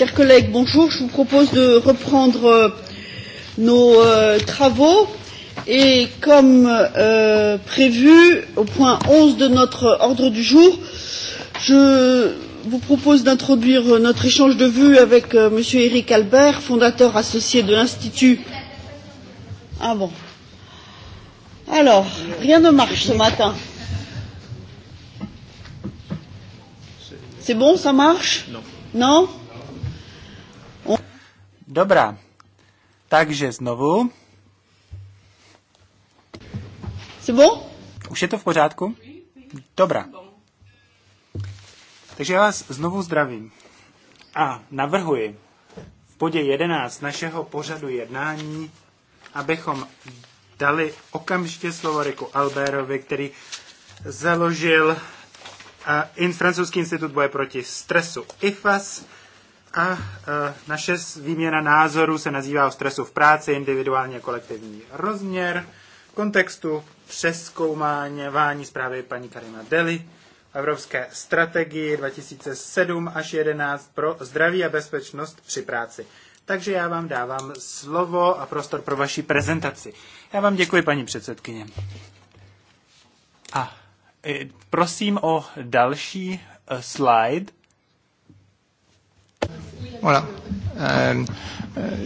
Chers collègues, bonjour. Je vous propose de reprendre euh, nos euh, travaux et comme euh, prévu au point 11 de notre ordre du jour, je vous propose d'introduire euh, notre échange de vues avec euh, M. Eric Albert, fondateur associé de l'Institut. Ah bon. Alors, rien ne marche ce matin. C'est bon, ça marche Non. Non Dobrá. Takže znovu. Zvo? Už je to v pořádku? Dobrá. Takže já vás znovu zdravím. A navrhuji v bodě 11 našeho pořadu jednání, abychom dali okamžitě slovo Riku Alberovi, který založil uh, in, francouzský institut boje proti stresu IFAS, a e, naše výměna názorů se nazývá o stresu v práci, individuálně kolektivní rozměr, kontextu přeskoumání zprávy paní Karina Deli, Evropské strategii 2007 až 11 pro zdraví a bezpečnost při práci. Takže já vám dávám slovo a prostor pro vaši prezentaci. Já vám děkuji, paní předsedkyně. A e, prosím o další e, slide. Voilà. Euh,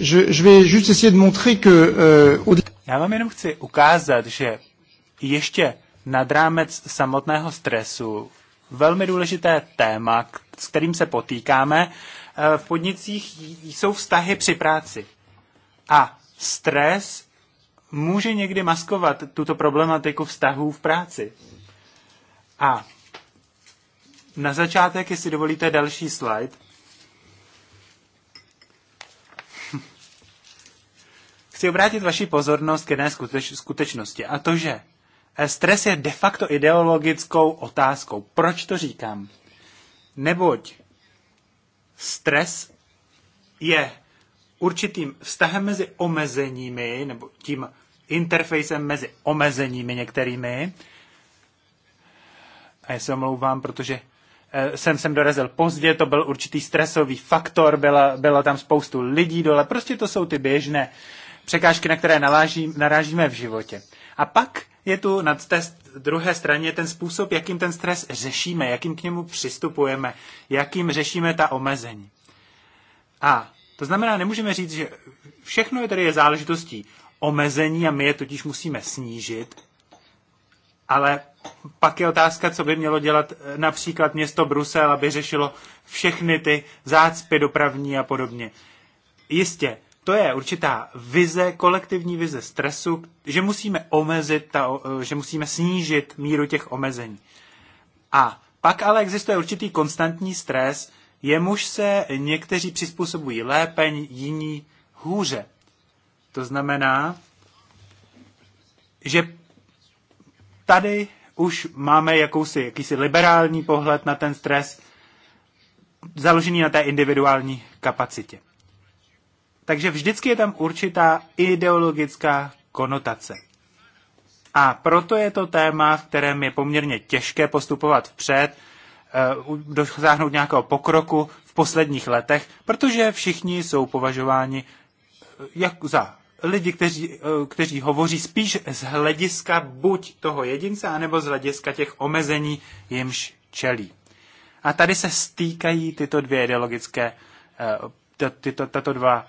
je, je vais juste essayer de montrer que... Euh, Já vám jenom chci ukázat, že ještě nad rámec samotného stresu velmi důležité téma, s kterým se potýkáme, eh, v podnicích jsou vztahy při práci. A stres může někdy maskovat tuto problematiku vztahů v práci. A na začátek, jestli dovolíte další slide, chci obrátit vaši pozornost k jedné skuteč, skutečnosti, a to, že stres je de facto ideologickou otázkou. Proč to říkám? Neboť stres je určitým vztahem mezi omezeními, nebo tím interfejsem mezi omezeními některými. A já se omlouvám, protože eh, jsem sem dorazil pozdě, to byl určitý stresový faktor, byla, byla tam spoustu lidí dole, prostě to jsou ty běžné překážky, na které naláží, narážíme v životě. A pak je tu na té druhé straně ten způsob, jakým ten stres řešíme, jakým k němu přistupujeme, jakým řešíme ta omezení. A to znamená, nemůžeme říct, že všechno je tady je záležitostí omezení a my je totiž musíme snížit, ale pak je otázka, co by mělo dělat eh, například město Brusel, aby řešilo všechny ty zácpy dopravní a podobně. Jistě, to je určitá vize, kolektivní vize stresu, že musíme omezit, ta, že musíme snížit míru těch omezení. A pak ale existuje určitý konstantní stres, jemuž se někteří přizpůsobují lépe, jiní hůře. To znamená, že tady už máme jakousi, jakýsi liberální pohled na ten stres, založený na té individuální kapacitě. Takže vždycky je tam určitá ideologická konotace. A proto je to téma, v kterém je poměrně těžké postupovat vpřed, eh, dosáhnout nějakého pokroku v posledních letech, protože všichni jsou považováni eh, jak za lidi, kteří, eh, kteří hovoří spíš z hlediska buď toho jedince, anebo z hlediska těch omezení, jimž čelí. A tady se stýkají tyto dvě ideologické tyto, tato dva,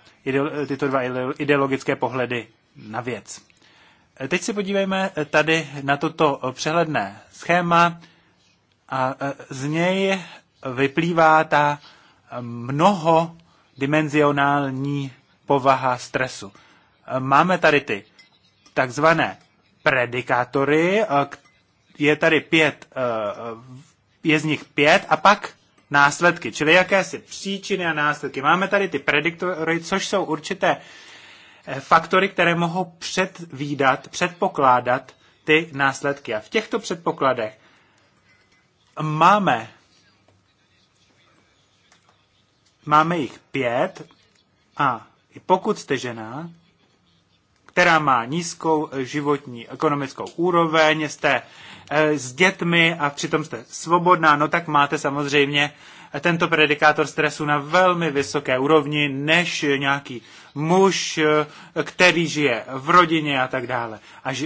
tyto dva ideologické pohledy na věc. Teď si podívejme tady na toto přehledné schéma a e, z něj vyplývá ta mnoho dimenzionální povaha stresu. E, máme tady ty takzvané predikátory, e, je tady pět, je z nich pět a pak následky, čili jakési příčiny a následky. Máme tady ty prediktory, což jsou určité eh, faktory, které mohou předvídat, předpokládat ty následky. A v těchto předpokladech máme máme jich pět a i pokud jste žena, která má nízkou eh, životní ekonomickou úroveň, jste eh, s dětmi a přitom jste svobodná, no tak máte samozřejmě eh, tento predikátor stresu na velmi vysoké úrovni než nějaký muž, který žije v rodině a tak dále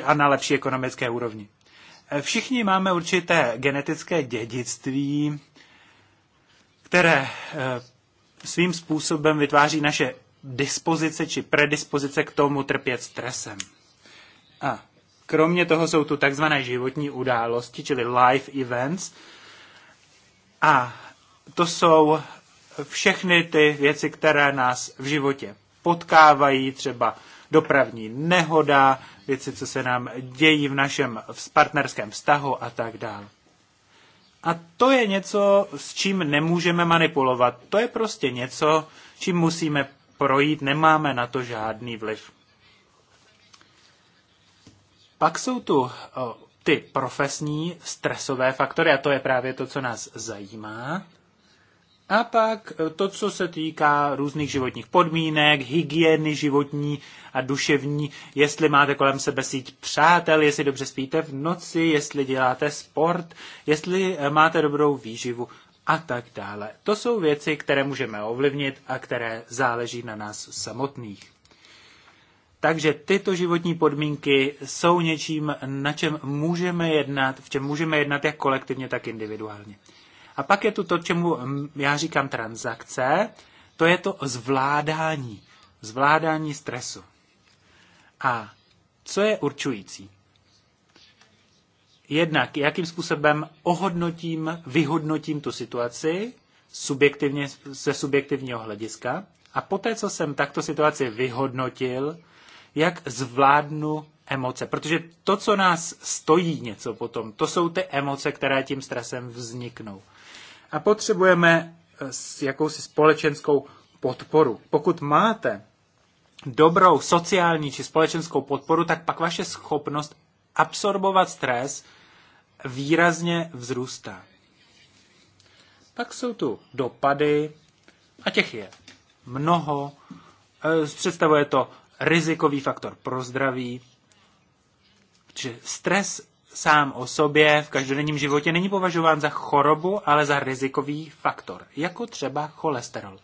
a na lepší ekonomické úrovni. Všichni máme určité genetické dědictví, které svým způsobem vytváří naše dispozice či predispozice k tomu trpět stresem. A kromě toho jsou tu takzvané životní události, čili life events. A to jsou všechny ty věci, které nás v životě potkávají, třeba dopravní nehoda, věci, co se nám dějí v našem v partnerském vztahu a tak dále. A to je něco, s čím nemůžeme manipulovat. To je prostě něco, čím musíme projít, nemáme na to žádný vliv. Pak jsou tu ty profesní stresové faktory, a to je právě to, co nás zajímá. A pak to, co se týká různých životních podmínek, hygieny životní a duševní, jestli máte kolem sebe síť přátel, jestli dobře spíte v noci, jestli děláte sport, jestli e, máte dobrou výživu a tak dále. To jsou věci, které můžeme ovlivnit a které záleží na nás samotných. Takže tyto životní podmínky jsou něčím, na čem můžeme jednat, v čem můžeme jednat jak kolektivně, tak individuálně. A pak je tu to, čemu mm, já říkám transakce, to je to zvládání, zvládání stresu. A co je určující? Jednak, jakým způsobem ohodnotím, vyhodnotím tu situaci subjektivně, ze subjektivního hlediska a poté, co jsem takto situaci vyhodnotil, jak zvládnu emoce. Protože to, co nás stojí něco potom, to jsou ty emoce, které tím stresem vzniknou. A potřebujeme eh, jakousi společenskou podporu. Pokud máte dobrou sociální či společenskou podporu, tak pak vaše schopnost absorbovat stres výrazně vzrůstá. Pak jsou tu dopady, a těch je mnoho. E, představuje to rizikový faktor pro zdraví, protože stres sám o sobě v každodenním životě není považován za chorobu, ale za rizikový faktor, jako třeba cholesterol.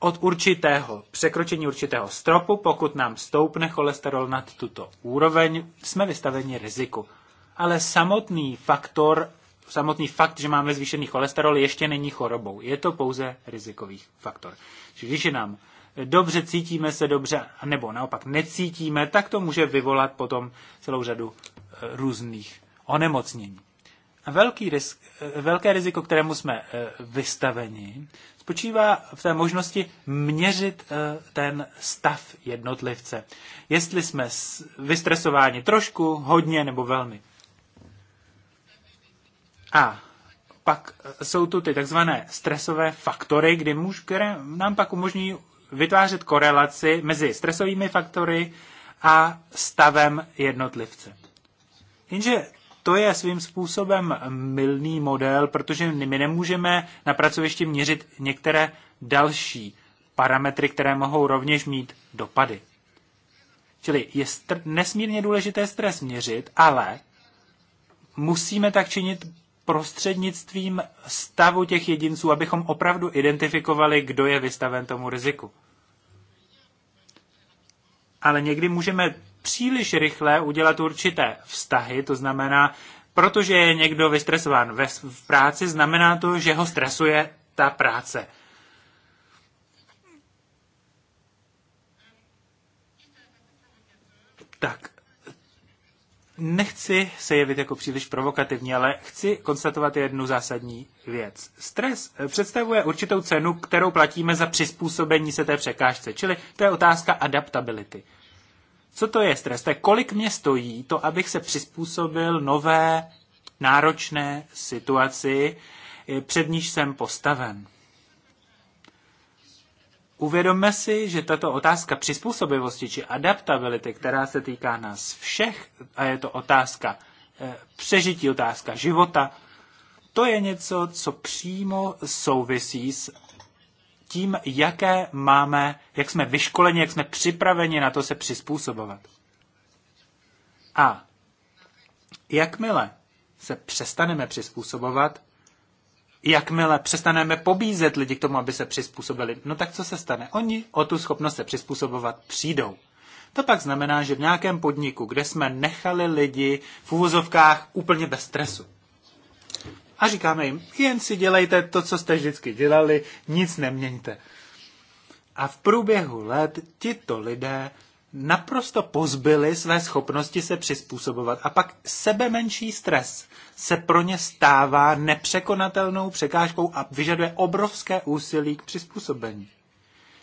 Od určitého překročení určitého stropu, pokud nám stoupne cholesterol nad tuto úroveň, jsme vystaveni riziku ale samotný faktor, samotný fakt, že máme zvýšený cholesterol, ještě není chorobou. Je to pouze rizikový faktor. Čiže když je nám dobře, cítíme se dobře, nebo naopak necítíme, tak to může vyvolat potom celou řadu eh, různých onemocnění. A velký risk, eh, velké riziko, kterému jsme eh, vystaveni, spočívá v té možnosti měřit ten stav jednotlivce. Jestli jsme vystresováni trošku, hodně nebo velmi. A pak e, jsou tu ty takzvané stresové faktory, kdy muž, které nám pak umožní vytvářet korelaci mezi stresovými faktory a stavem jednotlivce. Jenže to je svým způsobem mylný model, protože my nemůžeme na pracovišti měřit některé další parametry, které mohou rovněž mít dopady. Čili je nesmírně důležité stres měřit, ale musíme tak činit prostřednictvím stavu těch jedinců, abychom opravdu identifikovali, kdo je vystaven tomu riziku. Ale někdy můžeme příliš rychle udělat určité vztahy, to znamená, protože je někdo vystresován ve, v práci, znamená to, že ho stresuje ta práce. Tak, Nechci se jevit jako příliš provokativní, ale chci konstatovat jednu zásadní věc. Stres eh, představuje určitou cenu, kterou platíme za přizpůsobení se té překážce, čili to je otázka adaptability. Co to je stres? To je, kolik mě stojí to, abych se přizpůsobil nové náročné situaci, eh, před níž jsem postaven. Uvědomme si, že tato otázka přizpůsobivosti či adaptability, která se týká nás všech, a je to otázka eh, přežití, otázka života, to je něco, co přímo souvisí s tím, jaké máme, jak jsme vyškoleni, jak jsme připraveni na to se přizpůsobovat. A jakmile se přestaneme přizpůsobovat, jakmile přestaneme pobízet lidi k tomu, aby se přizpůsobili, no tak co se stane? Oni o tu schopnost se přizpůsobovat přijdou. To pak znamená, že v nějakém podniku, kde jsme nechali lidi v úvozovkách úplně bez stresu. A říkáme jim, jen si dělejte to, co jste vždycky dělali, nic neměňte. A v průběhu let tito lidé naprosto pozbyli své schopnosti se přizpůsobovat a pak sebe menší stres se pro ně stává nepřekonatelnou překážkou a vyžaduje obrovské úsilí k přizpůsobení.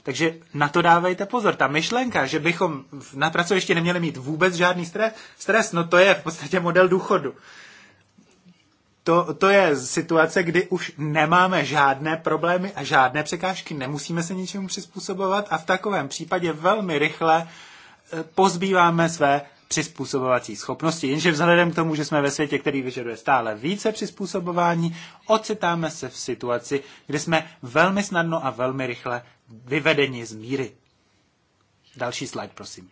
Takže na to dávejte pozor. Ta myšlenka, že bychom na pracovišti neměli mít vůbec žádný stres, stres no to je v podstatě model důchodu. To, to je situace, kdy už nemáme žádné problémy a žádné překážky, nemusíme se ničemu přizpůsobovat a v takovém případě velmi rychle uh, Eh, pozbýváme své přizpůsobovací schopnosti. Jenže vzhledem k tomu, že jsme ve světě, který vyžaduje stále více přizpůsobování, ocitáme se v situaci, kde jsme velmi snadno a velmi rychle vyvedeni z míry. Další slide, prosím.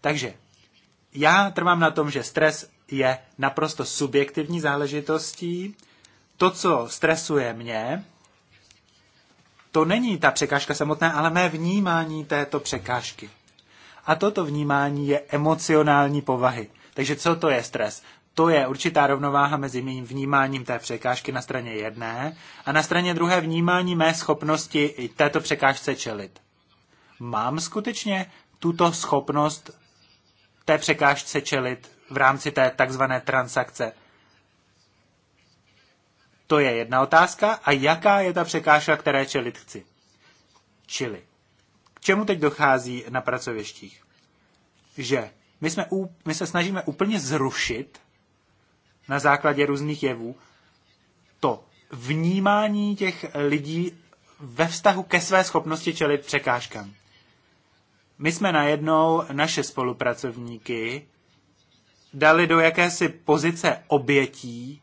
Takže já trvám na tom, že stres je naprosto subjektivní záležitostí. To, co stresuje mě, to není ta překážka samotná, ale mé vnímání této překážky. A toto vnímání je emocionální povahy. Takže co to je stres? To je určitá rovnováha mezi mým vnímáním té překážky na straně jedné a na straně druhé vnímání mé schopnosti této překážce čelit. Mám skutečně tuto schopnost té překážce čelit v rámci té takzvané transakce? To je jedna otázka. A jaká je ta překážka, které čelit chci? Čili čemu teď dochází na pracovištích? Že my, jsme, my se snažíme úplně zrušit na základě různých jevů to vnímání těch lidí ve vztahu ke své schopnosti čelit překážkám. My jsme najednou naše spolupracovníky dali do jakési pozice obětí,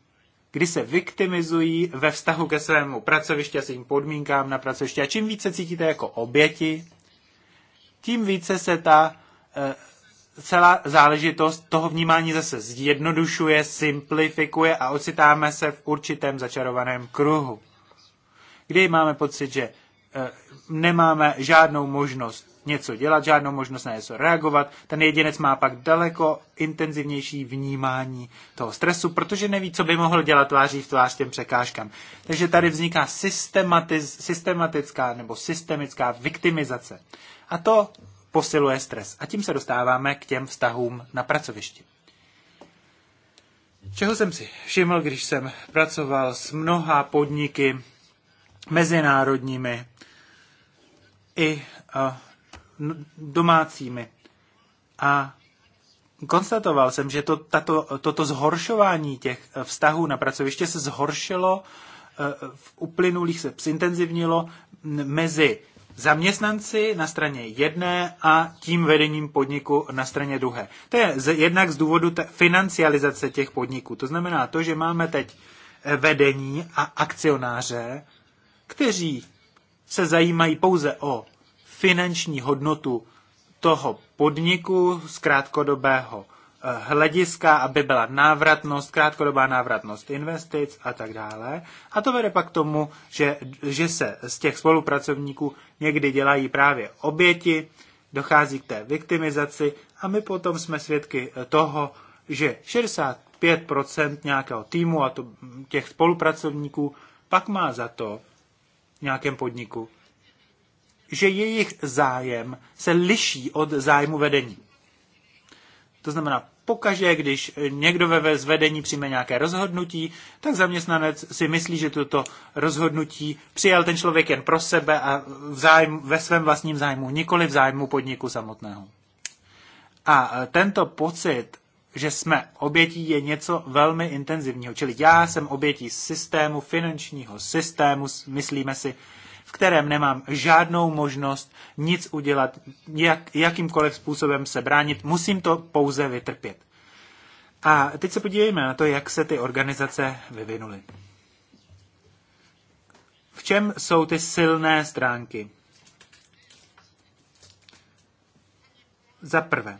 kdy se viktimizují ve vztahu ke svému pracovišti a svým podmínkám na pracovišti. A čím více cítíte jako oběti, tím více se ta eh, celá záležitost toho vnímání zase zjednodušuje, simplifikuje a ocitáme se v určitém začarovaném kruhu, kdy máme pocit, že eh, nemáme žádnou možnost něco dělat, žádnou možnost na něco reagovat. Ten jedinec má pak daleko intenzivnější vnímání toho stresu, protože neví, co by mohl dělat tváří v tvář těm překážkám. Takže tady vzniká systematická nebo systemická viktimizace. A to posiluje stres. A tím se dostáváme k těm vztahům na pracovišti. Čeho jsem si všiml, když jsem pracoval s mnoha podniky mezinárodními i domácími. A konstatoval jsem, že to, tato, toto zhoršování těch vztahů na pracoviště se zhoršilo, e, v uplynulých se zintenzivnilo mezi zaměstnanci na straně jedné a tím vedením podniku na straně druhé. To je jednak z důvodu financializace těch podniků. To znamená to, že máme teď eh, vedení a akcionáře, kteří se zajímají pouze o finanční hodnotu toho podniku z krátkodobého hlediska, aby byla návratnost, krátkodobá návratnost investic a tak dále. A to vede pak k tomu, že, že se z těch spolupracovníků někdy dělají právě oběti, dochází k té viktimizaci a my potom jsme svědky toho, že 65% nějakého týmu a to, těch spolupracovníků pak má za to v nějakém podniku, že jejich zájem se liší od zájmu vedení. To znamená, pokaždé, když někdo ve zvedení přijme nějaké rozhodnutí, tak zaměstnanec si myslí, že toto rozhodnutí přijal ten člověk jen pro sebe a v zájmu, ve svém vlastním zájmu, nikoli v zájmu podniku samotného. A e, tento pocit, že jsme obětí, je něco velmi intenzivního. Čili já jsem obětí systému, finančního systému, myslíme si, v kterém nemám žádnou možnost nic udělat, jak, jakýmkoliv způsobem se bránit, musím to pouze vytrpět. A teď se podívejme na to, jak se ty organizace vyvinuly. V čem jsou ty silné stránky? Za prvé,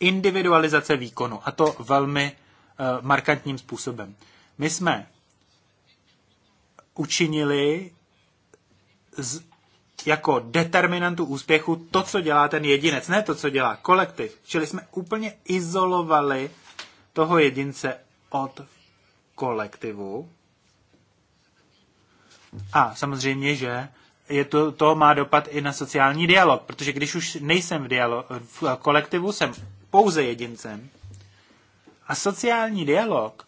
individualizace výkonu, a to velmi uh, markantním způsobem. My jsme učinili z, jako determinantu úspěchu to, co dělá ten jedinec, ne to, co dělá kolektiv. Čili jsme úplně izolovali toho jedince od kolektivu. A samozřejmě, že je to, to má dopad i na sociální dialog, protože když už nejsem v, dialog, v kolektivu, jsem pouze jedincem. A sociální dialog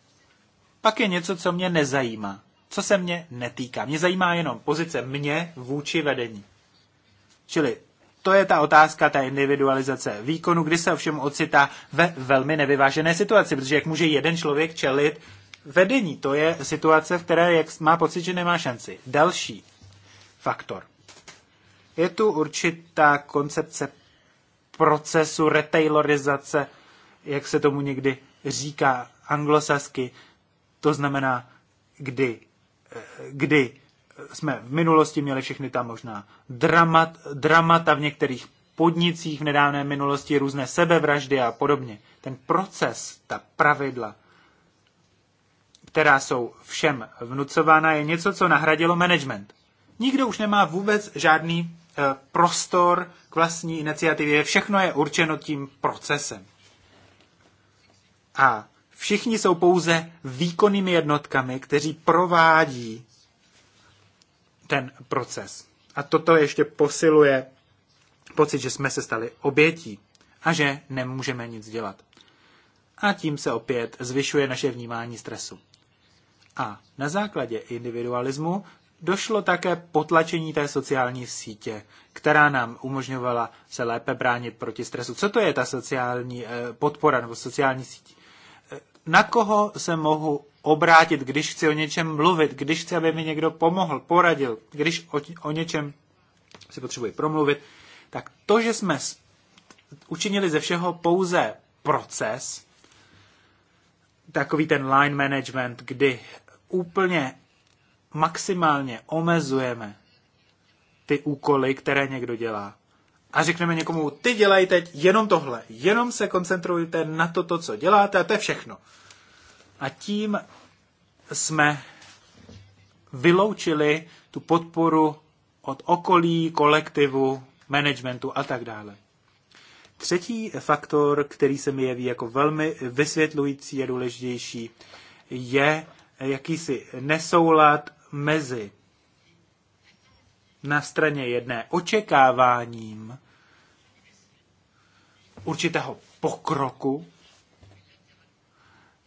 pak je něco, co mě nezajímá co se mě netýká. Mě zajímá jenom pozice mě vůči vedení. Čili to je ta otázka ta individualizace výkonu, kdy se ovšem ocitá ve velmi nevyvážené situaci, protože jak může jeden člověk čelit vedení, to je situace, v které jak má pocit, že nemá šanci. Další faktor. Je tu určitá koncepce procesu retailorizace, jak se tomu někdy říká anglosasky, to znamená, kdy kdy jsme v minulosti měli všechny tam možná dramat, dramata v některých podnicích v nedávné minulosti, různé sebevraždy a podobně. Ten proces, ta pravidla, která jsou všem vnucována, je něco, co nahradilo management. Nikdo už nemá vůbec žádný eh, prostor k vlastní iniciativě. Všechno je určeno tím procesem. A Všichni jsou pouze výkonnými jednotkami, kteří provádí ten proces. A toto ještě posiluje pocit, že jsme se stali obětí a že nemůžeme nic dělat. A tím se opět zvyšuje naše vnímání stresu. A na základě individualismu došlo také potlačení té sociální sítě, která nám umožňovala se lépe bránit proti stresu. Co to je ta sociální eh, podpora nebo sociální síť? na koho se mohu obrátit, když chci o něčem mluvit, když chci, aby mi někdo pomohl, poradil, když o, o něčem si potřebuji promluvit, tak to, že jsme učinili ze všeho pouze proces, takový ten line management, kdy úplně maximálně omezujeme ty úkoly, které někdo dělá, a řekneme někomu, ty dělej teď jenom tohle, jenom se koncentrujte na to, to co děláte a to je všechno. A tím jsme vyloučili tu podporu od okolí, kolektivu, managementu a tak dále. Třetí faktor, který se mi jeví jako velmi vysvětlující a důležitější, je jakýsi nesoulad mezi na straně jedné očekáváním určitého pokroku,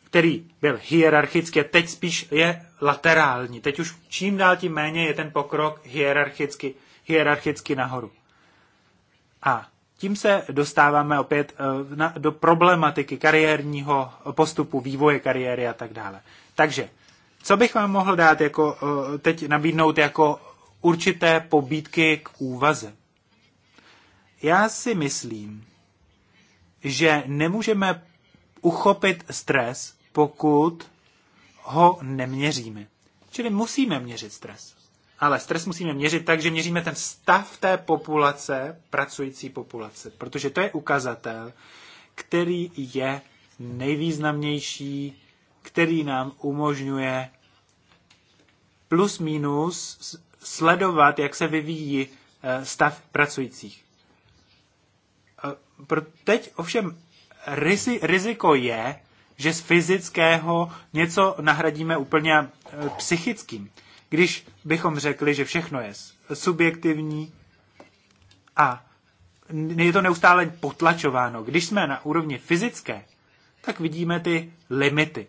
který byl hierarchický a teď spíš je laterální. Teď už čím dál tím méně je ten pokrok hierarchicky, hierarchicky nahoru. A tím se dostáváme opět eh, do problematiky kariérního postupu, vývoje kariéry a tak dále. Takže, co bych vám mohl dát jako, eh, teď nabídnout jako určité pobídky k úvaze. Já si myslím, že nemůžeme uchopit stres, pokud ho neměříme. Čili musíme měřit stres. Ale stres musíme měřit tak, že měříme ten stav té populace, pracující populace, protože to je ukazatel, který je nejvýznamnější, který nám umožňuje plus minus sledovat, jak se vyvíjí eh, stav pracujících. Eh, teď ovšem riziko je, že z fyzického něco nahradíme úplně eh, psychickým. Když bychom řekli, že všechno je subjektivní a je to neustále potlačováno. Když jsme na úrovni fyzické, tak vidíme ty limity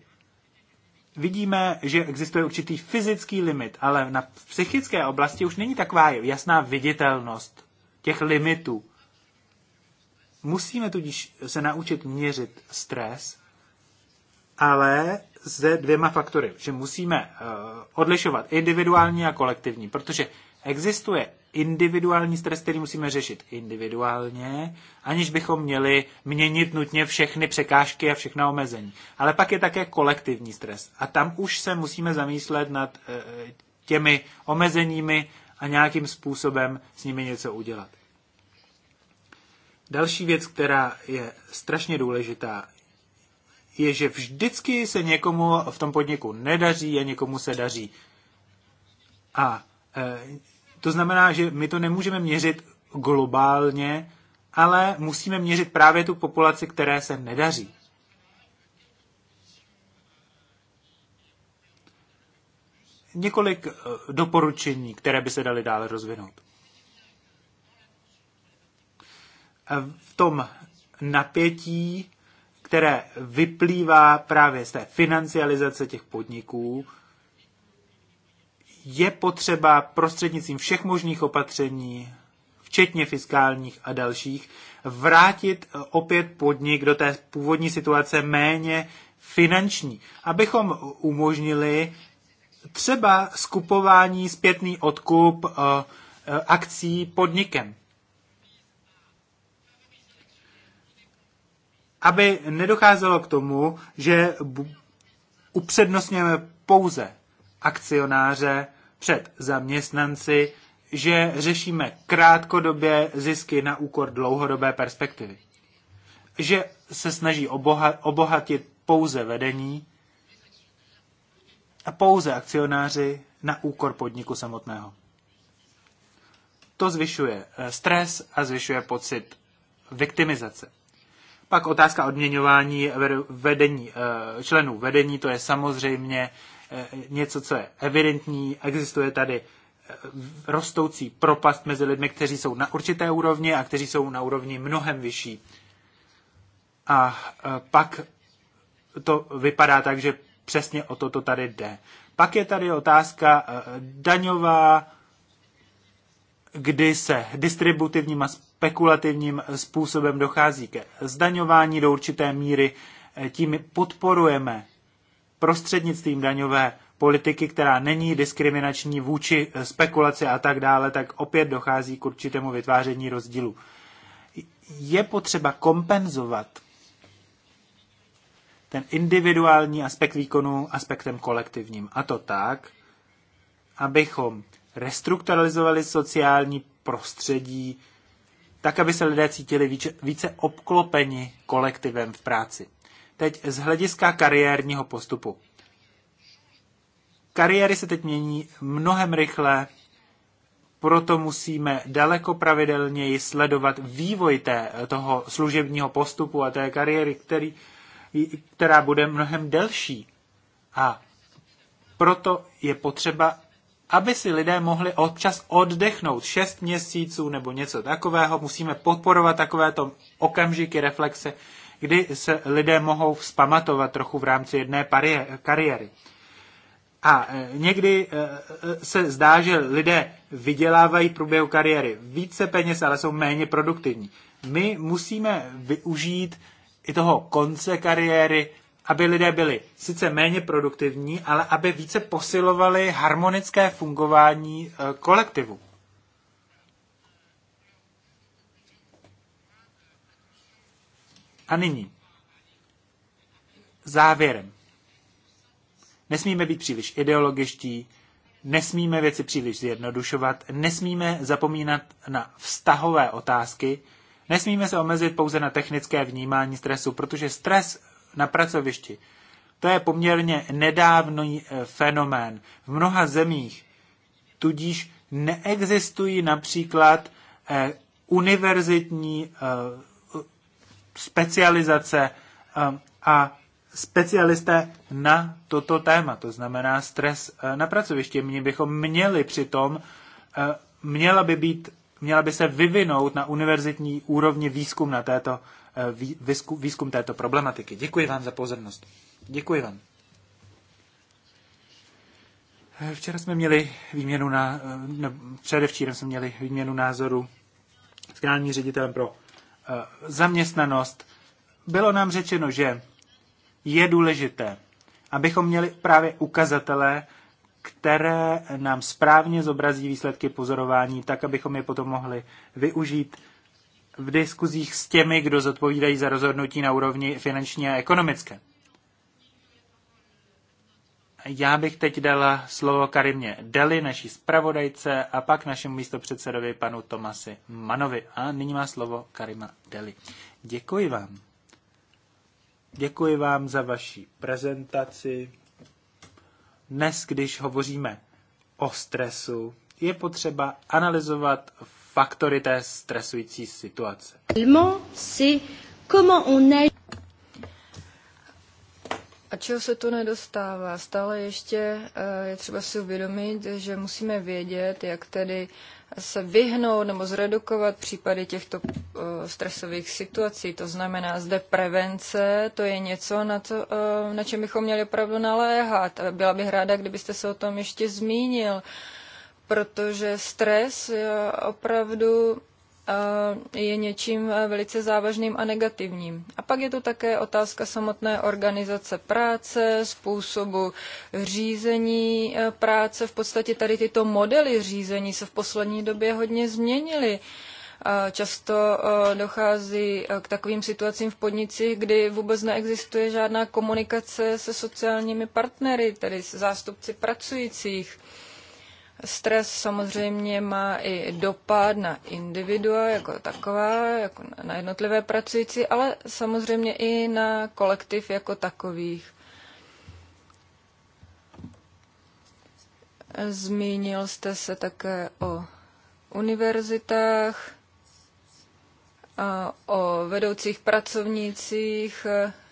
vidíme, že existuje určitý fyzický limit, ale na psychické oblasti už není taková jasná viditelnost těch limitů. Musíme tudíž se naučit měřit stres, ale se dvěma faktory, že musíme eh, odlišovat individuální a kolektivní, protože existuje individuální stres, který musíme řešit individuálně, aniž bychom měli měnit nutně všechny překážky a všechna omezení. Ale pak je také kolektivní stres. A tam už se musíme zamýšlet nad eh, těmi omezeními a nějakým způsobem s nimi něco udělat. Další věc, která je strašně důležitá, je, že vždycky se někomu v tom podniku nedaří a někomu se daří. A eh, to znamená, že my to nemůžeme měřit globálně, ale musíme měřit právě tu populaci, které se nedaří. Několik eh, doporučení, které by se daly dále rozvinout. Eh, v tom napětí, které vyplývá právě z té financializace těch podniků, je potřeba prostřednictvím všech možných opatření, včetně fiskálních a dalších, vrátit eh, opět podnik do té původní situace méně finanční, abychom umožnili třeba skupování, zpětný odkup eh, eh, akcí podnikem. Aby nedocházelo k tomu, že upřednostňujeme pouze akcionáře před zaměstnanci, že řešíme krátkodobě zisky na úkor dlouhodobé perspektivy. Že se snaží obohatit pouze vedení a pouze akcionáři na úkor podniku samotného. To zvyšuje eh, stres a zvyšuje pocit viktimizace. Pak otázka odměňování vedení, eh, členů vedení, to je samozřejmě Eh, něco, co je evidentní. Existuje tady eh, rostoucí propast mezi lidmi, kteří jsou na určité úrovni a kteří jsou na úrovni mnohem vyšší. A eh, pak to vypadá tak, že přesně o toto tady jde. Pak je tady otázka daňová, kdy se distributivním a spekulativním způsobem dochází ke zdaňování do určité míry. Tím podporujeme prostřednictvím daňové politiky, která není diskriminační vůči eh, spekulaci a tak dále, tak opět dochází k určitému vytváření rozdílu. Je potřeba kompenzovat ten individuální aspekt výkonu aspektem kolektivním. A to tak, abychom restrukturalizovali sociální prostředí, tak, aby se lidé cítili více, obklopeni kolektivem v práci. Teď z hlediska kariérního postupu. Kariéry se teď mění mnohem rychle, proto musíme daleko pravidelněji sledovat vývoj té, toho služebního postupu a té kariéry, který, která bude mnohem delší. A proto je potřeba, aby si lidé mohli občas oddechnout šest měsíců nebo něco takového. Musíme podporovat takovéto okamžiky reflexe, kdy se lidé mohou vzpamatovat trochu v rámci jedné kariéry. A e, někdy e, e, se zdá, že lidé vydělávají v průběhu kariéry více peněz, ale jsou méně produktivní. My musíme využít i toho konce kariéry, aby lidé byli sice méně produktivní, ale aby více posilovali harmonické fungování kolektivu. A nyní. Závěrem. Nesmíme být příliš ideologičtí, nesmíme věci příliš zjednodušovat, nesmíme zapomínat na vztahové otázky, nesmíme se omezit pouze na technické vnímání stresu, protože stres na pracovišti to je poměrně nedávný eh, fenomén. V mnoha zemích tudíž neexistují například eh, univerzitní eh, specializace um, a specialisté na toto téma, to znamená stres uh, na pracovišti. My bychom měli přitom, uh, měla by, být, měla by se vyvinout na univerzitní úrovni výzkum na této, uh, výzkum, výzkum této problematiky. Děkuji vám za pozornost. Děkuji vám. Včera jsme měli výměnu na, eh, ne, no, předevčírem jsme měli výměnu názoru s generálním ředitelem pro Eh, zaměstnanost. Bylo nám řečeno, že je důležité, abychom měli právě ukazatele, které nám správně zobrazí výsledky pozorování, tak abychom je potom mohli využít v diskuzích s těmi, kdo zodpovídají za rozhodnutí na úrovni finanční a ekonomické. Já bych teď dala slovo Karimě Deli, naší zpravodajce, a pak našemu místopředsedovi panu Tomasi Manovi. A nyní má slovo Karima Deli. Děkuji vám. Děkuji vám za vaši prezentaci. Dnes, když hovoříme o stresu, je potřeba analyzovat faktory té stresující situace. Comment on čeho se to nedostává? Stále ještě eh, je třeba si uvědomit, že musíme vědět, jak tedy se vyhnout nebo zredukovat případy těchto eh, stresových situací. To znamená, zde prevence, to je něco, na, co, eh, na čem bychom měli opravdu naléhat. Byla bych ráda, kdybyste se o tom ještě zmínil, protože stres je opravdu je něčím eh, velice závažným a negativním. A pak je tu také otázka samotné organizace práce, způsobu řízení eh, práce. V podstatě tady tyto modely řízení se v poslední době hodně změnily. Často eh, dochází k takovým situacím v podnicích, kdy vůbec neexistuje žádná komunikace se sociálními partnery, tedy se zástupci pracujících Stres samozřejmě má i dopad na individua jako taková, jako na jednotlivé pracující, ale samozřejmě i na kolektiv jako takových. Zmínil jste se také o univerzitách, o vedoucích pracovnících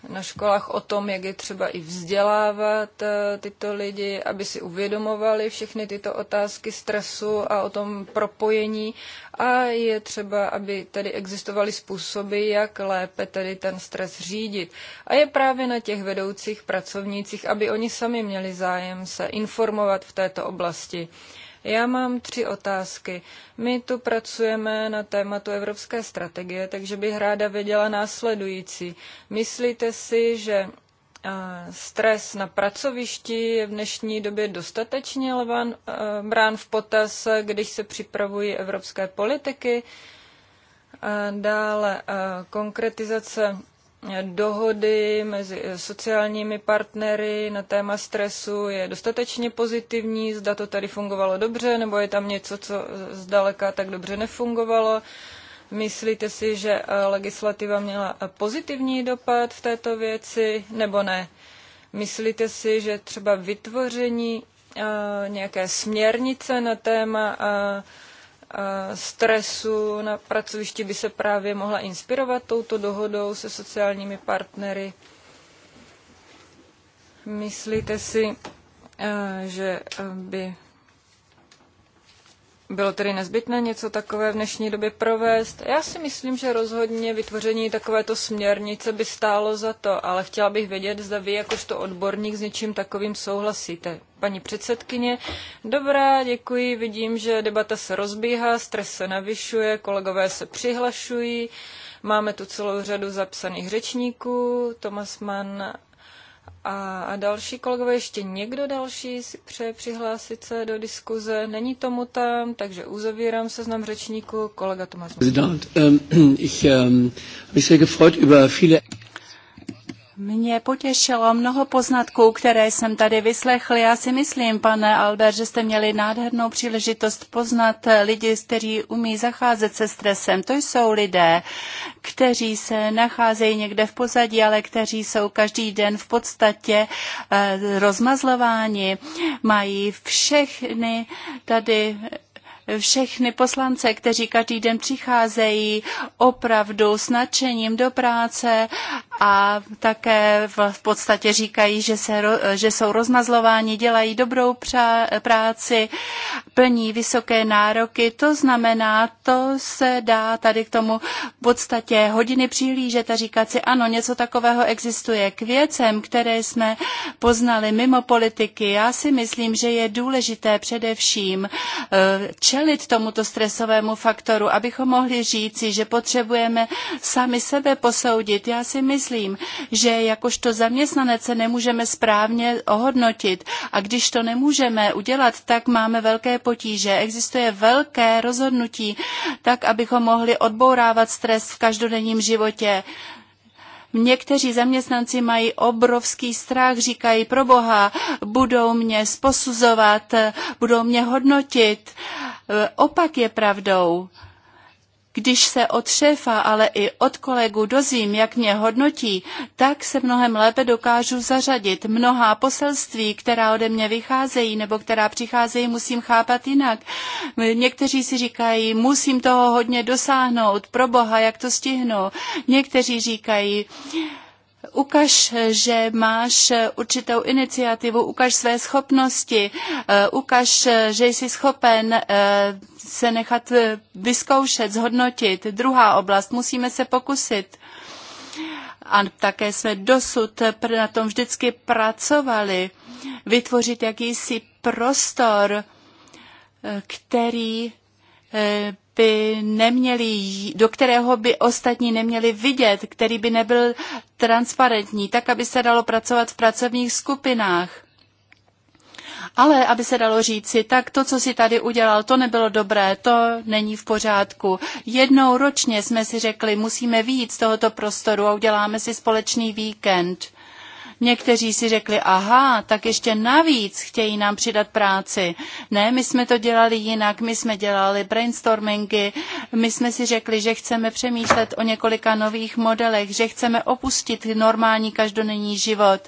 na školách o tom, jak je třeba i vzdělávat eh, tyto lidi, aby si uvědomovali všechny tyto otázky stresu a o tom propojení. A je třeba, aby tady existovaly způsoby, jak lépe tedy ten stres řídit. A je právě na těch vedoucích pracovnících, aby oni sami měli zájem se informovat v této oblasti. Já mám tři otázky. My tu pracujeme na tématu evropské strategie, takže bych ráda věděla následující. Myslíte si, že stres na pracovišti je v dnešní době dostatečně levan, brán v potaz, když se připravují evropské politiky? Dále konkretizace dohody mezi sociálními partnery na téma stresu je dostatečně pozitivní, zda to tady fungovalo dobře, nebo je tam něco, co zdaleka tak dobře nefungovalo. Myslíte si, že eh, legislativa měla pozitivní dopad v této věci, nebo ne? Myslíte si, že třeba vytvoření eh, nějaké směrnice na téma eh, stresu na pracovišti by se právě mohla inspirovat touto dohodou se sociálními partnery. Myslíte si, eh, že eh, by bylo tedy nezbytné něco takové v dnešní době provést? Já si myslím, že rozhodně vytvoření takovéto směrnice by stálo za to, ale chtěla bych vědět, zda vy jakožto odborník s něčím takovým souhlasíte. Paní předsedkyně, dobrá, děkuji, vidím, že debata se rozbíhá, stres se navyšuje, kolegové se přihlašují. Máme tu celou řadu zapsaných řečníků, Thomas Mann a další kolegové, ještě někdo další si přeje přihlásit se do diskuze? Není tomu tam, takže uzavírám seznam řečníků. Kolega Tomáš. um, ich um, sehr gefreut über viele... Mě potěšilo mnoho poznatků, které jsem tady vyslechl. Já si myslím, pane Albert, že jste měli nádhernou příležitost poznat lidi, kteří umí zacházet se stresem. To jsou lidé, kteří se nacházejí někde v pozadí, ale kteří jsou každý den v podstatě eh, rozmazlováni. Mají všechny tady všechny poslance, kteří každý den přicházejí opravdu s nadšením do práce a také v podstatě říkají, že, se, že jsou rozmazlováni, dělají dobrou práci plní vysoké nároky. To znamená, to se dá tady k tomu v podstatě hodiny přihlížet a říkat si, ano, něco takového existuje k věcem, které jsme poznali mimo politiky. Já si myslím, že je důležité především eh, čelit tomuto stresovému faktoru, abychom mohli říci, že potřebujeme sami sebe posoudit. Já si myslím, že jakožto zaměstnanec se nemůžeme správně ohodnotit a když to nemůžeme udělat, tak máme velké potíže. Existuje velké rozhodnutí, tak abychom mohli odbourávat stres v každodenním životě. Někteří zaměstnanci mají obrovský strach, říkají pro boha, budou mě sposuzovat, budou mě hodnotit. E, opak je pravdou. Když se od šéfa, ale i od kolegů dozvím, jak mě hodnotí, tak se mnohem lépe dokážu zařadit. Mnohá poselství, která ode mě vycházejí nebo která přicházejí, musím chápat jinak. Někteří si říkají, musím toho hodně dosáhnout, pro boha, jak to stihnu. Někteří říkají, ukaž, že máš určitou iniciativu, ukaž své schopnosti, eh, ukaž, že jsi schopen eh, se nechat vyzkoušet, zhodnotit. Druhá oblast, musíme se pokusit. A také jsme dosud na tom vždycky pracovali, vytvořit jakýsi prostor, eh, který by neměli, do kterého by ostatní neměli vidět, který by nebyl transparentní, tak aby se dalo pracovat v pracovních skupinách. Ale aby se dalo říci, tak to, co si tady udělal, to nebylo dobré, to není v pořádku. Jednou ročně jsme si řekli, musíme víc tohoto prostoru a uděláme si společný víkend. Někteří si řekli, aha, tak ještě navíc chtějí nám přidat práci. Ne, my jsme to dělali jinak, my jsme dělali brainstormingy, my jsme si řekli, že chceme přemýšlet o několika nových modelech, že chceme opustit normální každodenní život.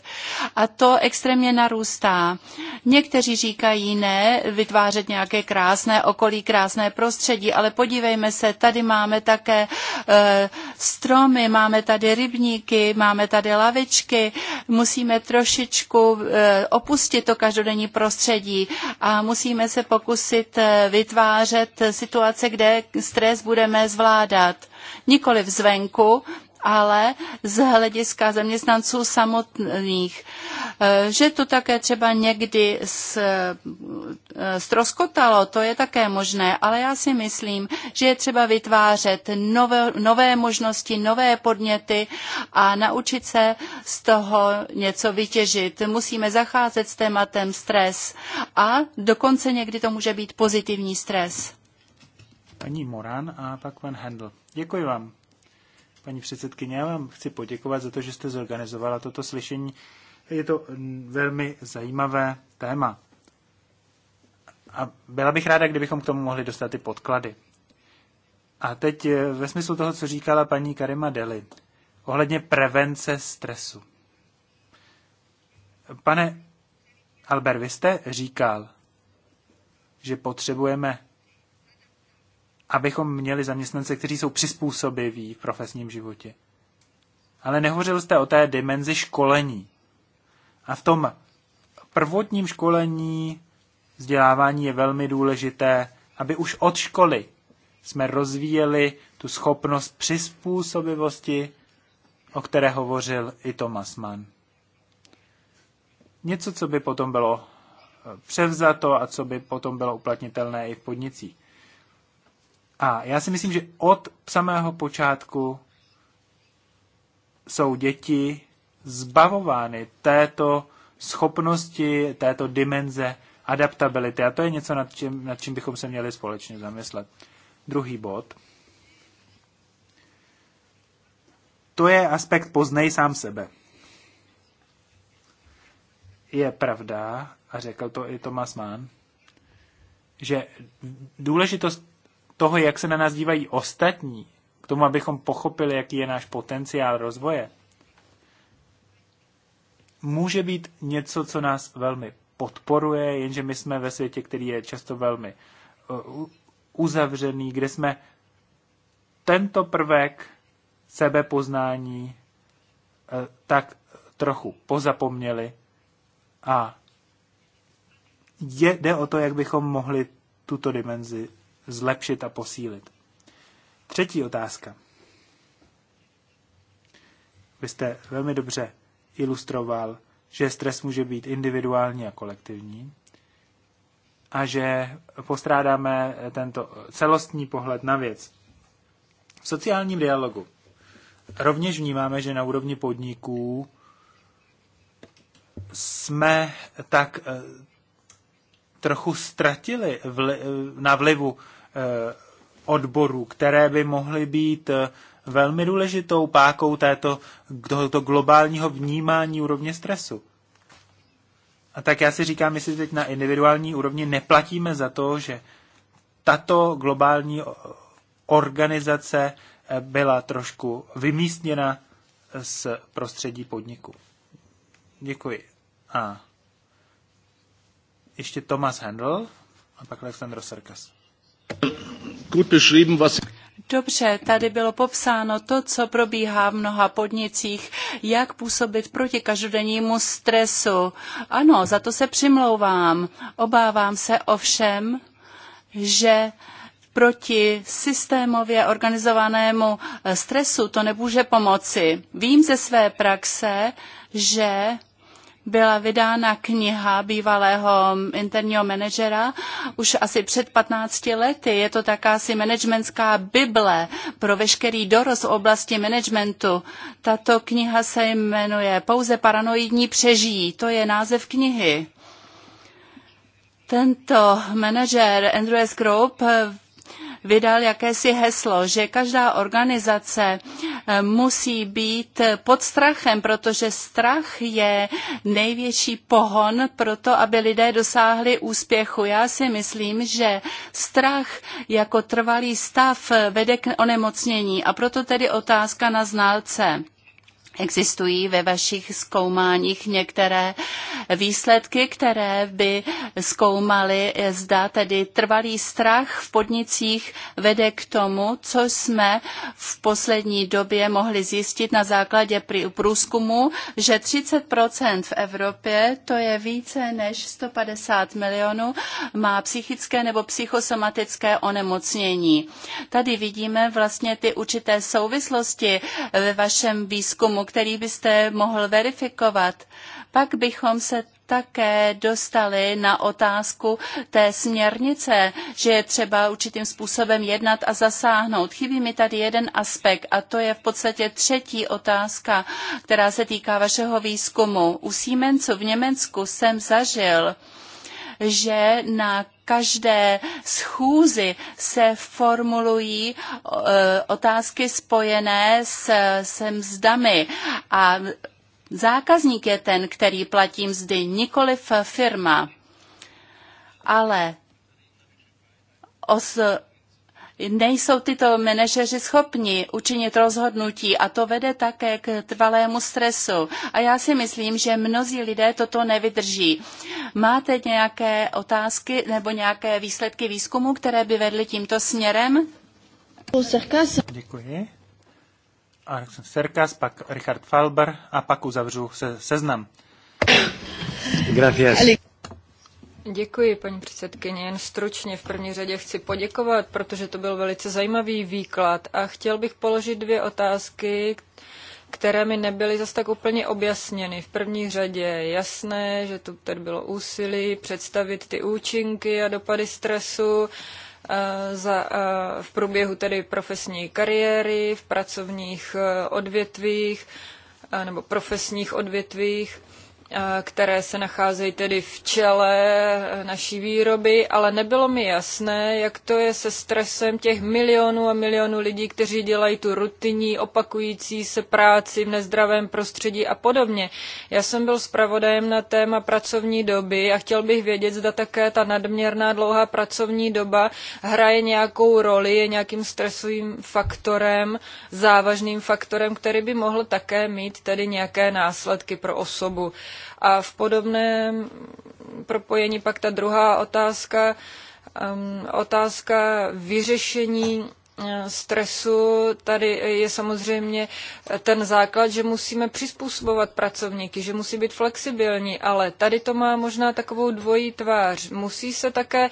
A to extrémně narůstá. Někteří říkají ne, vytvářet nějaké krásné okolí, krásné prostředí, ale podívejme se, tady máme také e, stromy, máme tady rybníky, máme tady lavičky, musíme trošičku eh, opustit to každodenní prostředí a musíme se pokusit eh, vytvářet situace, kde stres budeme zvládat nikoli zvenku, ale z hlediska zaměstnanců samotných. Eh, že to také třeba někdy stroskotalo, eh, to je také možné, ale já si myslím, že je třeba vytvářet nové, nové možnosti, nové podněty a naučit se z toho něco vytěžit. Musíme zacházet s tématem stres a dokonce někdy to může být pozitivní stres. Paní Moran a pak pan Handel. Děkuji vám paní předsedkyně. Já vám chci poděkovat za to, že jste zorganizovala toto slyšení. Je to velmi zajímavé téma. A byla bych ráda, kdybychom k tomu mohli dostat i podklady. A teď eh, ve smyslu toho, co říkala paní Karima Deli, ohledně prevence stresu. Pane Albert, vy jste říkal, že potřebujeme abychom měli zaměstnance, kteří jsou přizpůsobiví v profesním životě. Ale nehovořil jste o té dimenzi školení. A v tom prvotním školení vzdělávání je velmi důležité, aby už od školy jsme rozvíjeli tu schopnost přizpůsobivosti, o které hovořil i Thomas Mann. Něco, co by potom bylo převzato a co by potom bylo uplatnitelné i v podnicích. A já si myslím, že od samého počátku jsou děti zbavovány této schopnosti, této dimenze adaptability. A to je něco, nad čím, nad čím bychom se měli společně zamyslet. Druhý bod. To je aspekt poznej sám sebe. Je pravda, a řekl to i Thomas Mann, že důležitost toho, jak se na nás dívají ostatní, k tomu, abychom pochopili, jaký je náš potenciál rozvoje, může být něco, co nás velmi podporuje, jenže my jsme ve světě, který je často velmi eh, uzavřený, kde jsme tento prvek sebepoznání eh, tak trochu pozapomněli a je, jde o to, jak bychom mohli tuto dimenzi zlepšit a posílit. Třetí otázka. Vy jste velmi dobře ilustroval, že stres může být individuální a kolektivní a že postrádáme tento celostní pohled na věc. V sociálním dialogu rovněž vnímáme, že na úrovni podniků jsme tak eh, trochu ztratili vli, na vlivu Eh, odborů, které by mohly být eh, velmi důležitou pákou této, tohoto globálního vnímání úrovně stresu. A tak já si říkám, jestli teď na individuální úrovni neplatíme za to, že tato globální eh, organizace byla trošku vymístěna z prostředí podniku. Děkuji. A ještě Thomas Handel a pak Alexandro Serkas. Dobře, tady bylo popsáno to, co probíhá v mnoha podnicích, jak působit proti každodennímu stresu. Ano, za to se přimlouvám. Obávám se ovšem, že proti systémově organizovanému eh, stresu to nebůže pomoci. Vím ze své praxe, že byla vydána kniha bývalého interního manažera už asi před 15 lety. Je to tak asi managementská bible pro veškerý dorost v oblasti managementu. Tato kniha se jmenuje Pouze paranoidní přežijí. To je název knihy. Tento manažer Andrew Scrope vydal jakési heslo, že každá organizace eh, musí být pod strachem, protože strach je největší pohon pro to, aby lidé dosáhli úspěchu. Já si myslím, že strach jako trvalý stav vede k onemocnění a proto tedy otázka na znalce. Existují ve vašich zkoumáních některé výsledky, které by zkoumaly, zda tedy trvalý strach v podnicích vede k tomu, co jsme v poslední době mohli zjistit na základě průzkumu, že 30 v Evropě, to je více než 150 milionů, má psychické nebo psychosomatické onemocnění. Tady vidíme vlastně ty určité souvislosti ve vašem výzkumu výzkumu, který byste mohl verifikovat, pak bychom se také dostali na otázku té směrnice, že je třeba určitým způsobem jednat a zasáhnout. Chybí mi tady jeden aspekt a to je v podstatě třetí otázka, která se týká vašeho výzkumu. U Siemensu v Německu jsem zažil, že na každé schůzi se formulují e, otázky spojené s, se mzdami a zákazník je ten, který platí mzdy, nikoliv firma. Ale os, nejsou tyto manažeři schopni učinit rozhodnutí a to vede také k trvalému stresu. A já si myslím, že mnozí lidé toto nevydrží. Máte nějaké otázky nebo nějaké výsledky výzkumu, které by vedly tímto směrem? Děkuji. A Serkas, pak Richard Falber a pak uzavřu se, seznam. Gracias. Děkuji, paní předsedkyně. Jen stručně v první řadě chci poděkovat, protože to byl velice zajímavý výklad a chtěl bych položit dvě otázky, které mi nebyly zas tak úplně objasněny. V první řadě je jasné, že tu tedy bylo úsilí představit ty účinky a dopady stresu eh, za, eh, v průběhu tedy profesní kariéry, v pracovních eh, odvětvích nebo profesních odvětvích které se nacházejí tedy v čele e, naší výroby, ale nebylo mi jasné, jak to je se stresem těch milionů a milionů lidí, kteří dělají tu rutinní, opakující se práci v nezdravém prostředí a podobně. Já jsem byl zpravodajem na téma pracovní doby a chtěl bych vědět, zda také ta nadměrná dlouhá pracovní doba hraje nějakou roli, je nějakým stresovým faktorem, závažným faktorem, který by mohl také mít tedy nějaké následky pro osobu. A v podobném propojení pak ta druhá otázka, um, otázka vyřešení stresu tady je samozřejmě ten základ, že musíme přizpůsobovat pracovníky, že musí být flexibilní, ale tady to má možná takovou dvojí tvář. Musí se také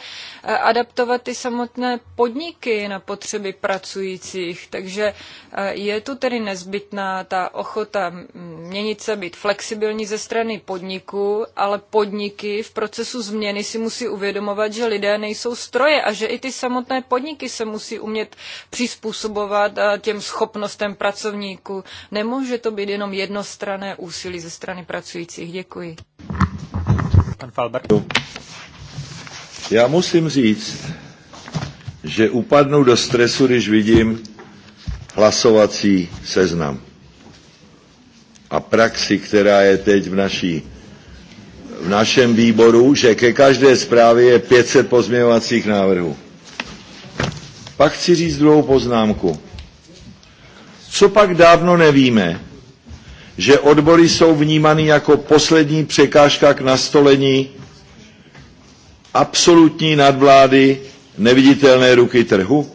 eh, adaptovat i samotné podniky na potřeby pracujících, takže eh, je tu tedy nezbytná ta ochota měnit se, být flexibilní ze strany podniku, ale podniky v procesu změny si musí uvědomovat, že lidé nejsou stroje a že i ty samotné podniky se musí umět přizpůsobovat eh, těm schopnostem pracovníků. Nemůže to být jenom jednostrané úsilí ze strany pracujících. Děkuji. Pan Falber. Já musím říct, že upadnu do stresu, když vidím hlasovací seznam a praxi, která je teď v, naší, v našem výboru, že ke každé zprávě je 500 pozměňovacích návrhů. Pak chci říct druhou poznámku. Co pak dávno nevíme, že odbory jsou vnímány jako poslední překážka k nastolení absolutní nadvlády neviditelné ruky trhu?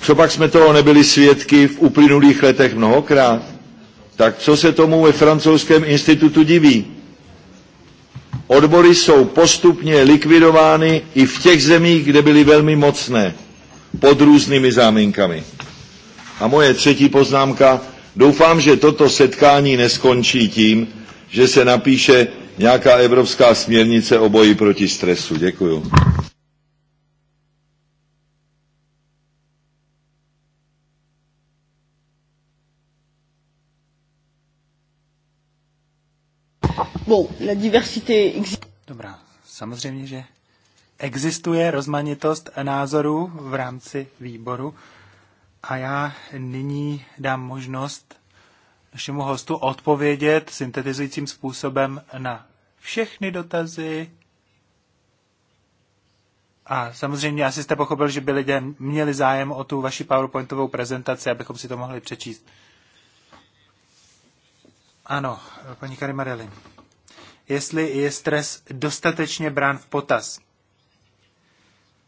Co pak jsme toho nebyli svědky v uplynulých letech mnohokrát? Tak co se tomu ve francouzském institutu diví? Odbory jsou postupně likvidovány i v těch zemích, kde byly velmi mocné, pod různými záminkami. A moje třetí poznámka. Doufám, že toto setkání neskončí tím, že se napíše nějaká evropská směrnice o boji proti stresu. Děkuju. Bon, la diversité existe. Dobrá, samozřejmě, že existuje rozmanitost názorů v rámci výboru a já nyní dám možnost našemu hostu odpovědět syntetizujícím způsobem na všechny dotazy. A samozřejmě asi jste pochopil, že by lidé měli zájem o tu vaši PowerPointovou prezentaci, abychom si to mohli přečíst. Ano, paní Karimarelli jestli je stres dostatečně brán v potaz.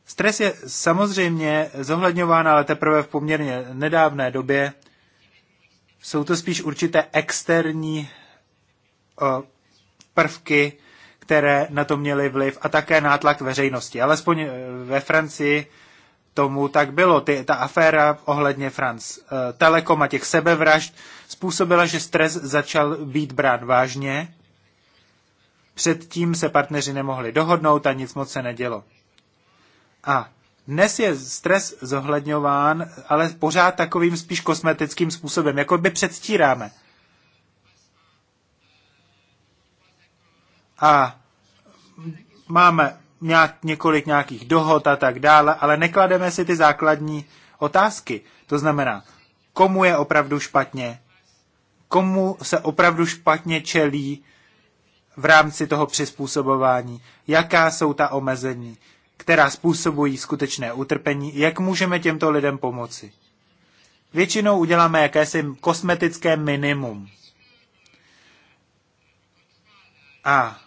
Stres je samozřejmě zohledňován, ale teprve v poměrně nedávné době. Jsou to spíš určité externí eh, prvky, které na to měly vliv a také nátlak veřejnosti. Alespoň eh, ve Francii tomu tak bylo. Ty, ta aféra ohledně Franc eh, Telekom a těch sebevražd způsobila, že stres začal být brán vážně Předtím se partneři nemohli dohodnout a nic moc se nedělo. A dnes je stres zohledňován, ale pořád takovým spíš kosmetickým způsobem, jako by předstíráme. A máme nějak, několik nějakých dohod a tak dále, ale neklademe si ty základní otázky. To znamená, komu je opravdu špatně, komu se opravdu špatně čelí, v rámci toho přizpůsobování, jaká jsou ta omezení, která způsobují skutečné utrpení, jak můžeme těmto lidem pomoci. Většinou uděláme jakési kosmetické minimum. A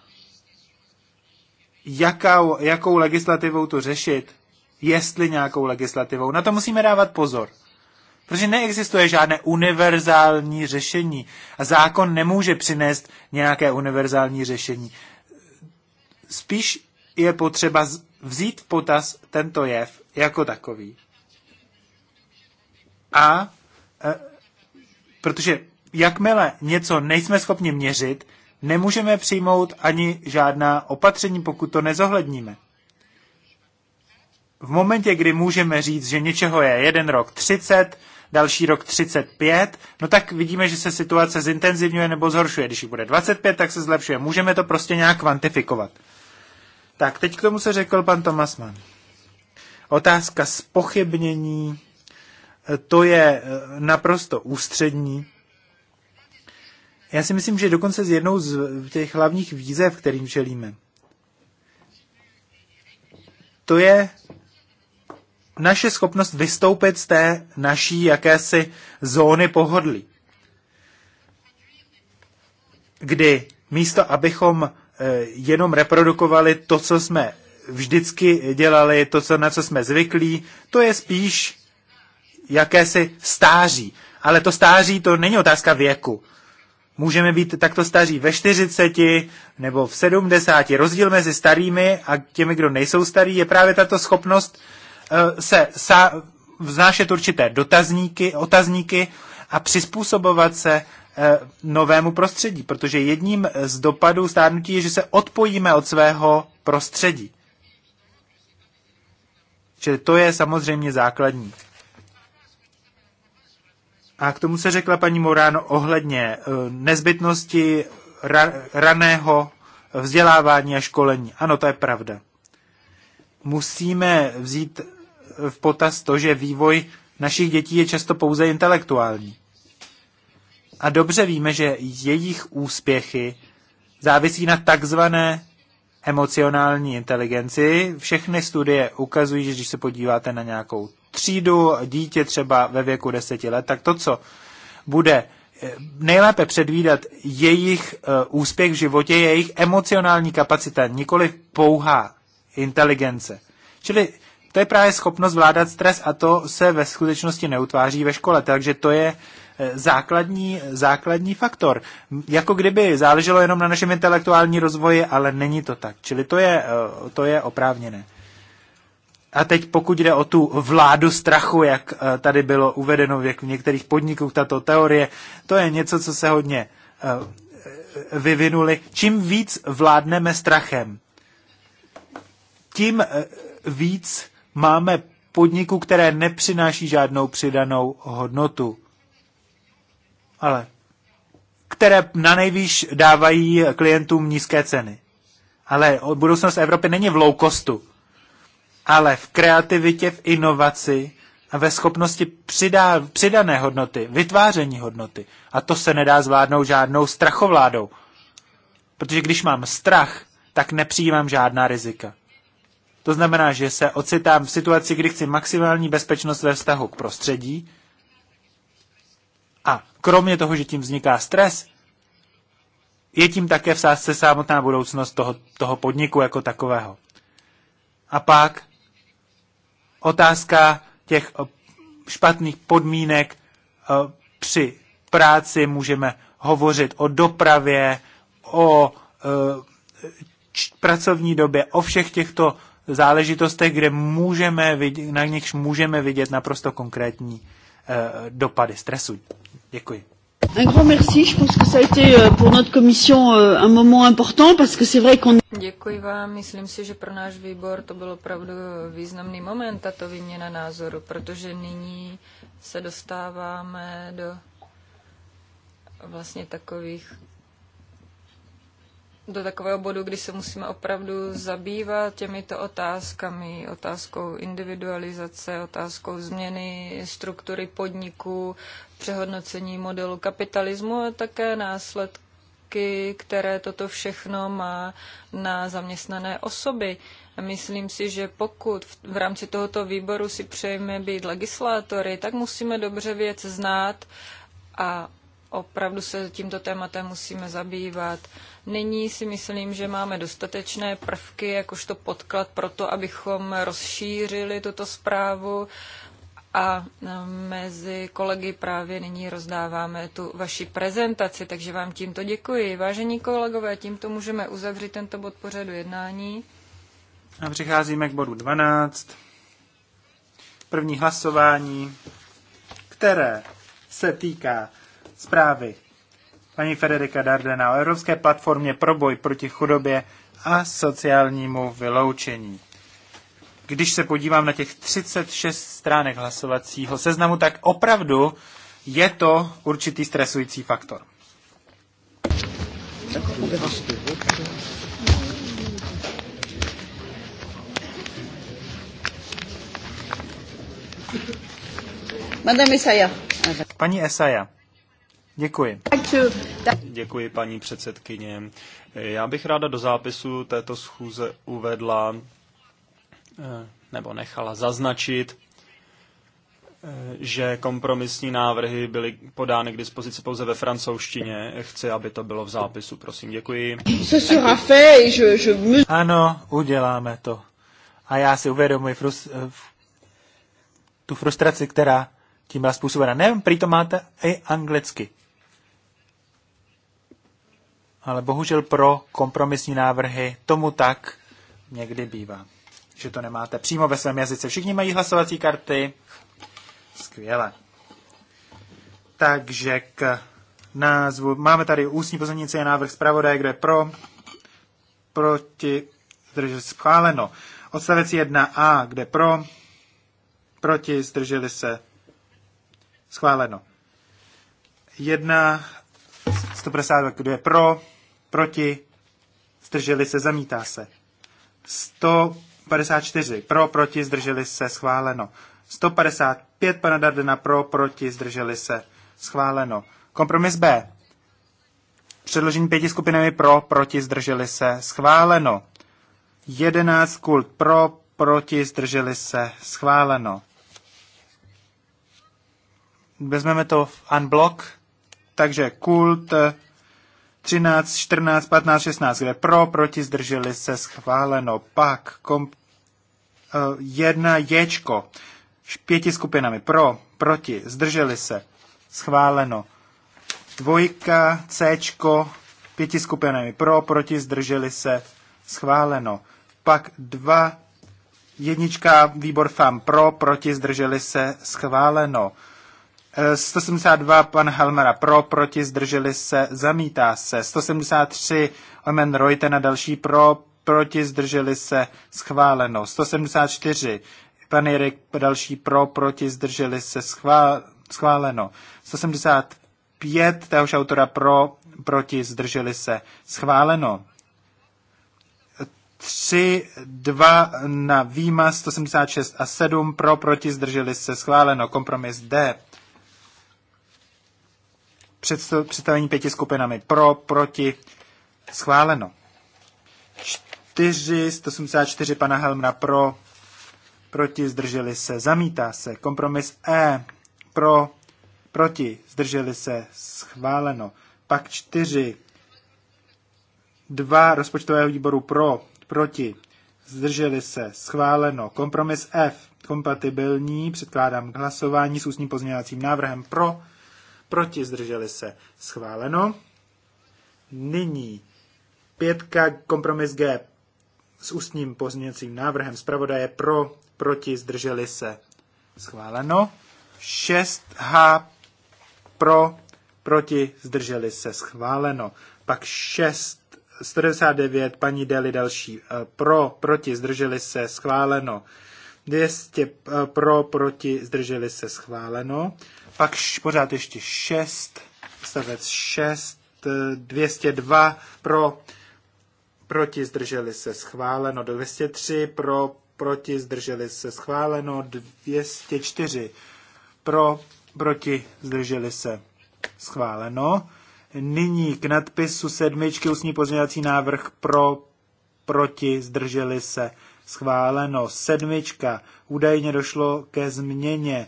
jakou, jakou legislativou to řešit, jestli nějakou legislativou, na to musíme dávat pozor. Protože neexistuje žádné univerzální řešení a zákon nemůže přinést nějaké univerzální řešení. Spíš je potřeba vzít v potaz tento jev jako takový. A e, protože jakmile něco nejsme schopni měřit, nemůžeme přijmout ani žádná opatření, pokud to nezohledníme. V momentě, kdy můžeme říct, že něčeho je jeden rok 30, další rok 35, no tak vidíme, že se situace zintenzivňuje nebo zhoršuje. Když jich bude 25, tak se zlepšuje. Můžeme to prostě nějak kvantifikovat. Tak, teď k tomu se řekl pan Mann. Otázka spochybnění, eh, to je eh, naprosto ústřední. Já si myslím, že dokonce z jednou z eh, těch hlavních výzev, kterým čelíme, to je naše schopnost vystoupit z té naší jakési zóny pohodlí. Kdy místo, abychom eh, jenom reprodukovali to, co jsme vždycky dělali, to, co, na co jsme zvyklí, to je spíš jakési stáří. Ale to stáří to není otázka věku. Můžeme být takto staří ve 40 nebo v 70. Rozdíl mezi starými a těmi, kdo nejsou starí, je právě tato schopnost Eh, se vznášet určité dotazníky, otazníky a přizpůsobovat se eh, novému prostředí, protože jedním z dopadů stárnutí je, že se odpojíme od svého prostředí. Čili to je samozřejmě základní. A k tomu se řekla paní Moráno ohledně eh, nezbytnosti ra- raného vzdělávání a školení. Ano, to je pravda. Musíme vzít v potaz to, že vývoj našich dětí je často pouze intelektuální. A dobře víme, že jejich úspěchy závisí na takzvané emocionální inteligenci. Všechny studie ukazují, že když se podíváte na nějakou třídu, dítě třeba ve věku deseti let, tak to, co bude eh, nejlépe předvídat jejich eh, úspěch v životě, je jejich emocionální kapacita, nikoli pouhá inteligence. Čili to je právě schopnost vládat stres a to se ve skutečnosti neutváří ve škole, takže to je eh, základní, základní faktor. Jako kdyby záleželo jenom na našem intelektuální rozvoji, ale není to tak. Čili to je, eh, to je oprávněné. A teď pokud jde o tu vládu strachu, jak eh, tady bylo uvedeno v některých podniků, tato teorie, to je něco, co se hodně vyvinuli. Čím víc vládneme strachem, tím víc máme podniku, které nepřináší žádnou přidanou hodnotu, ale které na nejvýš dávají klientům nízké ceny. Ale budoucnost Evropy není v low costu, ale v kreativitě, v inovaci a ve schopnosti přidá, přidané hodnoty, vytváření hodnoty. A to se nedá zvládnout žádnou strachovládou. Protože když mám strach, tak nepřijímám žádná rizika. To znamená, že se ocitám v situaci, kdy chci maximální bezpečnost ve vztahu k prostředí a kromě toho, že tím vzniká stres, je tím také v sázce samotná budoucnost toho, toho podniku jako takového. A pak otázka těch eh, špatných podmínek eh, při práci, můžeme hovořit o dopravě, o eh, pracovní době, o všech těchto záležitostech, kde můžeme vidět, na nichž můžeme vidět naprosto konkrétní uh, dopady stresu. Děkuji. Un grand merci. Je pense que ça a été euh, pour notre commission euh, un moment important parce que c'est vrai qu'on Děkuji vám. Myslím si, že pro náš výbor to byl opravdu významný moment, tato výměna názoru, protože nyní se dostáváme do vlastně takových do takového bodu, kdy se musíme opravdu zabývat těmito otázkami, otázkou individualizace, otázkou změny struktury podniků, přehodnocení modelu kapitalismu a také následky, které toto všechno má na zaměstnané osoby. A myslím si, že pokud v rámci tohoto výboru si přejeme být legislátory, tak musíme dobře věc znát a opravdu se tímto tématem musíme zabývat. Nyní si myslím, že máme dostatečné prvky, jakožto podklad pro to, abychom rozšířili tuto zprávu a mezi kolegy právě nyní rozdáváme tu vaši prezentaci, takže vám tímto děkuji. Vážení kolegové, tímto můžeme uzavřít tento bod pořadu jednání. A přicházíme k bodu 12. První hlasování, které se týká zprávy paní Federika Dardena o Evropské platformě pro boj proti chudobě a sociálnímu vyloučení. Když se podívám na těch 36 stránek hlasovacího seznamu, tak opravdu je to určitý stresující faktor. Paní Esaja. Děkuji. Děkuji, paní předsedkyně. Já bych ráda do zápisu této schůze uvedla eh, nebo nechala zaznačit, eh, že kompromisní návrhy byly podány k dispozici pouze ve francouzštině. Chci, aby to bylo v zápisu, prosím. Děkuji. Ano, uděláme to. A já si uvědomuji eh, tu frustraci, která tím byla způsobena. Nevím, prý to máte i anglicky ale bohužel pro kompromisní návrhy tomu tak někdy bývá, že to nemáte přímo ve svém jazyce. Všichni mají hlasovací karty. Skvěle. Takže k názvu. Máme tady ústní pozornice a návrh zpravodaje, kde pro, proti, zdrželi se schváleno. Odstavec 1a, kde pro, proti, zdrželi se schváleno. 1, 152, kde pro, proti, zdrželi se, zamítá se. 154 pro, proti, zdrželi se, schváleno. 155 pana Dardena pro, proti, zdrželi se, schváleno. Kompromis B. Předložení pěti skupinami pro, proti, zdrželi se, schváleno. 11 kult pro, proti, zdrželi se, schváleno. Vezmeme to v unblock, takže kult 13, 14, 15, 16, kde pro, proti, zdrželi se, schváleno. Pak komp, uh, eh, jedna ječko, pěti skupinami pro, proti, zdrželi se, schváleno. Dvojka, Cčko, pěti skupinami pro, proti, zdrželi se, schváleno. Pak dva, jednička, výbor FAM pro, proti, zdrželi se, schváleno. 172 pan Helmera pro, proti, zdrželi se, zamítá se. 173 Omen Reuten a další pro, proti, zdrželi se, schváleno. 174 pan Erik další pro, proti, zdrželi se, schvál, schváleno. 175 téhož autora pro, proti, zdrželi se, schváleno. 3, 2 na výma 176 a 7 pro, proti, zdrželi se, schváleno. Kompromis D představení pěti skupinami pro, proti, schváleno. 4, 174 pana Helmna pro, proti, zdrželi se, zamítá se. Kompromis E, pro, proti, zdrželi se, schváleno. Pak 4, 2 rozpočtového výboru pro, proti, zdrželi se, schváleno. Kompromis F, kompatibilní, předkládám k hlasování s ústním pozměňovacím návrhem pro, proti, zdrželi se, schváleno. Nyní pětka, kompromis G s ústním pozměňovacím návrhem zpravodaje pro, proti, zdrželi se, schváleno. 6H pro, proti, zdrželi se, schváleno. Pak 6 199, paní Deli další, eh, pro, proti, zdrželi se, schváleno. 200 eh, pro, proti, zdrželi se, schváleno. Pak pořád ještě 6, stavec 6, 202 pro, proti zdrželi se schváleno, 203 pro, proti zdrželi se schváleno, 204 pro, proti zdrželi se schváleno. Nyní k nadpisu sedmičky ústní pozměňovací návrh pro, proti zdrželi se schváleno. Sedmička údajně došlo ke změně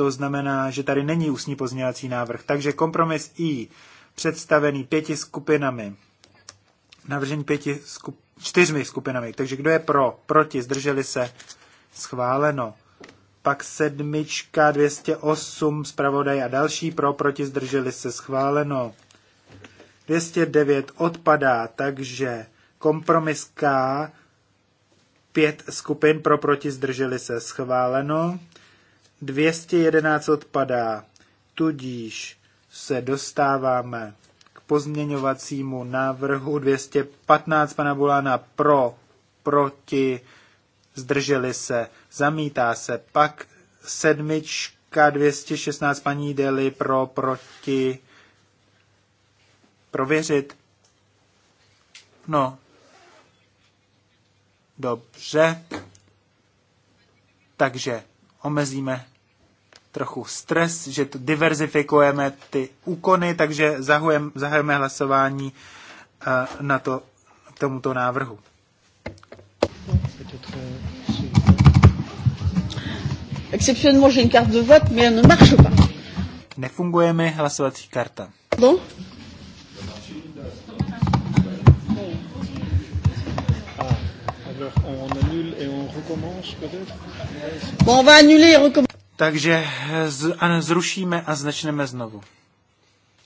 to znamená, že tady není ústní pozměňovací návrh. Takže kompromis I, představený pěti skupinami, navržený pěti skup, čtyřmi skupinami. Takže kdo je pro, proti, zdrželi se, schváleno. Pak sedmička 208 zpravodaj a další pro, proti, zdrželi se, schváleno. 209 odpadá, takže kompromis K, pět skupin pro, proti, zdrželi se, schváleno. 211 odpadá, tudíž se dostáváme k pozměňovacímu návrhu 215 pana Bulána pro, proti, zdrželi se, zamítá se. Pak sedmička 216 paní Deli pro, proti, prověřit. No, dobře. Takže omezíme trochu stres, že to diverzifikujeme ty úkony, takže zahajeme hlasování eh, na to, k tomuto návrhu. Exceptionnellement, carte de vote, mais elle ne marche pas. Nefunguje mi hlasovací karta. Pardon? on annule et on recommence peut-être Bon, on va annuler et recommencer. Takže z, zrušíme a začneme znovu.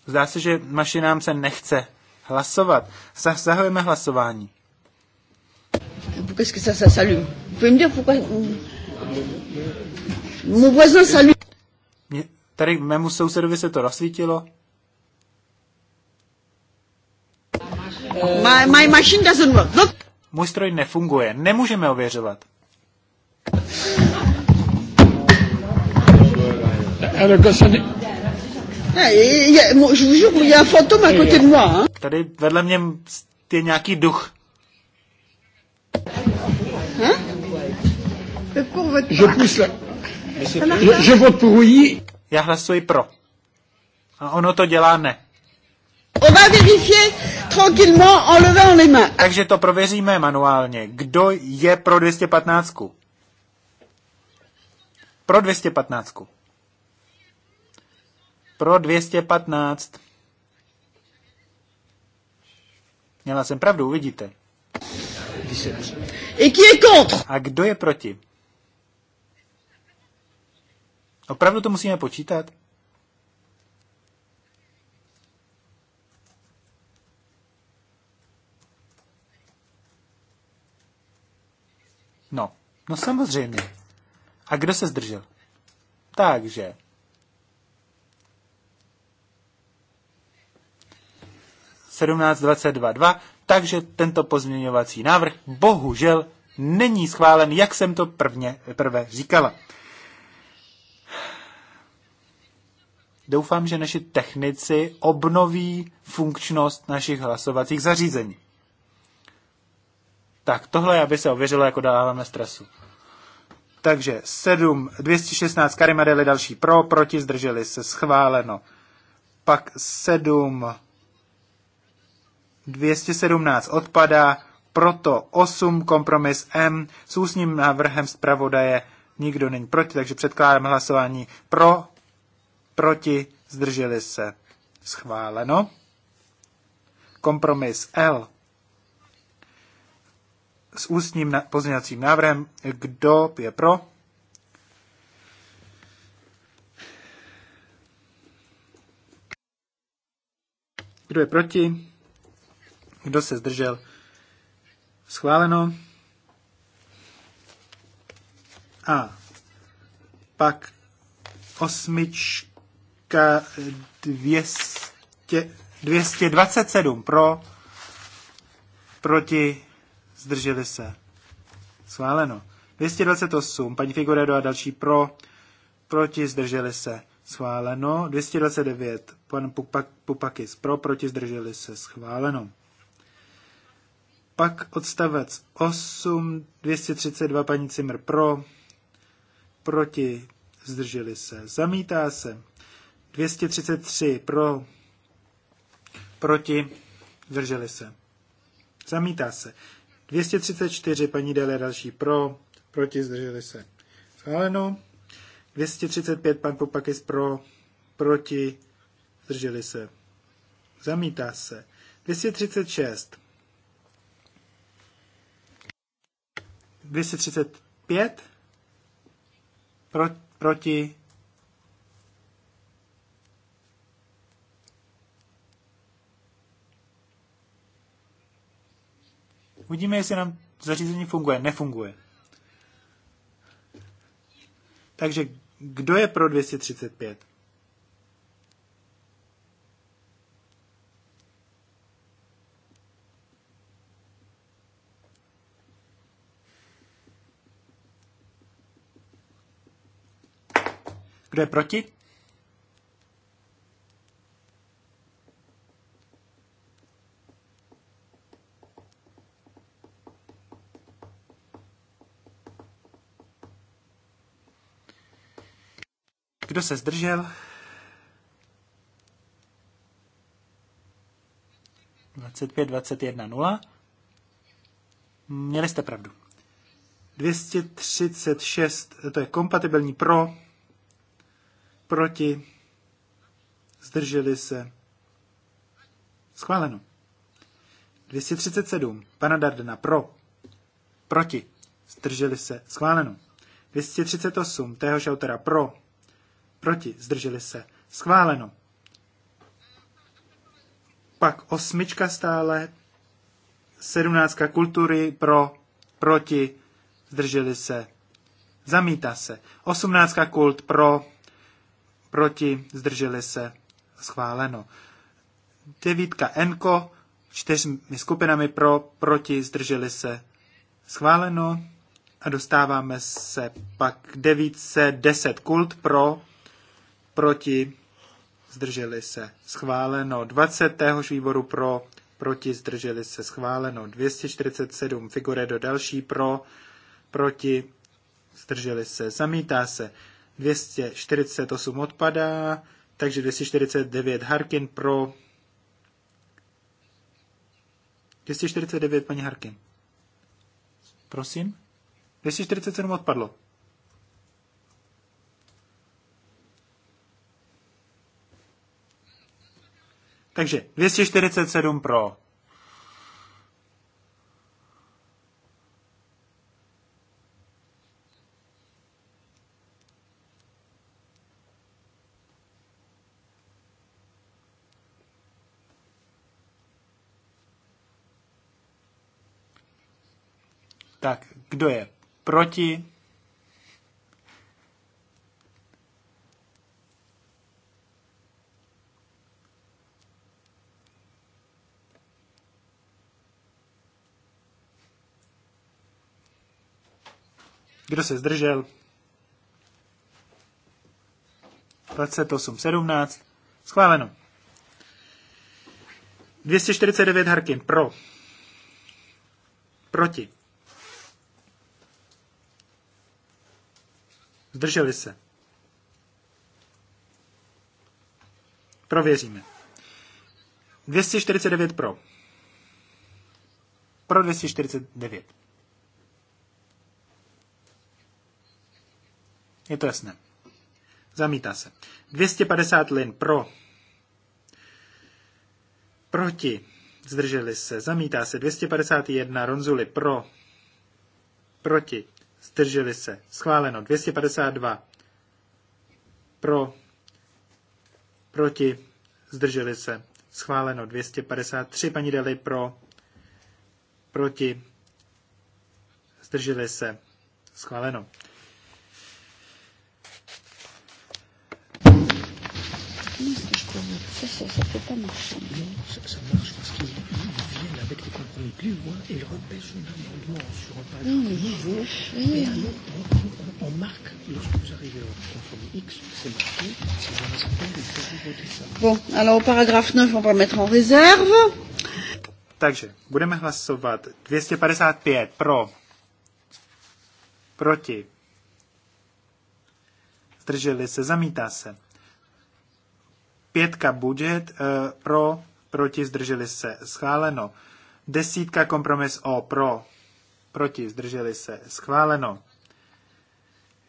Zdá se, že mašinám se nechce hlasovat. Zahajujeme hlasování. Pourquoi se s'allume Mon voisin s'allume. Tady mému sousedovi se to rozsvítilo. My, my machine doesn't work. Look. Můj stroj nefunguje, nemůžeme ověřovat. Tady vedle mě je nějaký duch. Je Já hlasuji pro. A ono to dělá ne. On va vérifier tranquillement en levant les mains. Takže to prověříme manuálně. Kdo je pro 215? Pro 215. Pro 215. Měla jsem pravdu, uvidíte. A kdo je proti? Opravdu to musíme počítat? No, no samozřejmě. A kdo se zdržel? Takže. Sedmnáct Takže tento pozměňovací návrh bohužel není schválen, jak jsem to prvně, prvé říkala. Doufám, že naši technici obnoví funkčnost našich hlasovacích zařízení. Tak tohle, aby se ověřilo, jako dáváme stresu. Takže 7, 216 Karimadeli další pro, proti, zdrželi se, schváleno. Pak 7, 217 odpadá, proto 8 kompromis M s ústním návrhem zpravodaje nikdo není proti, takže předkládám hlasování pro, proti, zdrželi se, schváleno. Kompromis L s ústním pozměňovacím návrhem. Kdo je pro? Kdo je proti? Kdo se zdržel? Schváleno. A pak osmička 200, 227 pro, proti zdrželi se. Schváleno. 228, paní Figuredo a další pro, proti, zdrželi se. Schváleno. 229, pan Pupak, Pupakis pro, proti, zdrželi se. Schváleno. Pak odstavec 8, 232, paní Cimr pro, proti, zdrželi se. Zamítá se. 233 pro, proti, zdrželi se. Zamítá se. 234 paní Dele další pro, proti zdrželi se. Schváleno. 235 pan Popakis pro, proti zdrželi se. Zamítá se. 236. 235 pro, proti Uvidíme, jestli nám zařízení funguje. Nefunguje. Takže kdo je pro 235? Kdo je proti? Kdo se zdržel? nula. Měli jste pravdu. 236, to je kompatibilní pro, proti, zdrželi se. Schváleno. 237, pana Dardena, pro, proti, zdrželi se. Schváleno. 238, téhož autora, pro, proti, zdrželi se, schváleno. Pak osmička stále, sedmnáctka kultury pro, proti, zdrželi se, zamítá se. Osmnáctka kult pro, proti, zdrželi se, schváleno. Devítka enko, čtyřmi skupinami pro, proti, zdrželi se, schváleno. A dostáváme se pak 910 kult pro, proti, zdrželi se, schváleno. 20. téhož výboru pro, proti, zdrželi se, schváleno. 247 do další pro, proti, zdrželi se, zamítá se. 248 odpadá, takže 249 Harkin pro, 249 paní Harkin. Prosím? 247 odpadlo. Takže 247 pro. Tak, kdo je proti? Kdo se zdržel? 28.17. 17. Schváleno. 249 Harkin pro. Proti. Zdrželi se. Prověříme. 249 pro. Pro 249. Je to jasné. Zamítá se. 250 lin pro. Proti. Zdrželi se. Zamítá se. 251 ronzuli pro. Proti. Zdrželi se. Schváleno. 252 pro. Proti. Zdrželi se. Schváleno. 253 paní Deli pro. Proti. Zdrželi se. Schváleno. ça, ça, ça peut pas marcher. Non, ça, ça marche parce qu'ils viennent avec les compromis plus loin et ils repêchent un amendement sur un page mmh. nouveau. Oui. Et alors, on, on, on marque, lorsque vous arrivez au compromis X, c'est marqué, si vous respectez, il faut voter ça. Bon, alors au paragraphe 9, on va mettre en réserve. Takže budeme hlasovat 255 pro, proti, zdrželi se, zamítá se. Pětka budget eh, pro, proti, zdrželi se, schváleno. Desítka kompromis O pro, proti, zdrželi se, schváleno.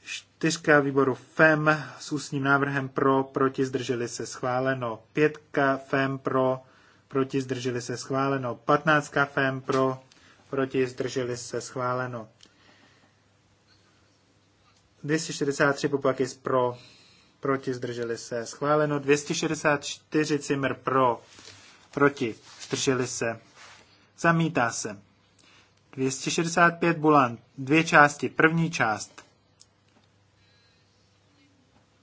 Čtyřka výboru FEM s ústním návrhem pro, proti, zdrželi se, schváleno. Pětka FEM pro, proti, zdrželi se, schváleno. Patnáctka FEM pro, proti, zdrželi se, schváleno. 263 poplaky pro, proti, zdrželi se, schváleno 264 Cimr pro, proti, zdrželi se, zamítá se. 265 Bulan, dvě části, první část,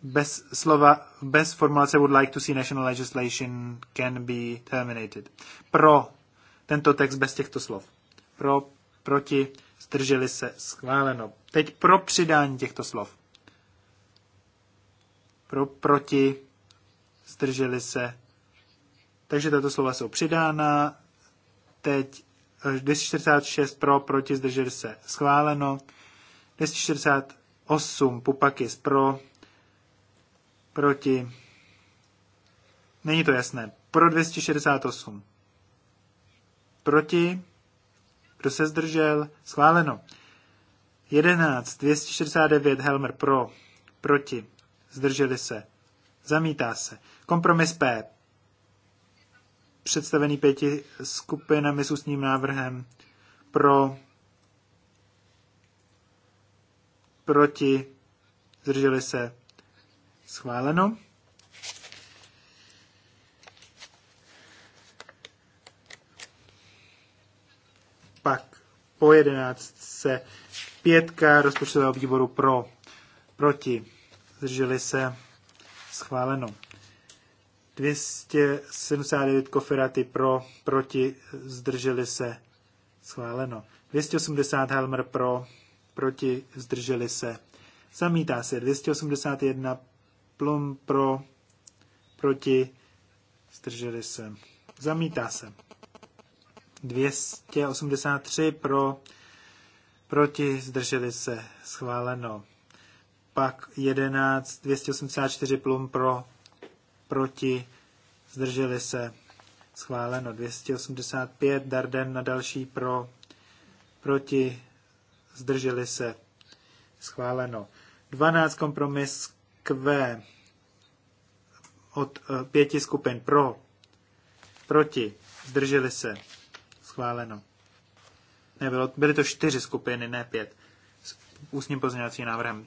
bez slova, bez formulace would like to see national legislation can be terminated. Pro tento text bez těchto slov. Pro, proti, zdrželi se, schváleno. Teď pro přidání těchto slov pro, proti, zdrželi se. Takže tato slova jsou přidána. Teď 246 eh, pro, proti, zdrželi se, schváleno. 248 z pro, proti, není to jasné, pro 268. Proti, kdo se zdržel, schváleno. 11, 269 Helmer pro, proti, zdrželi se, zamítá se. Kompromis P, představený pěti skupinami s ústním návrhem pro, proti, zdrželi se, schváleno. Pak po se pětka rozpočtového výboru pro, proti, zdrželi se, schváleno. 279 koferaty pro, proti, zdrželi se, schváleno. 280 Helmer pro, proti, zdrželi se, zamítá se. 281 Plum pro, proti, zdrželi se, zamítá se. 283 pro, proti, zdrželi se, schváleno pak 11, 284 plum pro, proti, zdrželi se, schváleno 285, Darden na další pro, proti, zdrželi se, schváleno 12, kompromis Q od eh, pěti skupin pro, proti, zdrželi se, schváleno. Nebylo, byly to čtyři skupiny, ne pět. S ústním pozměňovacím návrhem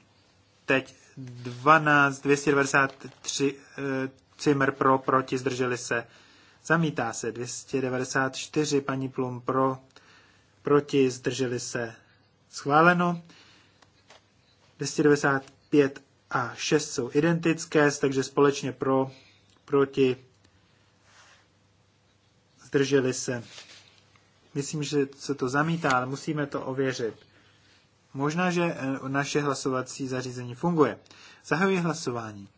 teď 12, 293 eh, Cimer pro, proti, zdrželi se. Zamítá se 294, paní Plum pro, proti, zdrželi se. Schváleno. 295 a 6 jsou identické, takže společně pro, proti, zdrželi se. Myslím, že se to zamítá, ale musíme to ověřit. Možná, že eh, naše hlasovací zařízení funguje. Zahajuji hlasování.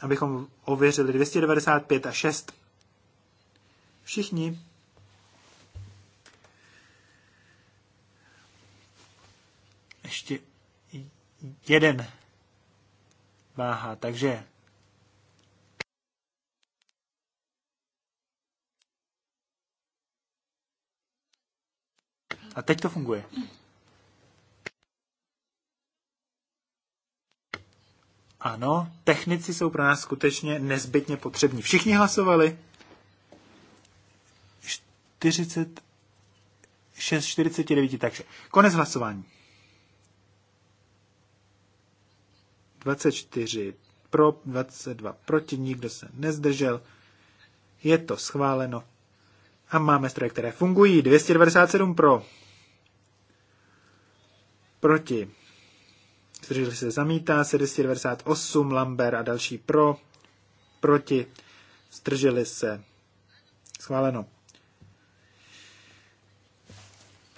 Abychom ověřili 295 a 6. Všichni. Ještě jeden váha, takže A teď to funguje. Ano, technici jsou pro nás skutečně nezbytně potřební. Všichni hlasovali. 46, 49, takže konec hlasování. 24 pro, 22 proti, nikdo se nezdržel. Je to schváleno. A máme stroje, které fungují. 297 pro. Proti. Zdrželi se zamítá se 298, Lambert a další pro. Proti. Zdrželi se. Schváleno.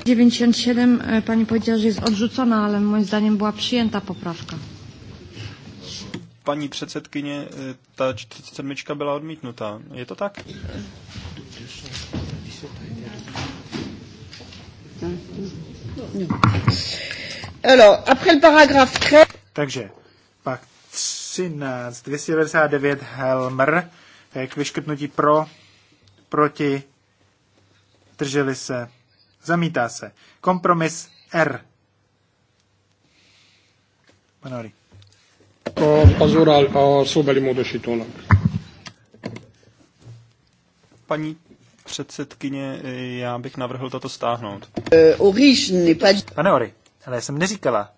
97 eh, pani powiedziała, že je odrzucona, ale můj zdaním byla přijenta popravka. Paní předsedkyně, ta 47 byla odmítnuta. Je to tak? Alors, après le paragraphe 13... Takže, pak 13, 299 Helmer, eh, k vyškrtnutí pro, proti, drželi se, zamítá se. Kompromis R. Panori. Az urál a szóbeli módosítónak. Paní předsedkyně, eh, já bych navrhl toto stáhnout. Eh, Pane Ory, ale já jsem neříkala,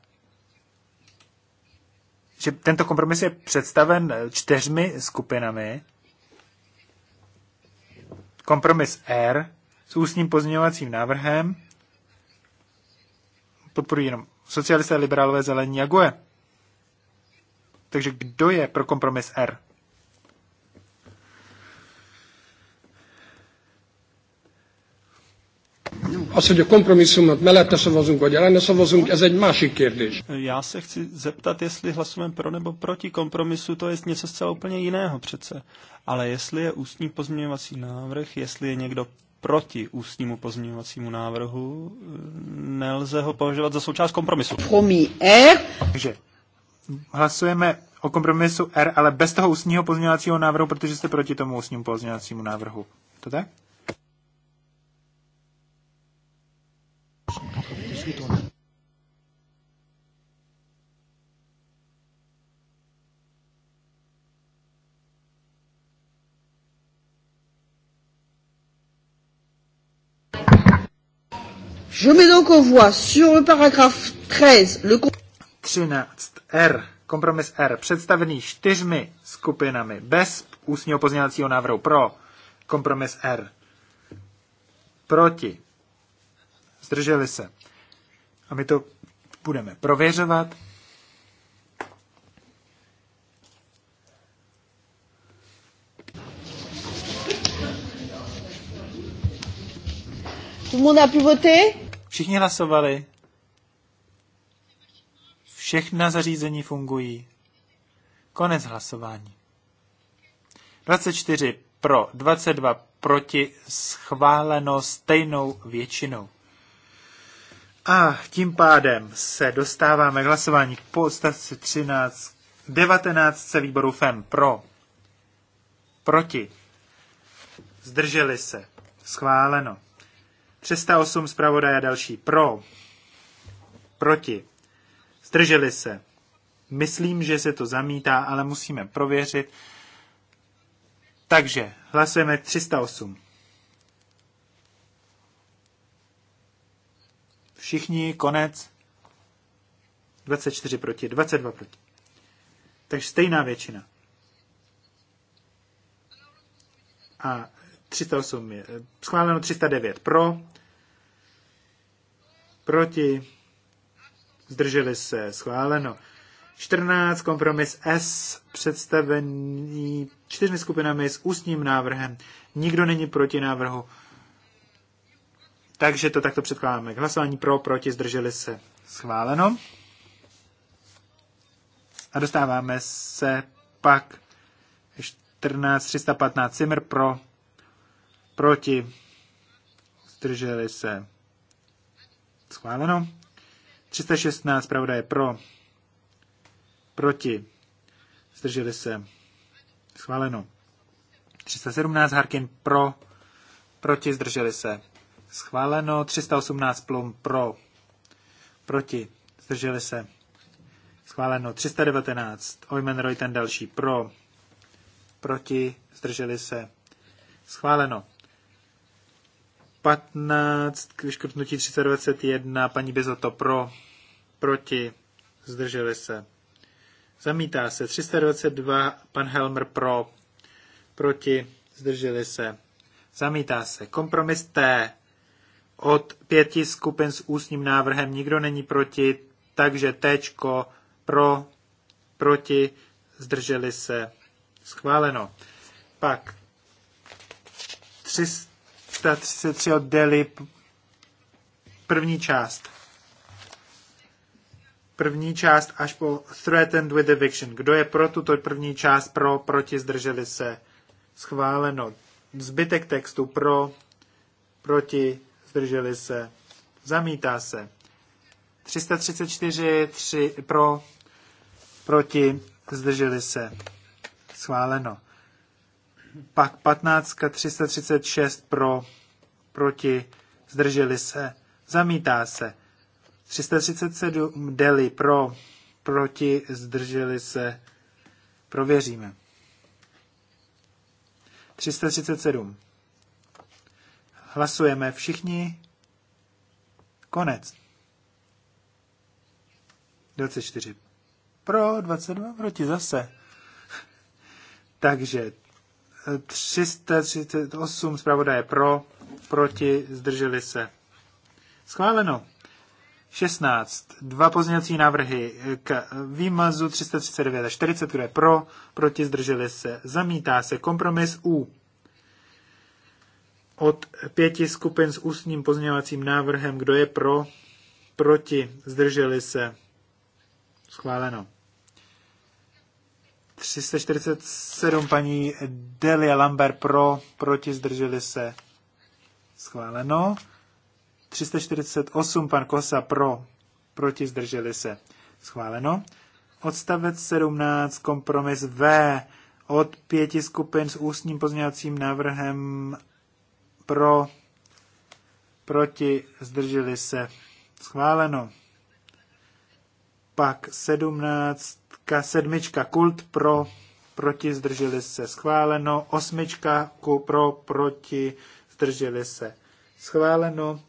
že tento kompromis je představen eh, čtyřmi skupinami. Kompromis R s ústním pozměňovacím návrhem podporují jenom socialisté, liberálové, zelení a GUE. Takže kdo je pro kompromis R? Az, hogy a kompromisszumot mellette szavazunk, vagy ellene szavazunk, ez egy másik kérdés. Já se chci zeptat, jestli hlasujeme pro nebo proti kompromisu, to je něco zcela úplně jiného přece. Ale jestli je ústní pozměňovací návrh, jestli je někdo proti ústnímu pozměňovacímu návrhu, nelze ho považovat za součást kompromisu. Takže hlasujeme o kompromisu R, ale bez toho ústního pozměňovacího návrhu, protože jste proti tomu ústnímu pozměňovacímu návrhu. To tak? zu tun. Je mets donc aux voix sur le paragraphe 13 le 13R, kompromis R, představený čtyřmi skupinami bez ústního pozměňovacího návrhu pro kompromis R. Proti. Zdrželi se. A my to budeme prověřovat. Všichni hlasovali. Všechna zařízení fungují. Konec hlasování. 24 pro, 22 proti, schváleno stejnou většinou. A tím pádem se dostáváme k hlasování po odstavci 13, 19 se výboru FEM pro, proti, zdrželi se, schváleno. 308 zpravodaje další pro, proti, zdrželi se. Myslím, že se to zamítá, ale musíme prověřit. Takže hlasujeme 308. Všichni, konec. 24 proti, 22 proti. Takže stejná většina. A 308 je schváleno, 309 pro, proti, zdrželi se, schváleno. 14, kompromis S, představený čtyřmi skupinami s ústním návrhem. Nikdo není proti návrhu takže to takto předkládáme k hlasování pro, proti, zdrželi se. Schváleno. A dostáváme se pak 14, 315 Cimr pro, proti, zdrželi se. Schváleno. 316 pravda je pro, proti, zdrželi se. Schváleno. 317 Harkin pro, proti, zdrželi se. Schváleno 318 plum pro. Proti. Zdrželi se. Schváleno 319. Ojmen Roy ten další pro. Proti. Zdrželi se. Schváleno. 15 k vyškrtnutí 321. Paní Bezoto pro. Proti. Zdrželi se. Zamítá se 322. Pan Helmer pro. Proti. Zdrželi se. Zamítá se. Kompromis T od pěti skupin s ústním návrhem, nikdo není proti, takže tečko pro, proti, zdrželi se, schváleno. Pak 333 od Deli, první část. První část až po Threatened with Eviction. Kdo je pro tuto první část, pro, proti, zdrželi se, schváleno. Zbytek textu pro, proti, zdrželi se, zamítá se. 334 3, pro, proti, zdrželi se, schváleno. Pak 15 336 pro, proti, zdrželi se, zamítá se. 337 deli pro, proti, zdrželi se, prověříme. 337. Hlasujeme všichni. Konec. 24. Pro, 22 proti zase. Takže 338 eh, zpravodaje pro, proti, zdrželi se. Schváleno. 16. Dva pozměňovací návrhy k výmazu 339 a 40, kdo je pro, proti, zdrželi se. Zamítá se kompromis U od pěti skupin s ústním pozměňovacím návrhem. Kdo je pro? Proti? Zdrželi se? Schváleno. 347 paní Delia Lambert pro, proti zdrželi se. Schváleno. 348 pan Kosa pro, proti zdrželi se. Schváleno. Odstavec 17, kompromis V od pěti skupin s ústním pozměňovacím návrhem pro, proti, zdrželi se, schváleno. Pak sedmnáctka sedmička kult pro, proti, zdrželi se, schváleno. Osmička ku pro, proti, zdrželi se, schváleno.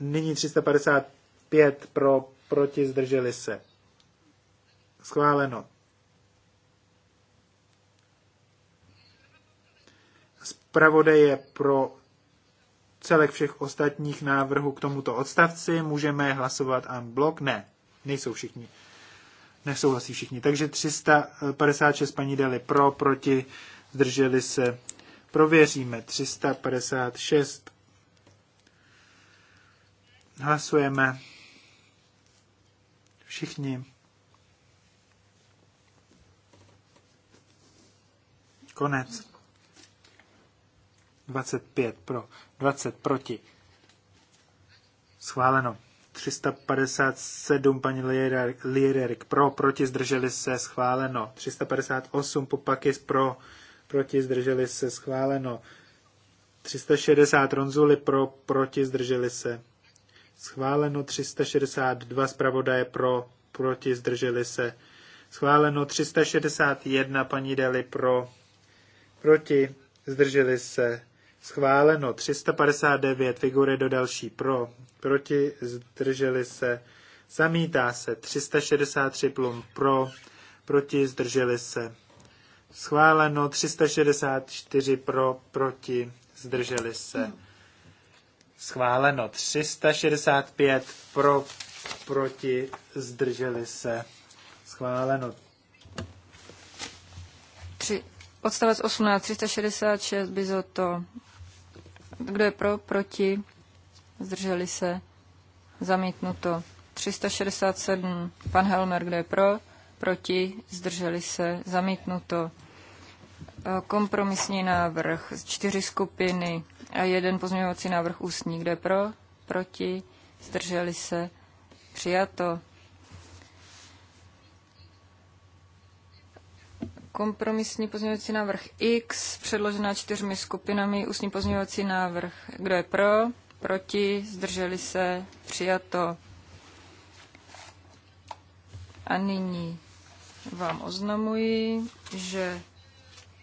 Nyní 355 pro, proti, zdrželi se. Schváleno. zpravodaje pro celek všech ostatních návrhů k tomuto odstavci. Můžeme hlasovat en blok? Ne, nejsou všichni. Nesouhlasí všichni. Takže 356 paní dali pro, proti, zdrželi se. Prověříme 356. Hlasujeme. Všichni. Konec. 25 pro, 20 proti. Schváleno. 357 paní Lierik pro, proti zdrželi se, schváleno. 358 Popakis pro, proti zdrželi se, schváleno. 360 Ronzuli pro, proti zdrželi se, schváleno. 362 zpravodaje pro, proti zdrželi se, schváleno. 361 paní Deli pro, proti zdrželi se, Schváleno 359, figury do další pro, proti, zdrželi se, zamítá se 363 plum pro, proti, zdrželi se. Schváleno 364 pro, proti, zdrželi se. Schváleno 365 pro, proti, zdrželi se. Schváleno. 3, odstavec 18, 366, Bizoto, kdo je pro, proti, zdrželi se, zamítnuto. 367, pan Helmer, kdo je pro, proti, zdrželi se, zamítnuto. E, kompromisní návrh, čtyři skupiny a jeden pozměňovací návrh ústní, je pro, proti, zdrželi se, přijato. kompromisní pozměňovací návrh X, předložená čtyřmi skupinami, ústní pozměňovací návrh. Kdo je pro? Proti? Zdrželi se? Přijato. A nyní vám oznamuji, že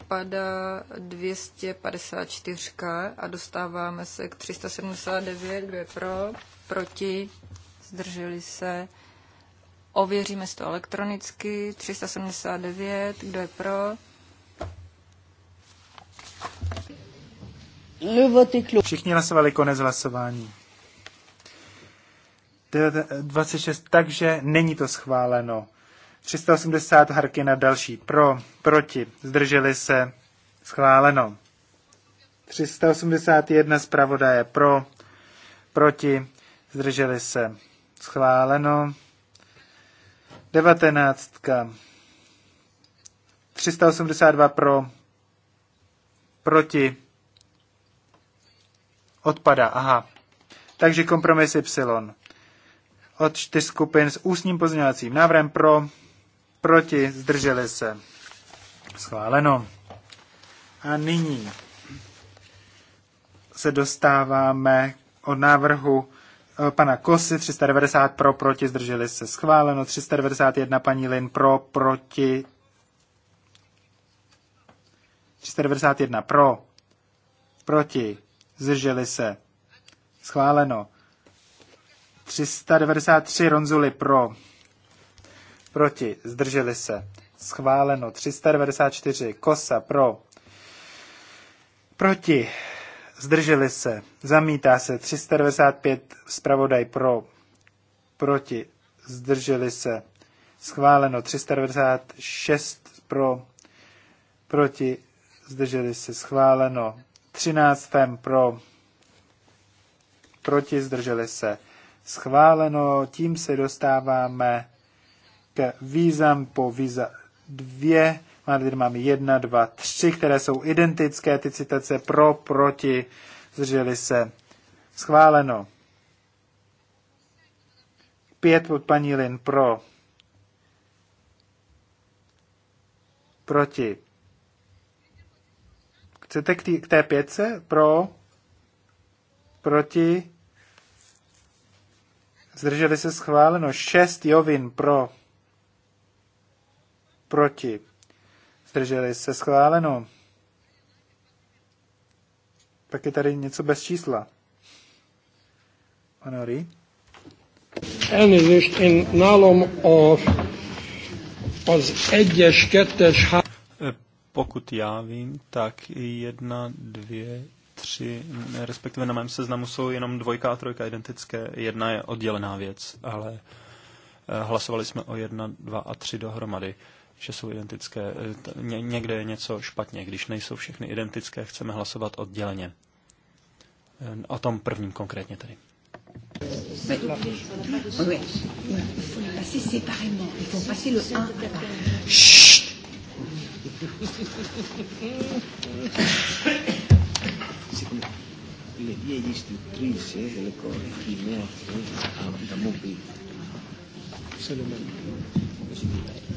padá 254 a dostáváme se k 379, kdo je pro, proti, zdrželi se, Ověříme si to elektronicky. 379, kdo je pro? Všichni hlasovali konec hlasování. 26, takže není to schváleno. 380 harky na další. Pro, proti, zdrželi se, schváleno. 381 zpravodaje pro, proti, zdrželi se, schváleno. Devatenáctka. 382 pro. Proti. Odpada, aha. Takže kompromis Y. Od čtyř skupin s ústním pozměňovacím návrhem pro, proti, zdrželi se. Schváleno. A nyní se dostáváme od návrhu Eh, pana Kosy, 390 pro, proti, zdrželi se schváleno, 391 paní Lin pro, proti, 391 pro, proti, zdrželi se schváleno, 393 Ronzuli pro, proti, zdrželi se schváleno, 394 Kosa pro, proti, zdrželi se, zamítá se 395 zpravodaj pro, proti, zdrželi se, schváleno 396 pro, proti, zdrželi se, schváleno 13 fem pro, proti, zdrželi se, schváleno, tím se dostáváme k vízám po víza 2, Máme Tady máme jedna, dva, tři, které jsou identické, ty citace pro, proti, zdrželi se. Schváleno. Pět od paní Lin pro. Proti. Chcete k, tý, k té pětce? Pro. Proti. Zdrželi se schváleno. Šest jovin pro. Proti zdrželi se schváleno. Pak je tady něco bez čísla. Honorí. Elnézést, is én nálam a, az egyes, kettes, há... E, pokud já vím, tak jedna, dvě, tři, respektive na mém seznamu jsou jenom dvojka a trojka identické. Jedna je oddělená věc, ale e, hlasovali jsme o jedna, dva a tři dohromady. Uh, že jsou identické. E, ně, někde je něco špatně, když nejsou všechny identické, chceme hlasovat odděleně. E, o tom prvním konkrétně tedy. Le vieille istruttrice delle cose, chi mobile. C'est le même.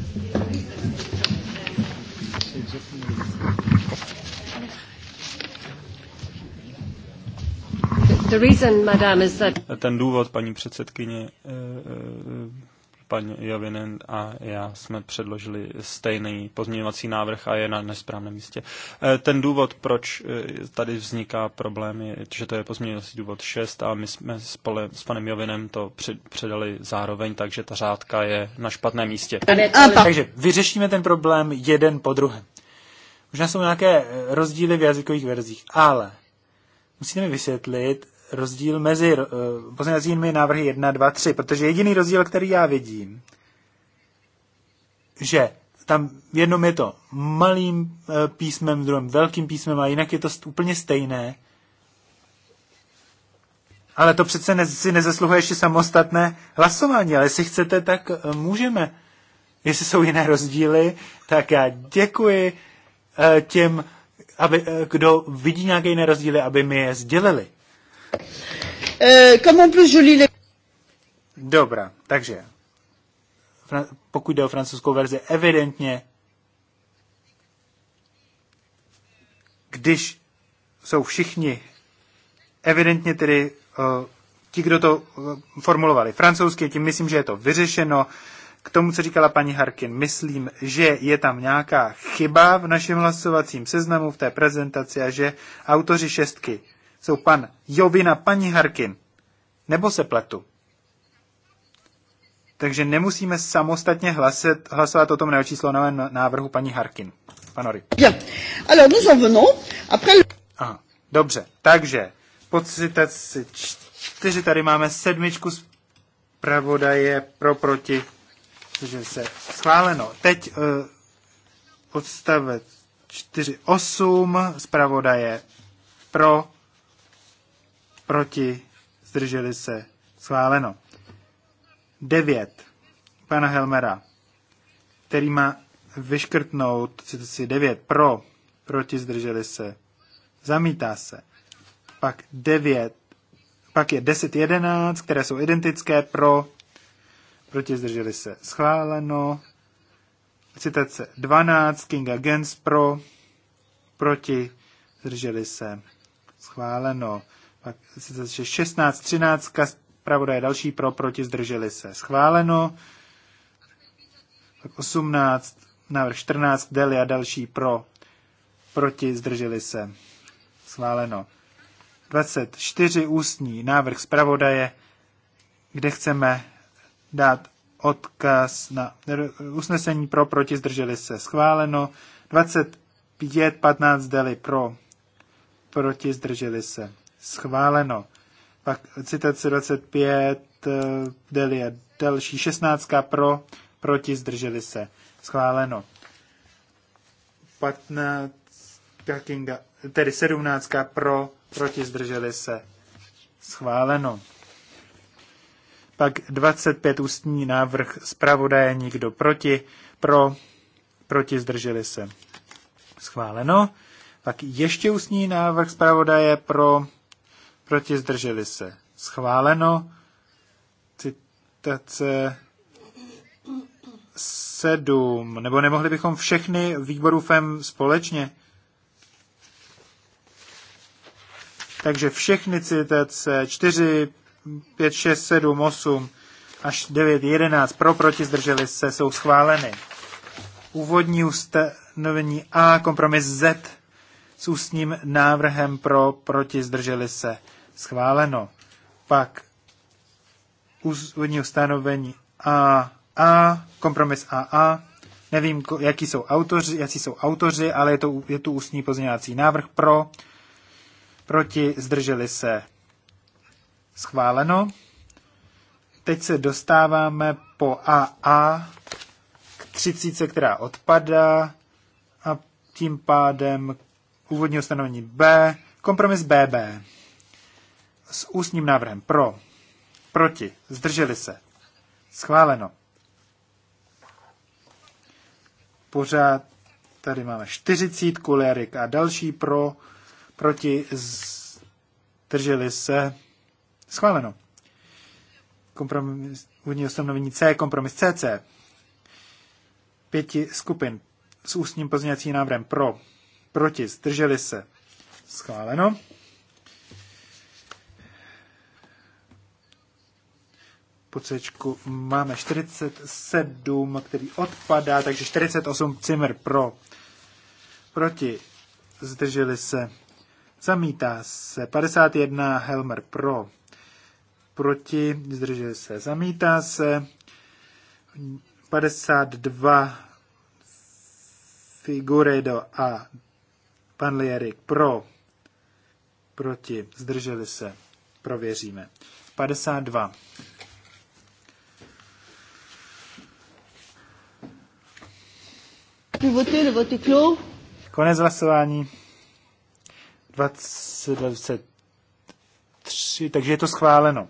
Ten důvod, paní předsedkyně, eh, paní Jovinen a já jsme předložili stejný pozměňovací návrh a je na nesprávném místě. Eh, ten důvod, proč eh, tady vzniká problém, je, že to je pozměňovací důvod 6 a my jsme spole, s panem Jovinem to předali zároveň, takže ta řádka je na špatném místě. Takže vyřešíme ten problém jeden po druhém. Možná jsou nějaké eh, rozdíly v jazykových verzích, ale musíte mi vysvětlit, rozdíl mezi eh, pozměňovacími návrhy 1, 2, 3, protože jediný rozdíl, který já vidím, že tam v jednom je to malým eh, písmem, v druhém velkým písmem a jinak je to úplně stejné. Ale to přece ne, si nezasluhuje ještě samostatné hlasování, ale jestli chcete, tak eh, můžeme. Jestli jsou jiné rozdíly, tak já děkuji těm, aby, kdo vidí nějaké jiné rozdíly, aby mi je sdělili. Eh, Dobrá, takže pokud jde o francouzskou verzi, evidentně, když jsou všichni, evidentně tedy eh, ti, kdo to eh, formulovali francouzsky, tím myslím, že je to vyřešeno. K tomu, co říkala paní Harkin, myslím, že je tam nějaká chyba v našem hlasovacím seznamu, v té prezentaci a že autoři šestky jsou pan Jovina, paní Harkin. Nebo se pletu. Takže nemusíme samostatně hlasit, hlasovat o tom neočíslovaném návrhu paní Harkin. Panory. Aha, dobře, takže pocit si čtyři tady máme sedmičku pravodaje pro proti, takže se schváleno. Teď uh, odstavec 4.8 zpravodaje pro proti, zdrželi se, schváleno. 9. Pana Helmera, který má vyškrtnout citaci 9 pro, proti, zdrželi se, zamítá se. Pak 9, pak je 10, 11, které jsou identické pro, proti, zdrželi se, schváleno. Citace 12, King Against pro, proti, zdrželi se, schváleno. Pak 16, 13, je další pro, proti, zdrželi se. Schváleno. Pak 18, návrh 14, Delia další pro, proti, zdrželi se. Schváleno. 24 ústní návrh zpravodaje, kde chceme dát odkaz na usnesení pro, proti, zdrželi se. Schváleno. 25, 15 deli pro, proti, zdrželi se schváleno. Pak citace 25, a další 16 pro, proti, zdrželi se, schváleno. 15, Kinga, tedy 17 pro, proti, zdrželi se, schváleno. Pak 25 ústní návrh zpravodaje, nikdo proti, pro, proti, zdrželi se, schváleno. Pak ještě ústní návrh zpravodaje pro, proti zdrželi se. Schváleno. Citace sedm. Nebo nemohli bychom všechny výborů FEM společně? Takže všechny citace čtyři, pět, šest, sedm, osm, až devět, jedenáct pro, proti, zdrželi se, jsou schváleny. Úvodní ustanovení A, kompromis Z s ústním návrhem pro, proti, zdrželi se schváleno. Pak úvodní ustanovení a a kompromis AA. Nevím, jaký jsou autoři, jaký jsou autoři, ale je, to, je tu ústní pozměňovací návrh pro, proti, zdrželi se. Schváleno. Teď se dostáváme po AA k 30, která odpadá a tím pádem úvodní ustanovení B, kompromis BB s ústním návrhem pro, proti, zdrželi se. Schváleno. Pořád tady máme 40 kulerik a další pro, proti, zdrželi se. Schváleno. Kompromis, úvodní ustanovení C, kompromis CC. Pěti skupin s ústním pozměňovacím návrhem pro, proti, zdrželi se. Schváleno. pocečku máme 47, který odpadá, takže 48 Cimr pro. Proti zdrželi se. Zamítá se 51 Helmer pro. Proti zdrželi se. Zamítá se 52 Figuredo a pan Lierik pro. Proti zdrželi se. Prověříme. 52. Konec hlasování. 20, 23, takže je to schváleno.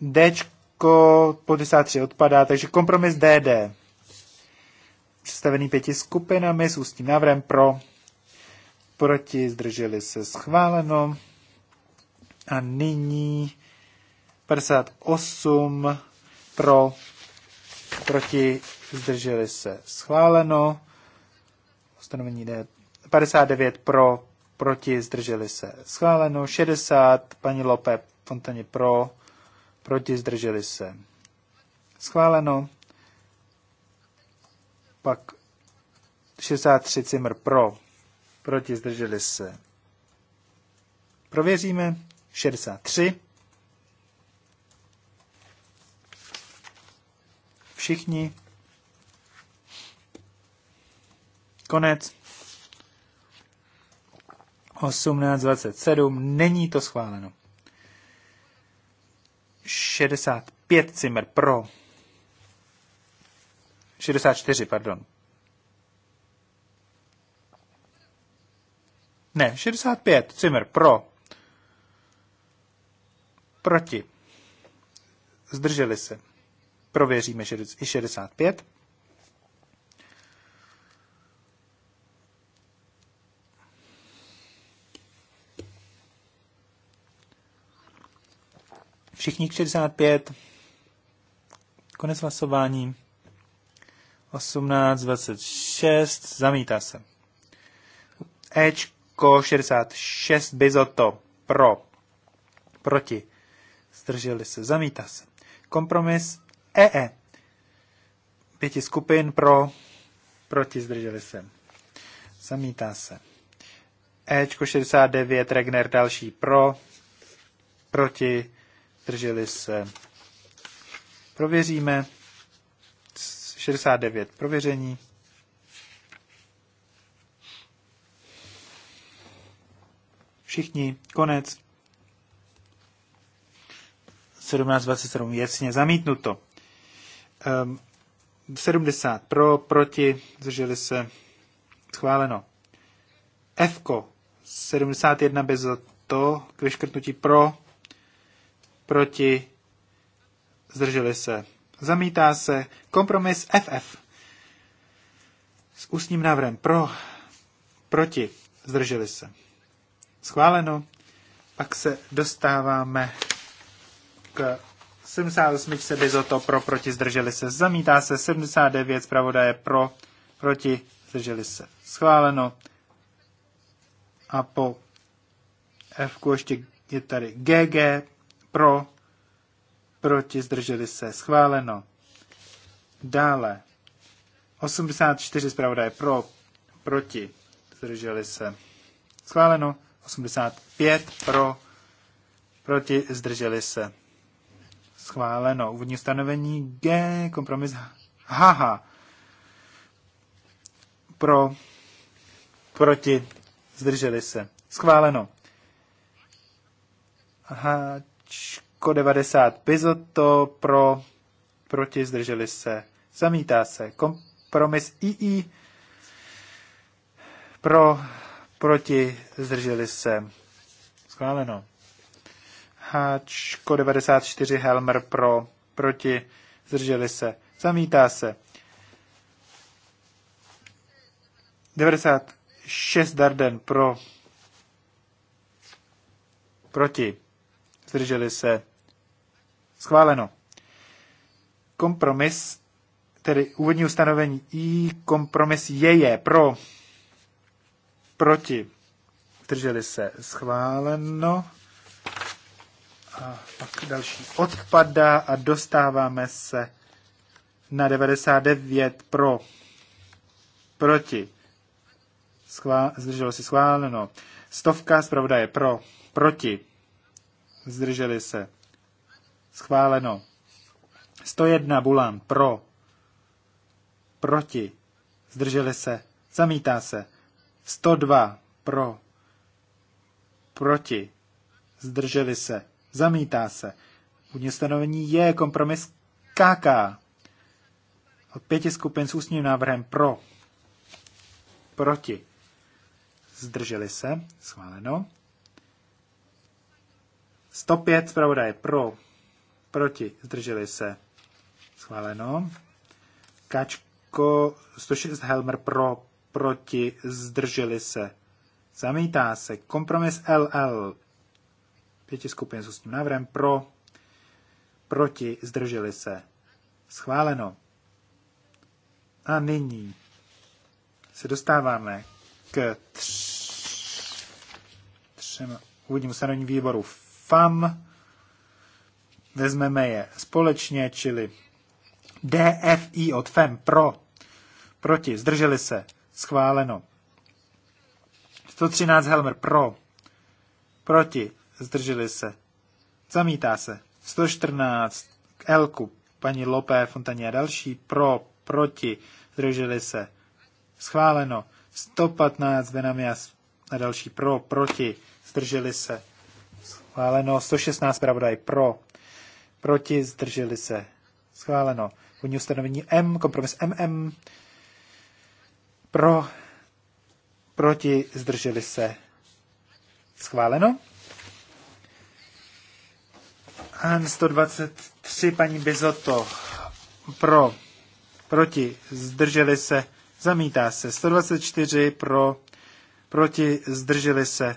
D po 53 odpadá, takže kompromis DD. Představený pěti skupinami s ústním návrhem pro, proti, zdrželi se schváleno. A nyní 58 pro, proti, zdrželi se schváleno, ustanovení D 59 pro, proti, zdrželi se schváleno, 60 paní Lope Fontaně pro, proti, zdrželi se schváleno, pak 63 Cimr pro, proti, zdrželi se prověříme, 63 všichni Konec. 18.27. Není to schváleno. 65 Cimer pro. 64, pardon. Ne, 65 Cimer pro. Proti. Zdrželi se. Prověříme i 65. Všichni 65. Konec hlasování. 18, 26, zamítá se. Ečko 66, Bizoto, pro, proti, zdrželi se, zamítá se. Kompromis EE, e. pěti skupin pro, proti, zdrželi se, zamítá se. Ečko 69, Regner další pro, proti, zdrželi se. Prověříme 69 prověření. Všichni, konec. 17.27 jasně zamítnuto. Um, ehm, 70 pro, proti, zdrželi se, schváleno. Fko 71 bez to, k vyškrtnutí pro, proti, zdrželi se. Zamítá se kompromis FF s ústním návrhem pro, proti, zdrželi se. Schváleno. Pak se dostáváme k 78 se Bizoto pro, proti, zdrželi se. Zamítá se 79 zpravodaje pro, proti, zdrželi se. Schváleno. A po F ještě je tady GG pro, proti, zdrželi se, schváleno. Dále 84 zpravodaje pro, proti, zdrželi se, schváleno. 85 pro, proti, zdrželi se, schváleno. Úvodní ustanovení G, kompromis HH. Pro, proti, zdrželi se. Schváleno. Aha, Čko 90 Bizoto pro, proti, zdrželi se, zamítá se. Kompromis II pro, proti, zdrželi se. Schváleno. Háčko 94 Helmer pro, proti, zdrželi se, zamítá se. 96 Darden pro, proti, zdrželi se, schváleno. Kompromis, tedy úvodní ustanovení I, kompromis je, je pro, proti, zdrželi se, schváleno. A pak další odpadá a dostáváme se na 99 pro, proti, Schvál, zdrželo se schváleno. Stovka zpravodaje pro, proti, zdrželi se. Schváleno. 101 Bulan pro, proti, zdrželi se, zamítá se. 102 pro, proti, zdrželi se, zamítá se. Původní stanovení je kompromis KK. Od pěti skupin s ústním návrhem pro, proti, zdrželi se, schváleno. 105 zpravodaje pro, proti, zdrželi se. Schváleno. Kačko 106 Helmer pro, proti, zdrželi se. Zamítá se. Kompromis LL. Pěti skupin s tím návrhem pro, proti, zdrželi se. Schváleno. A nyní se dostáváme k tř... třem úvodním ustanovení výboru FAM, vezmeme je společně, čili DFI od FEM pro, proti, zdrželi se, schváleno. 113 Helmer pro, proti, zdrželi se, zamítá se. 114 Elku, paní Lopé, Fontaně a další, pro, proti, zdrželi se, schváleno. 115 Benamias a další pro, proti, zdrželi se, schváleno. 116 zpravodaj pro, proti, zdrželi se, schváleno. Původní ustanovení M, kompromis MM, pro, proti, zdrželi se, schváleno. An 123, paní Bizoto, pro, proti, zdrželi se, zamítá se. 124 pro, proti, zdrželi se,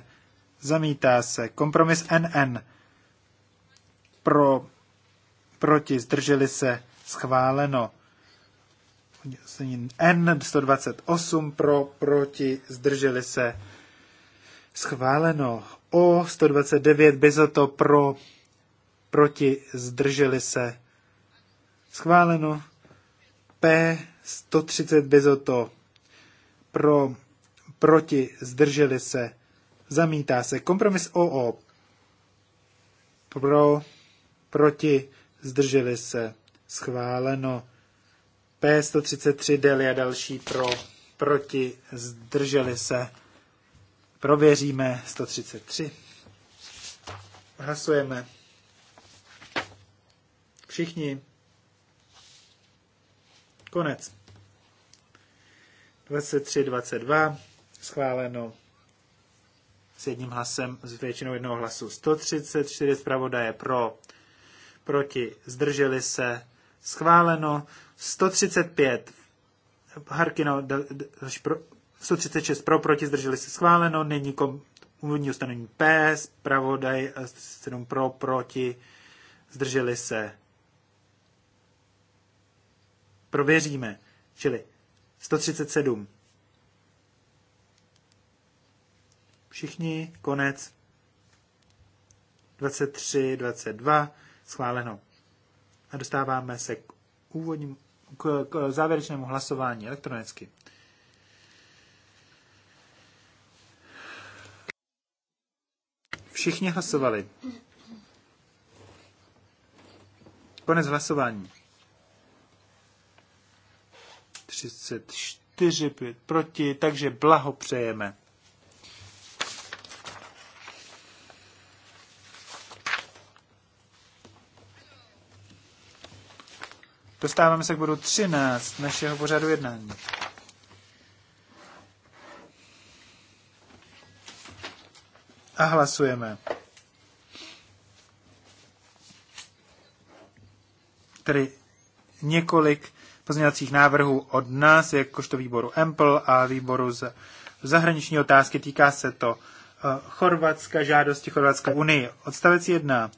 zamítá se. Kompromis NN pro, proti, zdrželi se, schváleno. N128 pro, proti, zdrželi se, schváleno. O129 to pro, proti, zdrželi se, schváleno. P130 to pro, proti, zdrželi se, zamítá se. Kompromis OO pro, proti, zdrželi se, schváleno. P133 Deli a další pro, proti, zdrželi se. Prověříme 133. Hlasujeme. Všichni. Konec. 23, 22. Schváleno s jedním hlasem, s většinou jednoho hlasu. 134 zpravodaje pro, proti, zdrželi se, schváleno. 135 Harkino, pro, 136 pro, proti, zdrželi se, schváleno. Není kom, úvodní ustanovení P, zpravodaj 137 eh, pro, proti, zdrželi se. Prověříme. Čili 137 Všichni, konec. 23, 22, schváleno. A dostáváme se k úvodnímu, k, k závěrečnému hlasování elektronicky. Všichni hlasovali. Konec hlasování. 34 5 proti, takže blahopřejeme. Dostáváme se k bodu 13 našeho pořadu jednání. A hlasujeme. Tedy několik pozměňovacích návrhů od nás, jakožto výboru EMPL a výboru z zahraniční otázky. Týká se to eh, Chorvatska, žádosti Chorvatské unii. Odstavec 1,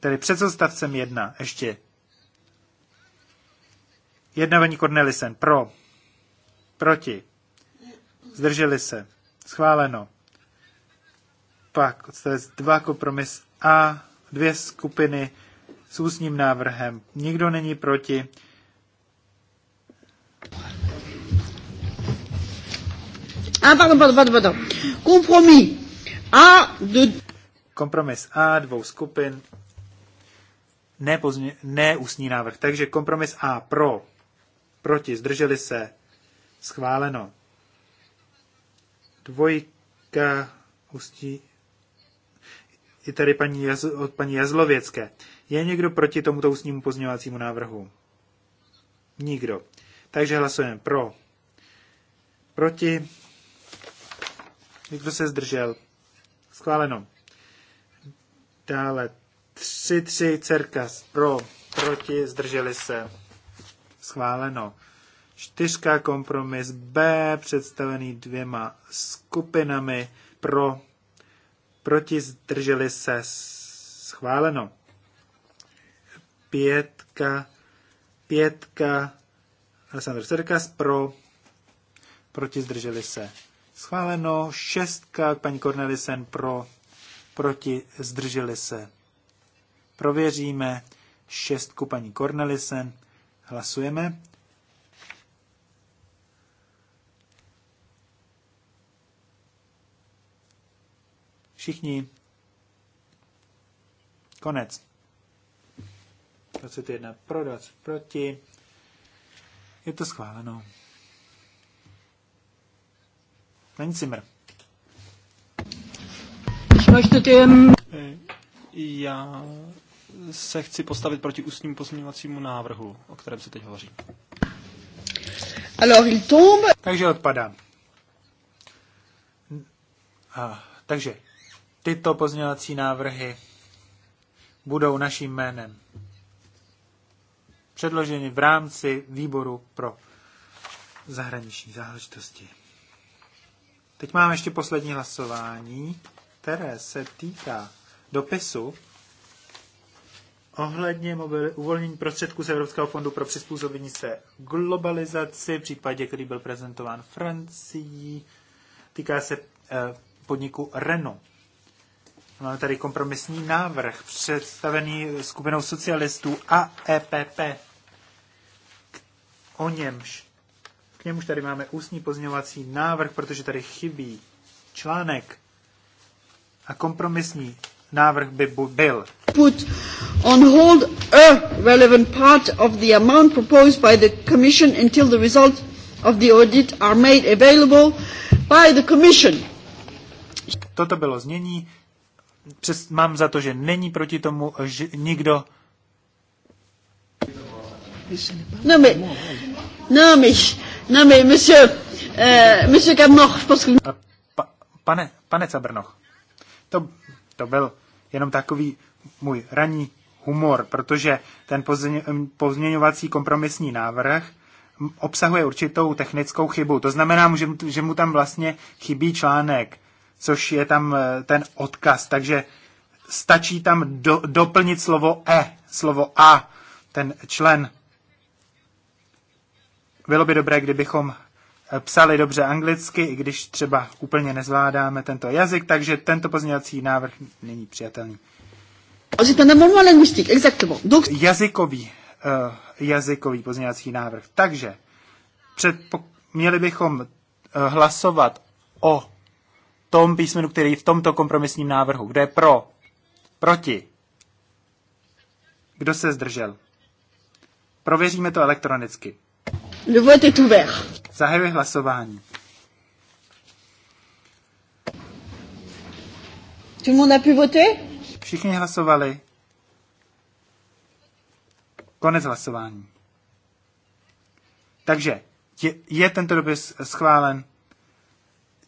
tedy před odstavcem 1 ještě Jedna paní Cornelisen. Pro. Proti. Zdrželi se. Schváleno. Pak odstavec 2 kompromis A. Dvě skupiny s ústním návrhem. Nikdo není proti. Ah, pardon, pardon, pardon, pardon. Kompromis A de... Kompromis A dvou skupin. Ne, pozdě, ne ústní návrh. Takže kompromis A pro proti, zdrželi se, schváleno. Dvojka ústí i tady paní Jaz, od paní Jazlověcké. Je někdo proti tomuto ústnímu pozměňovacímu návrhu? Nikdo. Takže hlasujeme pro. Proti. Někdo se zdržel. Schváleno. Dále Tři, tři, Cerkas pro, proti, zdrželi se schváleno. Čtyřka kompromis B, představený dvěma skupinami pro, proti zdrželi se schváleno. Pětka, pětka, Alessandro Serkas pro, proti zdrželi se schváleno. Šestka, paní Cornelisen pro, proti zdrželi se. Prověříme šestku paní Cornelisen. Hlasujeme. Všichni. Konec. 21 pro, 20 proti. Je to schváleno. Není Zimmer. Ich Já se chci postavit proti ústnímu pozměňovacímu návrhu, o kterém se teď hovoří. Alors, il tombe. Takže odpadá. A, takže tyto pozměňovací návrhy budou naším jménem předloženy v rámci výboru pro zahraniční záležitosti. Teď máme ještě poslední hlasování, které se týká dopisu ohledně mobili, uvolnění prostředků z Evropského fondu pro přizpůsobení se globalizaci, v případě, který byl prezentován Francii, týká se eh, podniku Renault. Máme tady kompromisní návrh představený skupinou socialistů a EPP. O němž, k němuž tady máme ústní pozměňovací návrh, protože tady chybí článek a kompromisní návrh by byl. Put on hold a relevant part of the amount proposed by the Commission until the of the audit are made available by the Commission. Toto bylo znění. Přes, mám za to, že není proti tomu že nikdo. Non mais, non mais, non mais, monsieur, euh, monsieur je pense que... Pa, pane, pane Cabrnoch, to to byl jenom takový můj ranní humor, protože ten pozměňovací kompromisní návrh obsahuje určitou technickou chybu. To znamená, že mu tam vlastně chybí článek, což je tam e, ten odkaz, takže stačí tam do, doplnit slovo e, slovo a, ten člen. Bylo by dobré, kdybychom psali dobře anglicky, i když třeba úplně nezvládáme tento jazyk, takže tento pozměňovací návrh není přijatelný. Jazykový, uh, jazykový pozměňovací návrh. Takže předpo- měli bychom uh, hlasovat o tom písmenu, který je v tomto kompromisním návrhu. Kdo je pro? Proti? Kdo se zdržel? Prověříme to elektronicky. Le vote est ouvert. Zahajuji hlasování. Tout le monde a pu voter? Všichni hlasovali. Konec hlasování. Takže je, je tento dopis schválen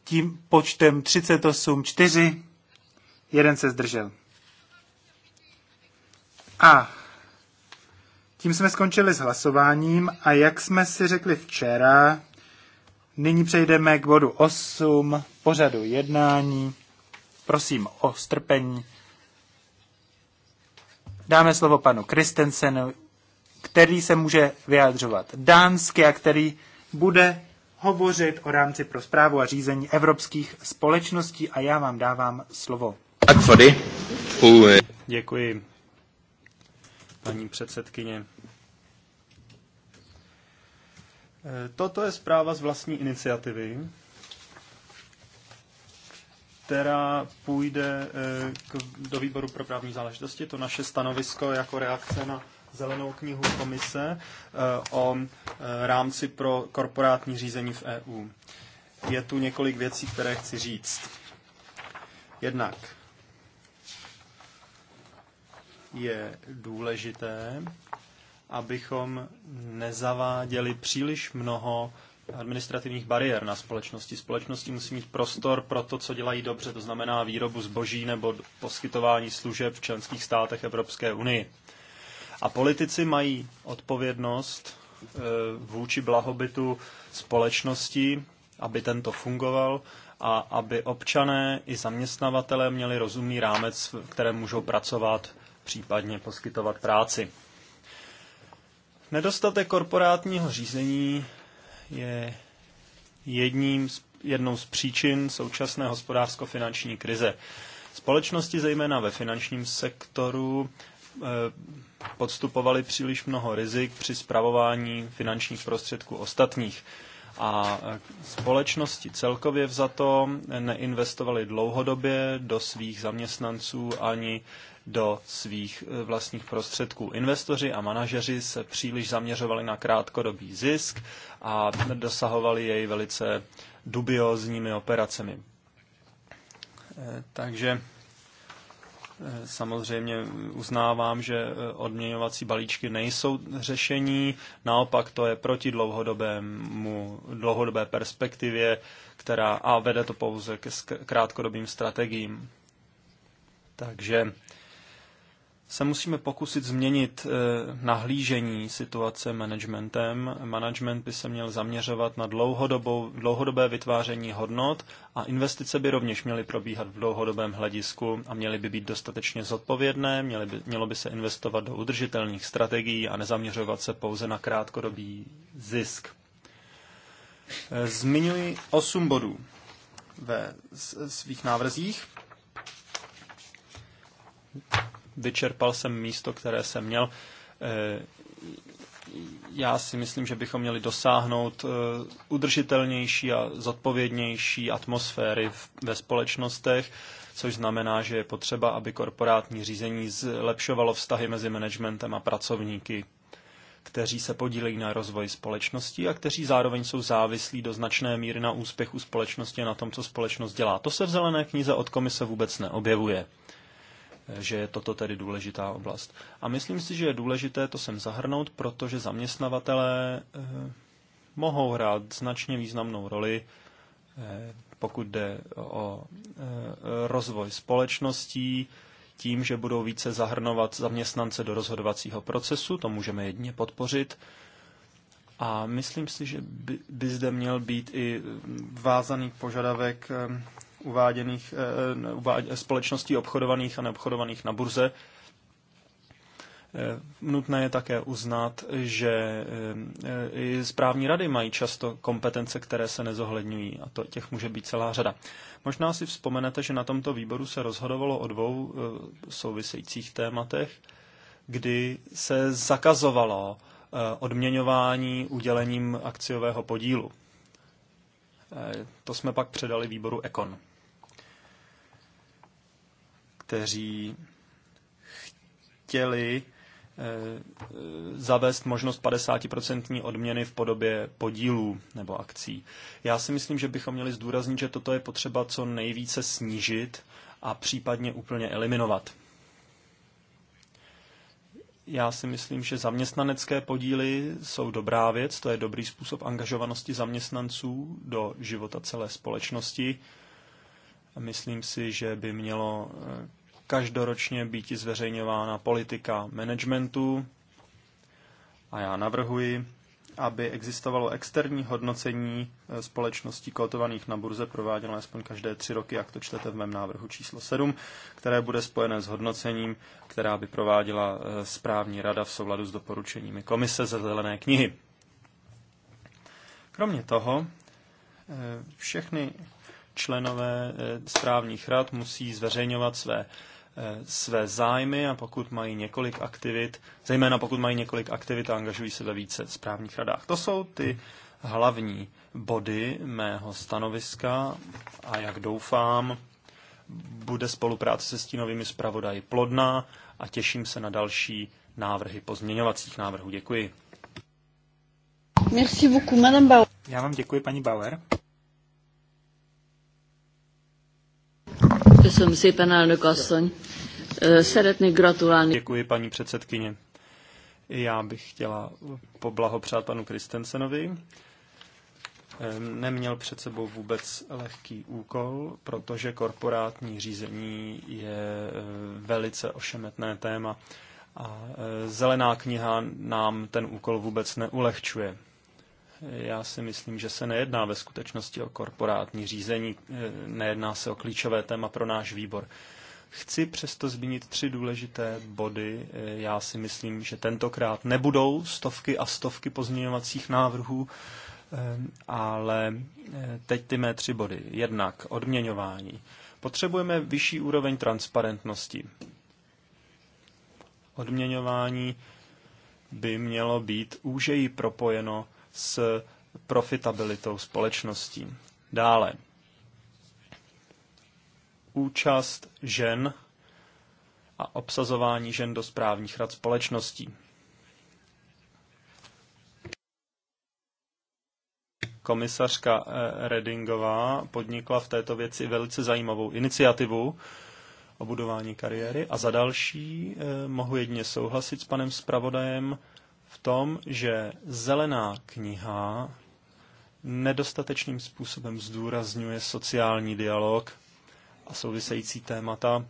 tím počtem 38, 4, jeden se zdržel. A tím jsme skončili s hlasováním a jak jsme si řekli včera, nyní přejdeme k bodu 8, pořadu jednání. Prosím o strpení. Dáme slovo panu Kristensenu, který se může vyjadřovat dánsky a který bude hovořit o rámci pro zprávu a řízení evropských společností a já vám dávám slovo. Děkuji paní předsedkyně. Toto je zpráva z vlastní iniciativy, která půjde eh, k, do výboru pro právní záležitosti. To naše stanovisko jako reakce na zelenou knihu komise eh, o eh, rámci pro korporátní řízení v EU. Je tu několik věcí, které chci říct. Jednak je důležité, abychom nezaváděli příliš mnoho administrativních bariér na společnosti. Společnosti musí mít prostor pro to, co dělají dobře, to znamená výrobu zboží nebo poskytování služeb v členských státech Evropské unii. A politici mají odpovědnost eh, vůči blahobytu společnosti, aby tento fungoval a aby občané i zaměstnavatele měli rozumný rámec, v kterém můžou pracovat případně poskytovat práci. Nedostatek korporátního řízení je jedním z, jednou z příčin současné hospodářsko-finanční krize. Společnosti, zejména ve finančním sektoru, eh, podstupovaly příliš mnoho rizik při zpravování finančních prostředků ostatních. A eh, společnosti celkově vzato neinvestovaly dlouhodobě do svých zaměstnanců ani do svých eh, vlastních prostředků. Investoři a manažeři se příliš zaměřovali na krátkodobý zisk a dosahovali jej velice dubiozními operacemi. Eh, takže eh, Samozřejmě uznávám, že odměňovací balíčky nejsou řešení, naopak to je proti dlouhodobému, dlouhodobé perspektivě, která a vede to pouze k krátkodobým strategiím. Takže se musíme pokusit změnit eh, nahlížení situace managementem. Management by se měl zaměřovat na dlouhodobou, dlouhodobé vytváření hodnot a investice by rovněž měly probíhat v dlouhodobém hledisku a měly by být dostatečně zodpovědné, měly by, mělo by se investovat do udržitelných strategií a nezaměřovat se pouze na krátkodobý zisk. Eh, zmiňuji osm bodů ve svých návrzích Vyčerpal jsem místo, které jsem měl. Eh, já si myslím, že bychom měli dosáhnout eh, udržitelnější a zodpovědnější atmosféry ve společnostech, což znamená, že je potřeba, aby korporátní řízení zlepšovalo vztahy mezi managementem a pracovníky, kteří se podílejí na rozvoji společnosti a kteří zároveň jsou závislí do značné míry na úspěchu společnosti a na tom, co společnost dělá. To se v zelené knize od komise vůbec neobjevuje že je toto tedy důležitá oblast. A myslím si, že je důležité to sem zahrnout, protože zaměstnavatelé eh, mohou hrát značně významnou roli, eh, pokud jde o eh, rozvoj společností, tím, že budou více zahrnovat zaměstnance do rozhodovacího procesu, to můžeme jedině podpořit. A myslím si, že by, by zde měl být i vázaný požadavek uváděných eh, společností obchodovaných a neobchodovaných na burze. Eh, nutné je také uznat, že eh, i správní rady mají často kompetence, které se nezohledňují a to těch může být celá řada. Možná si vzpomenete, že na tomto výboru se rozhodovalo o dvou souvisejících tématech, kdy se zakazovalo odměňování udělením akciového podílu. To jsme pak předali výboru Ekon kteří chtěli eh, eh, zavést možnost 50% odměny v podobě podílů nebo akcí. Já si myslím, že bychom měli zdůraznit, že toto je potřeba co nejvíce snížit a případně úplně eliminovat. Já si myslím, že zaměstnanecké podíly jsou dobrá věc, to je dobrý způsob angažovanosti zaměstnanců do života celé společnosti. Myslím si, že by mělo eh, každoročně být zveřejňována politika managementu a já navrhuji, aby existovalo externí hodnocení eh, společností kotovaných na burze prováděno aspoň každé tři roky, jak to čtete v mém návrhu číslo 7, které bude spojené s hodnocením, která by prováděla eh, správní rada v souladu s doporučeními komise ze zelené knihy. Kromě toho, eh, všechny členové správních rad musí zveřejňovat své Eh, své zájmy a pokud mají několik aktivit, zejména pokud mají několik aktivit a angažují se ve více správních radách. To jsou ty hlavní body mého stanoviska a jak doufám, bude spolupráce se stínovými zpravodaji plodná a těším se na další návrhy pozměňovacích návrhů. Děkuji. Merci beaucoup, Madame Bauer. Já vám děkuji, paní Bauer. Köszönöm szépen, elnök asszony. Szeretnék gratulálni. Děkuji, paní předsedkyně. Já bych chtěla poblahopřát panu Kristensenovi. Neměl před sebou vůbec lehký úkol, protože korporátní řízení je e, velice ošemetné téma a e, zelená kniha nám ten úkol vůbec neulehčuje. Já si myslím, že se nejedná ve skutečnosti o korporátní řízení, eh, nejedná se o klíčové téma pro náš výbor. Chci přesto zmínit tři důležité body. Eh, já si myslím, že tentokrát nebudou stovky a stovky pozměňovacích návrhů, eh, ale teď ty mé tři body. Jednak odměňování. Potřebujeme vyšší úroveň transparentnosti. Odměňování by mělo být úžeji propojeno s profitabilitou společností. Dále. Účast žen a obsazování žen do správních rad společností. Komisařka eh, Redingová podnikla v této věci velice zajímavou iniciativu o budování kariéry. A za další eh, mohu jedině souhlasit s panem zpravodajem, v tom, že zelená kniha nedostatečným způsobem zdůrazňuje sociální dialog a související témata,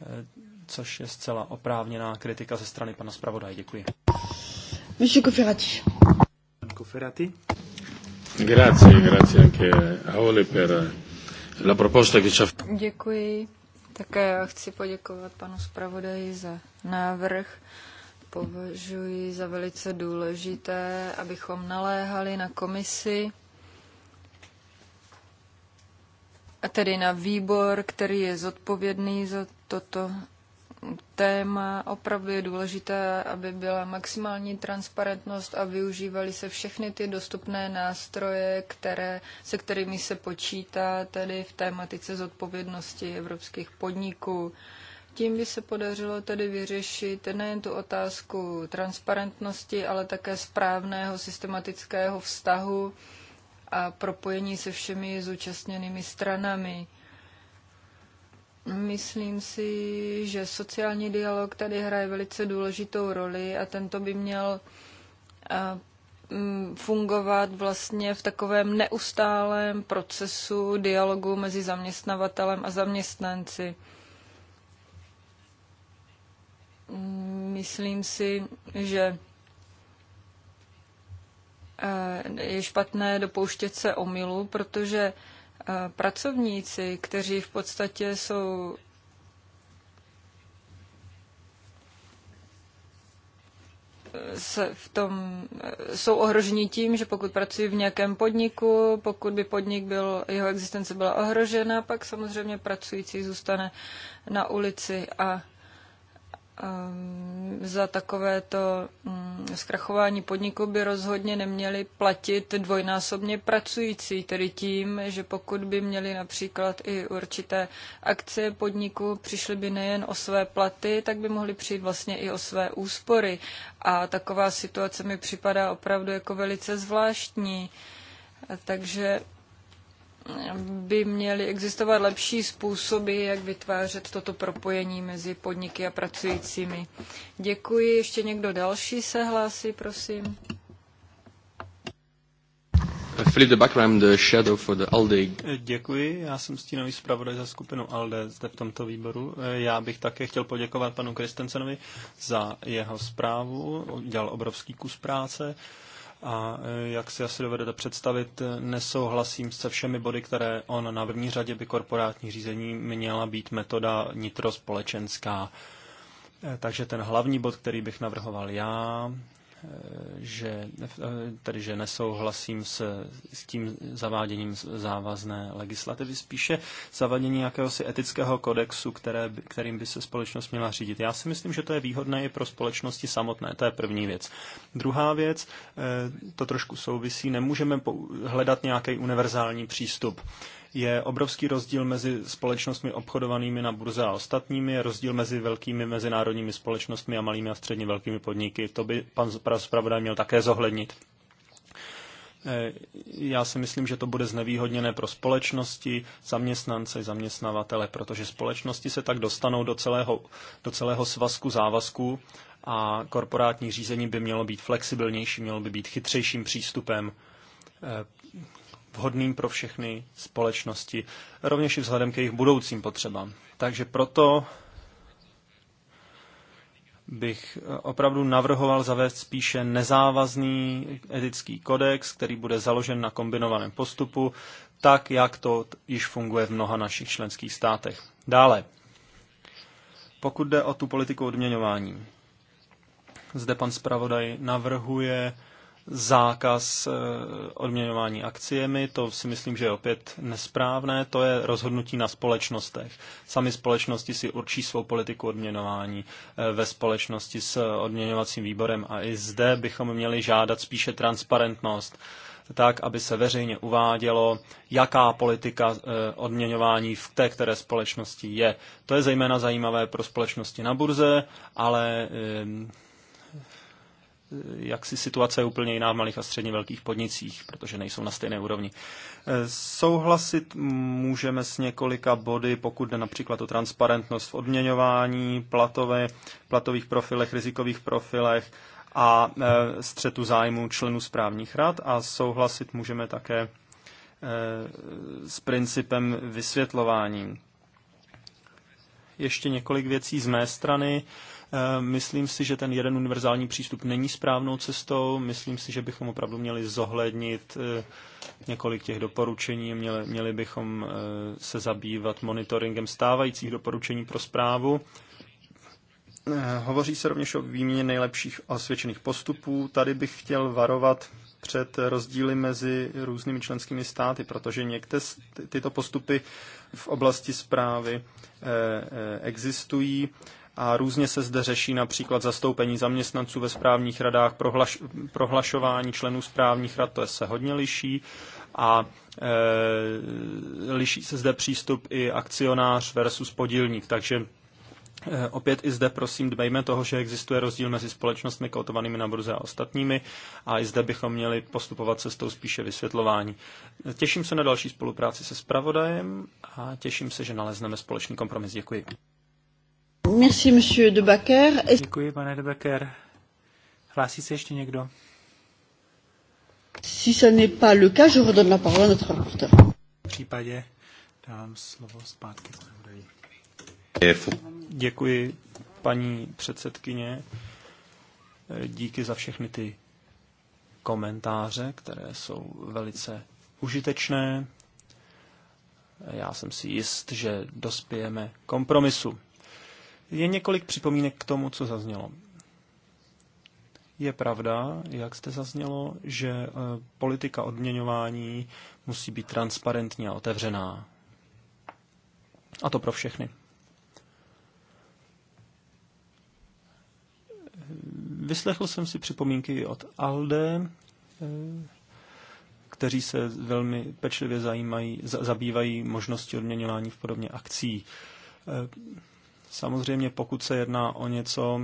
eh, což je zcela oprávněná kritika ze strany pana zpravodaje. Děkuji. Monsieur Pan Koferati. Grazie, grazie anche a Ole per la proposta che ci ha... Děkuji také já chci poděkovat panu zpravodaji za návrh. Považuji za velice důležité, abychom naléhali na komisi, a tedy na výbor, který je zodpovědný za toto téma. Opravdu je důležité, aby byla maximální transparentnost a využívaly se všechny ty dostupné nástroje, které, se kterými se počítá tedy v tématice zodpovědnosti evropských podniků. Tím by se podařilo tedy vyřešit nejen tu otázku transparentnosti, ale také správného systematického vztahu a propojení se všemi zúčastněnými stranami. Myslím si, že sociální dialog tady hraje velice důležitou roli a tento by měl eh, mm, fungovat vlastně v takovém neustálém procesu dialogu mezi zaměstnavatelem a zaměstnanci. Myslím si, že eh, je špatné dopouštět se omylu, protože pracovníci, kteří v podstatě jsou se v tom, jsou ohroženi tím, že pokud pracují v nějakém podniku, pokud by podnik byl, jeho existence byla ohrožena, pak samozřejmě pracující zůstane na ulici a Ehm, za takovéto mm, zkrachování podniku by rozhodně neměli platit dvojnásobně pracující, tedy tím, že pokud by měli například i určité akcie podniku, přišli by nejen o své platy, tak by mohli přijít vlastně i o své úspory. A taková situace mi připadá opravdu jako velice zvláštní. Takže by měly existovat lepší způsoby, jak vytvářet toto propojení mezi podniky a pracujícími. Děkuji. Ještě někdo další se hlásí, prosím? Filip de Bakrám, the shadow for the ALDE. Děkuji, já jsem stínový zpravodaj za skupinu ALDE zde v tomto výboru. Já bych také chtěl poděkovat panu Kristensenovi za jeho zprávu, udělal obrovský kus práce a e, jak si asi dovedete představit, nesouhlasím se všemi body, které on na první řadě by korporátní řízení měla být metoda nitrospolečenská. E, takže ten hlavní bod, který bych navrhoval já, že, tedy, že nesouhlasím s, s tím zaváděním závazné legislativy, spíše zavádění si etického kodexu, které, kterým by se společnost měla řídit. Já si myslím, že to je výhodné i pro společnosti samotné, to je první věc. Druhá věc, eh, to trošku souvisí, nemůžeme hledat nějaký univerzální přístup. Je obrovský rozdíl mezi společnostmi obchodovanými na burze a ostatními, je rozdíl mezi velkými mezinárodními společnostmi a malými a středně velkými podniky. To by pan zpravodaj měl také zohlednit. E, já si myslím, že to bude znevýhodněné pro společnosti, zaměstnance, zaměstnavatele, protože společnosti se tak dostanou do celého, do celého svazku závazků a korporátní řízení by mělo být flexibilnější, mělo by být chytřejším přístupem e, vhodným pro všechny společnosti, rovněž i vzhledem k jejich budoucím potřebám. Takže proto bych eh, opravdu navrhoval zavést spíše nezávazný etický kodex, který bude založen na kombinovaném postupu, tak jak to již funguje v mnoha našich členských státech. Dále, pokud jde o tu politiku odměňování, zde pan zpravodaj navrhuje zákaz eh, odměňování akciemi, to si myslím, že je opět nesprávné, to je rozhodnutí na společnostech. Sami společnosti si určí svou politiku odměňování eh, ve společnosti s odměňovacím výborem a i zde bychom měli žádat spíše transparentnost, tak, aby se veřejně uvádělo, jaká politika eh, odměňování v té které společnosti je. To je zejména zajímavé pro společnosti na burze, ale jak si situace je úplně jiná v malých a středně velkých podnicích, protože nejsou na stejné úrovni. Eh, souhlasit můžeme s několika body, pokud jde například o transparentnost v odměňování, platové, platových profilech, rizikových profilech a eh, střetu zájmu členů správních rad a souhlasit můžeme také eh, s principem vysvětlování. Ještě několik věcí z mé strany. Eh, myslím si, že ten jeden univerzální přístup není správnou cestou. Myslím si, že bychom opravdu měli zohlednit eh, několik těch doporučení. Měli, měli bychom eh, se zabývat monitoringem stávajících doporučení pro zprávu. Hovoří se rovněž o výměně nejlepších osvědčených postupů. Tady bych chtěl varovat před rozdíly mezi různými členskými státy, protože některé tyto postupy v oblasti zprávy existují a různě se zde řeší například zastoupení zaměstnanců ve správních radách, prohlaš, prohlašování členů správních rad, to se hodně liší a e, liší se zde přístup i akcionář versus podílník, takže e, Opět i zde prosím dbejme toho, že existuje rozdíl mezi společnostmi kotovanými na burze a ostatními a i zde bychom měli postupovat cestou spíše vysvětlování. Těším se na další spolupráci se spravodajem a těším se, že nalezneme společný kompromis. Děkuji. Merci, monsieur de Děkuji, pane de Baker. Hlásí se ještě někdo? Si ce n'est pas le cas, je redonne la parole à notre rapporteur. V případě dám slovo zpátky Děkuji, paní předsedkyně. Díky za všechny ty komentáře, které jsou velice užitečné. Já jsem si jist, že dospějeme kompromisu. Je několik připomínek k tomu, co zaznělo. Je pravda, jak jste zaznělo, že eh, politika odměňování musí být transparentní a otevřená. A to pro všechny. Vyslechl jsem si připomínky od Alde, eh, kteří se velmi pečlivě zajímají, zabývají možnosti odměňování v podobně akcí. Eh, Samozřejmě, pokud se jedná o něco,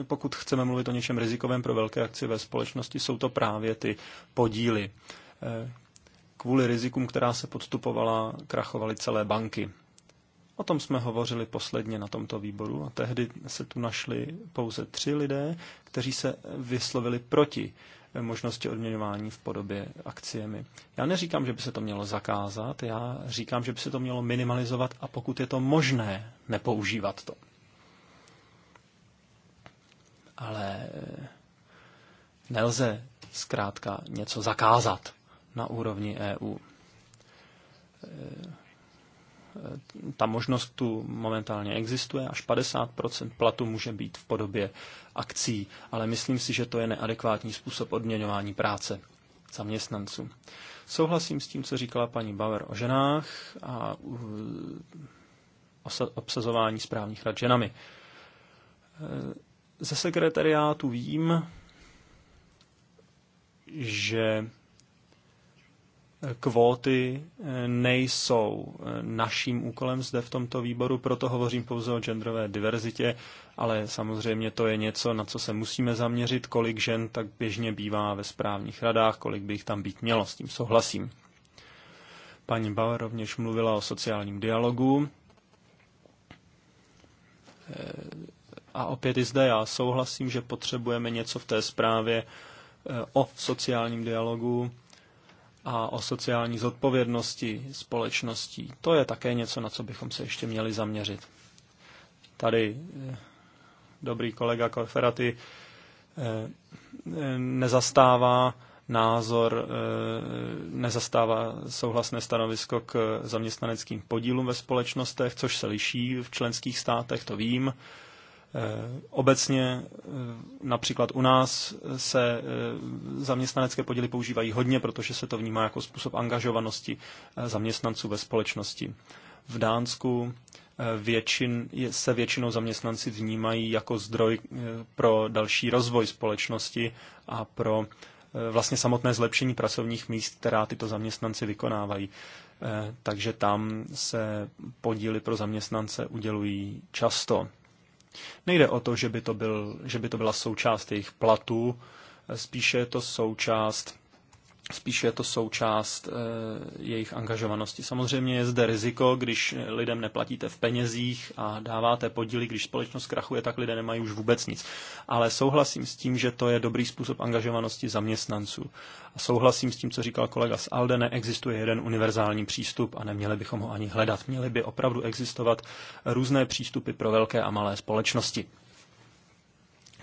eh, pokud chceme mluvit o něčem rizikovém pro velké akci ve společnosti, jsou to právě ty podíly. Eh, kvůli rizikům, která se podstupovala, krachovaly celé banky. O tom jsme hovořili posledně na tomto výboru a tehdy se tu našli pouze tři lidé, kteří se vyslovili proti možnosti odměňování v podobě akciemi. Já neříkám, že by se to mělo zakázat, já říkám, že by se to mělo minimalizovat a pokud je to možné, nepoužívat to. Ale eh, nelze zkrátka něco zakázat na úrovni EU eh, ta možnost tu momentálně existuje, až 50% platu může být v podobě akcí, ale myslím si, že to je neadekvátní způsob odměňování práce zaměstnanců. Souhlasím s tím, co říkala paní Bauer o ženách a uh, obsazování správních rad ženami. Eh, ze sekretariátu vím, že kvóty eh, nejsou eh, naším úkolem zde v tomto výboru, proto hovořím pouze o genderové diverzitě, ale samozřejmě to je něco, na co se musíme zaměřit, kolik žen tak běžně bývá ve správních radách, kolik by jich tam být mělo, s tím souhlasím. Paní Bauer rovněž mluvila o sociálním dialogu. Eh, a opět i zde já souhlasím, že potřebujeme něco v té zprávě o sociálním dialogu a o sociální zodpovědnosti společností. To je také něco, na co bychom se ještě měli zaměřit. Tady eh, dobrý kolega Korferaty eh, eh, nezastává názor, nezastává souhlasné stanovisko k zaměstnaneckým podílům ve společnostech, což se liší v členských státech, to vím. Eh, obecně eh, například u nás se eh, zaměstnanecké podíly používají hodně, protože se to vnímá jako způsob angažovanosti zaměstnanců ve společnosti. V Dánsku většin, se většinou zaměstnanci vnímají jako zdroj pro další rozvoj společnosti a pro vlastně samotné zlepšení pracovních míst, která tyto zaměstnanci vykonávají. Takže tam se podíly pro zaměstnance udělují často. Nejde o to, že by to, byl, že by to byla součást jejich platů, spíše je to součást spíše je to součást eh, jejich angažovanosti. Samozřejmě je zde riziko, když lidem neplatíte v penězích a dáváte podíly, když společnost krachuje, tak lidé nemají už vůbec nic. Ale souhlasím s tím, že to je dobrý způsob angažovanosti zaměstnanců. A souhlasím s tím, co říkal kolega z Alde, neexistuje jeden univerzální přístup a neměli bychom ho ani hledat. Měly by opravdu existovat různé přístupy pro velké a malé společnosti.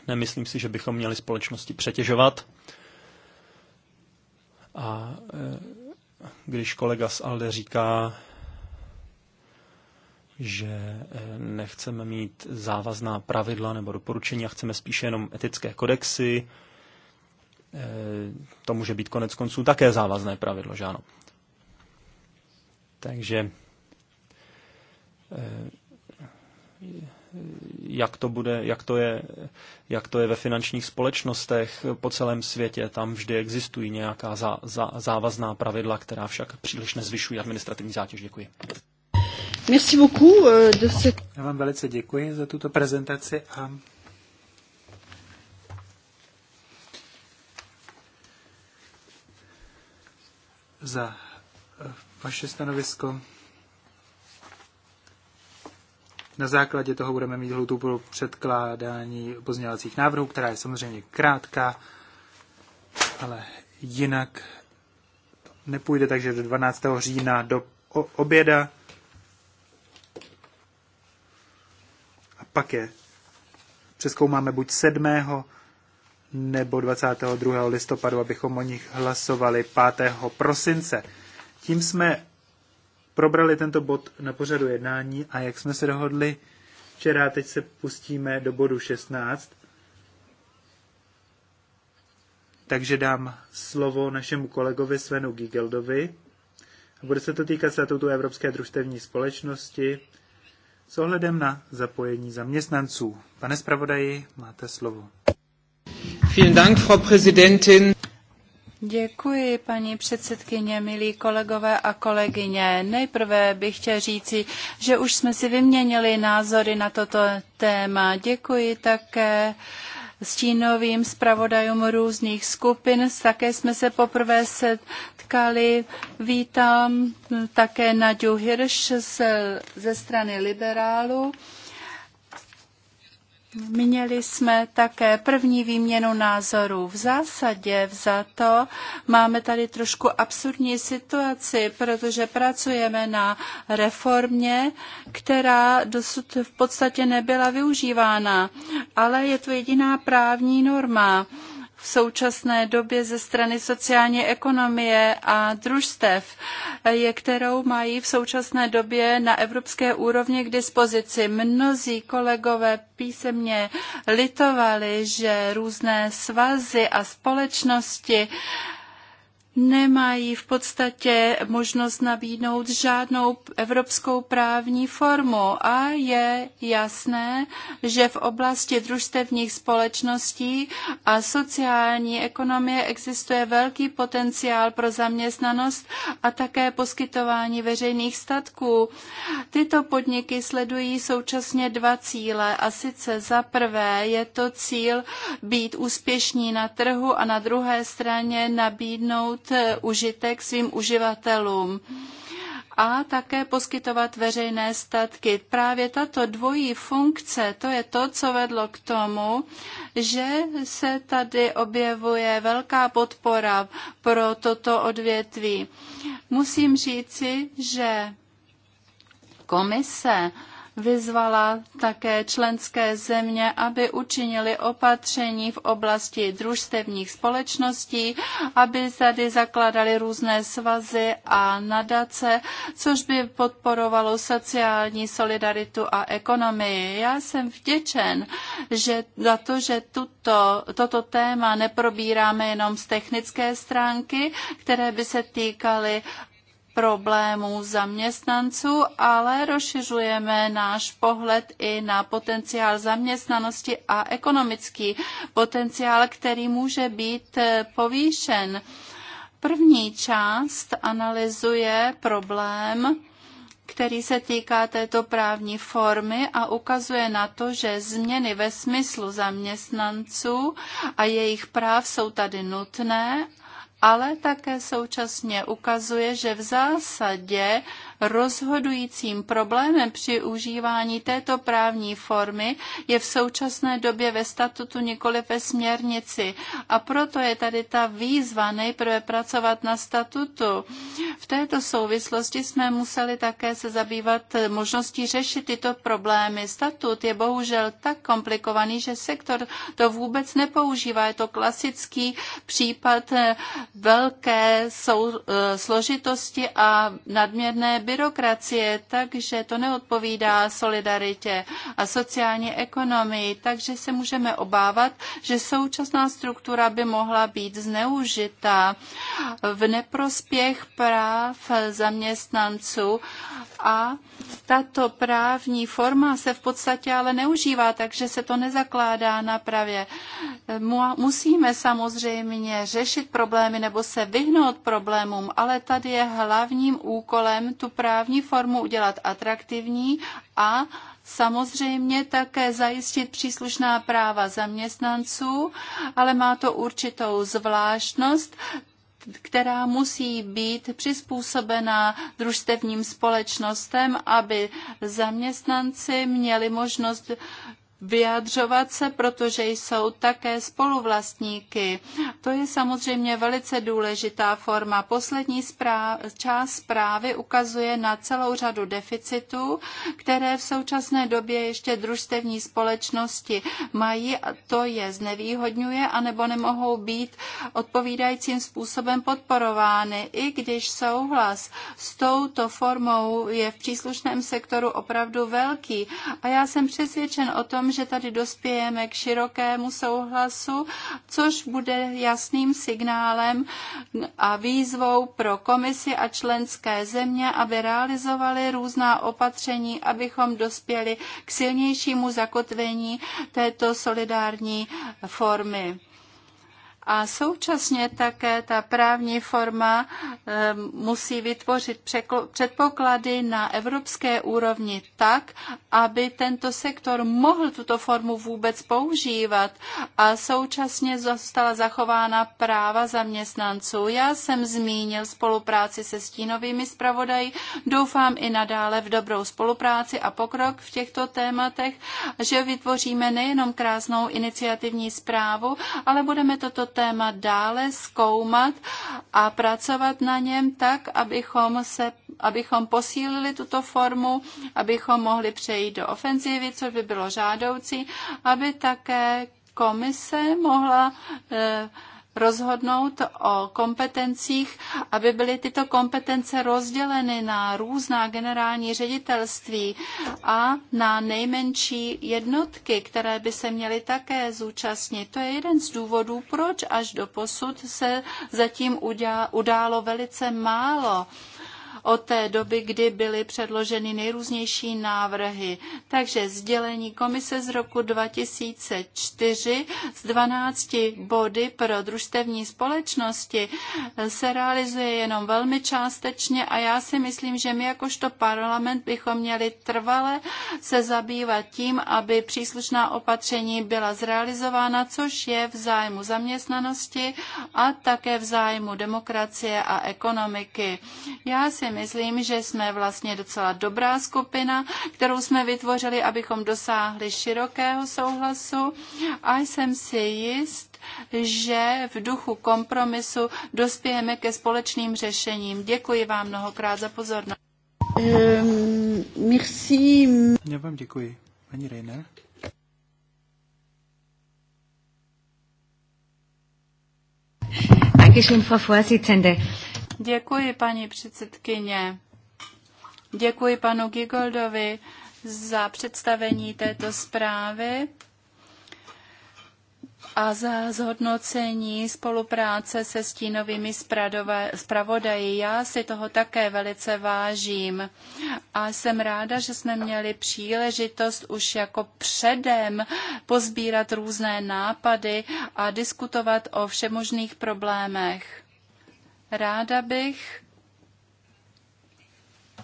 Nemyslím si, že bychom měli společnosti přetěžovat, a e, když kolega z Alde říká, že e, nechceme mít závazná pravidla nebo doporučení a chceme spíše jenom etické kodexy, e, to může být konec konců také závazné pravidlo, že ano. Takže jak to bude, jak to je, jak to je ve finančních společnostech po celém světě. Tam vždy existují nějaká zá, zá, závazná pravidla, která však příliš nezvyšují administrativní zátěž. Děkuji. Merci beaucoup. Euh, de se... Já vám velice děkuji za tuto prezentaci a za eh, vaše stanovisko. Na základě toho budeme mít hlutu pro předkládání pozměňovacích návrhů, která je samozřejmě krátká, ale jinak to nepůjde, takže do 12. října do oběda. A pak je přeskoumáme buď 7. nebo 22. listopadu, abychom o nich hlasovali 5. prosince. Tím jsme probrali tento bod na pořadu jednání a jak jsme se dohodli včera, teď se pustíme do bodu 16. Takže dám slovo našemu kolegovi Svenu Gigeldovi. bude se to týkat statutu Evropské družstevní společnosti s ohledem na zapojení zaměstnanců. Pane zpravodaji, máte slovo. Vielen Dank, Frau Präsidentin. Děkuji, paní předsedkyně, milí kolegové a kolegyně. Nejprve bych chtěl říci, že už jsme si vyměnili názory na toto téma. Děkuji také stínovým zpravodajům různých skupin. Také jsme se poprvé setkali. Vítám také Naďu Hirš ze strany liberálů. Měli jsme také první výměnu názorů. V zásadě za to máme tady trošku absurdní situaci, protože pracujeme na reformě, která dosud v podstatě nebyla využívána, ale je to jediná právní norma v současné době ze strany sociální ekonomie a družstev, je, kterou mají v současné době na evropské úrovni k dispozici. Mnozí kolegové písemně litovali, že různé svazy a společnosti uh, nemají v podstatě možnost nabídnout žádnou evropskou právní formu a je jasné, že v oblasti družstevních společností a sociální ekonomie existuje velký potenciál pro zaměstnanost a také poskytování veřejných statků. Tyto podniky sledují současně dva cíle a sice za prvé je to cíl být úspěšní na trhu a na druhé straně nabídnout Eh, užitek svým uživatelům a také poskytovat veřejné statky. Právě tato dvojí funkce, to je to, co vedlo k tomu, že se tady objevuje velká podpora pro toto odvětví. Musím říci, že komise vyzvala také členské země, aby učinili opatření v oblasti družstevních společností, aby tady zakladali různé svazy a nadace, což by podporovalo sociální solidaritu a ekonomii. Já jsem vděčen že za to, že tuto, toto téma neprobíráme jenom z technické stránky, které by se týkaly problémů zaměstnanců, ale rozšiřujeme náš pohled i na potenciál zaměstnanosti a ekonomický potenciál, který může být eh, povýšen. První část analyzuje problém, který se týká této právní formy a ukazuje na to, že změny ve smyslu zaměstnanců a jejich práv jsou tady nutné ale také současně ukazuje, že v zásadě Rozhodujícím problémem při užívání této právní formy je v současné době ve statutu nikoli ve směrnici a proto je tady ta výzva nejprve pracovat na statutu. V této souvislosti jsme museli také se zabývat možností řešit tyto problémy. Statut je bohužel tak komplikovaný, že sektor to vůbec nepoužívá. Je to klasický případ velké sou, e, složitosti a nadměrné byrokracie byrokracie, takže to neodpovídá solidaritě a sociální ekonomii, takže se můžeme obávat, že současná struktura by mohla být zneužita v neprospěch práv zaměstnanců a tato právní forma se v podstatě ale neužívá, takže se to nezakládá na pravě. Musíme samozřejmě řešit problémy nebo se vyhnout problémům, ale tady je hlavním úkolem tu právní formu udělat atraktivní a samozřejmě také zajistit příslušná práva zaměstnanců, ale má to určitou zvláštnost, která musí být přizpůsobena družstevním společnostem, aby zaměstnanci měli možnost vyjadřovat se, protože jsou také spoluvlastníky. To je samozřejmě velice důležitá forma. Poslední zpráv, část zprávy ukazuje na celou řadu deficitů, které v současné době ještě družstevní společnosti mají a to je znevýhodňuje anebo nemohou být odpovídajícím způsobem podporovány, i když souhlas s touto formou je v příslušném sektoru opravdu velký. A já jsem přesvědčen o tom, že tady dospějeme k širokému souhlasu, což bude jasným signálem a výzvou pro komisi a členské země, aby realizovali různá opatření, abychom dospěli k silnějšímu zakotvení této solidární formy. A současně také ta právní forma eh, musí vytvořit předpoklady na evropské úrovni tak, aby tento sektor mohl tuto formu vůbec používat a současně zůstala zachována práva zaměstnanců. Já jsem zmínil spolupráci se stínovými zpravodaji, doufám i nadále v dobrou spolupráci a pokrok v těchto tématech, že vytvoříme nejenom krásnou iniciativní zprávu, ale budeme toto téma dále zkoumat a pracovat na něm tak, abychom, se, abychom posílili tuto formu, abychom mohli přejít do ofenzivy, což by bylo žádoucí, aby také komise mohla eh, rozhodnout o kompetencích, aby byly tyto kompetence rozděleny na různá generální ředitelství a na nejmenší jednotky, které by se měly také zúčastnit. To je jeden z důvodů, proč až do posud se zatím událo velice málo od té doby, kdy byly předloženy nejrůznější návrhy. Takže sdělení komise z roku 2004 z 12 body pro družstevní společnosti se realizuje jenom velmi částečně a já si myslím, že my jakožto parlament bychom měli trvale se zabývat tím, aby příslušná opatření byla zrealizována, což je v zájmu zaměstnanosti a také v zájmu demokracie a ekonomiky. Já si myslím, že jsme vlastně docela dobrá skupina, kterou jsme vytvořili, abychom dosáhli širokého souhlasu a jsem si jist, že v duchu kompromisu dospějeme ke společným řešením. Děkuji vám mnohokrát za pozornost. Um, merci. Já vám děkuji. Paní Reiner. Dankeschön, Frau Vorsitzende. Děkuji, paní předsedkyně. Děkuji panu Gigoldovi za představení této zprávy a za zhodnocení spolupráce se stínovými zpravodaji. Já si toho také velice vážím a jsem ráda, že jsme měli příležitost už jako předem pozbírat různé nápady a diskutovat o všemožných problémech. Ráda bych eh,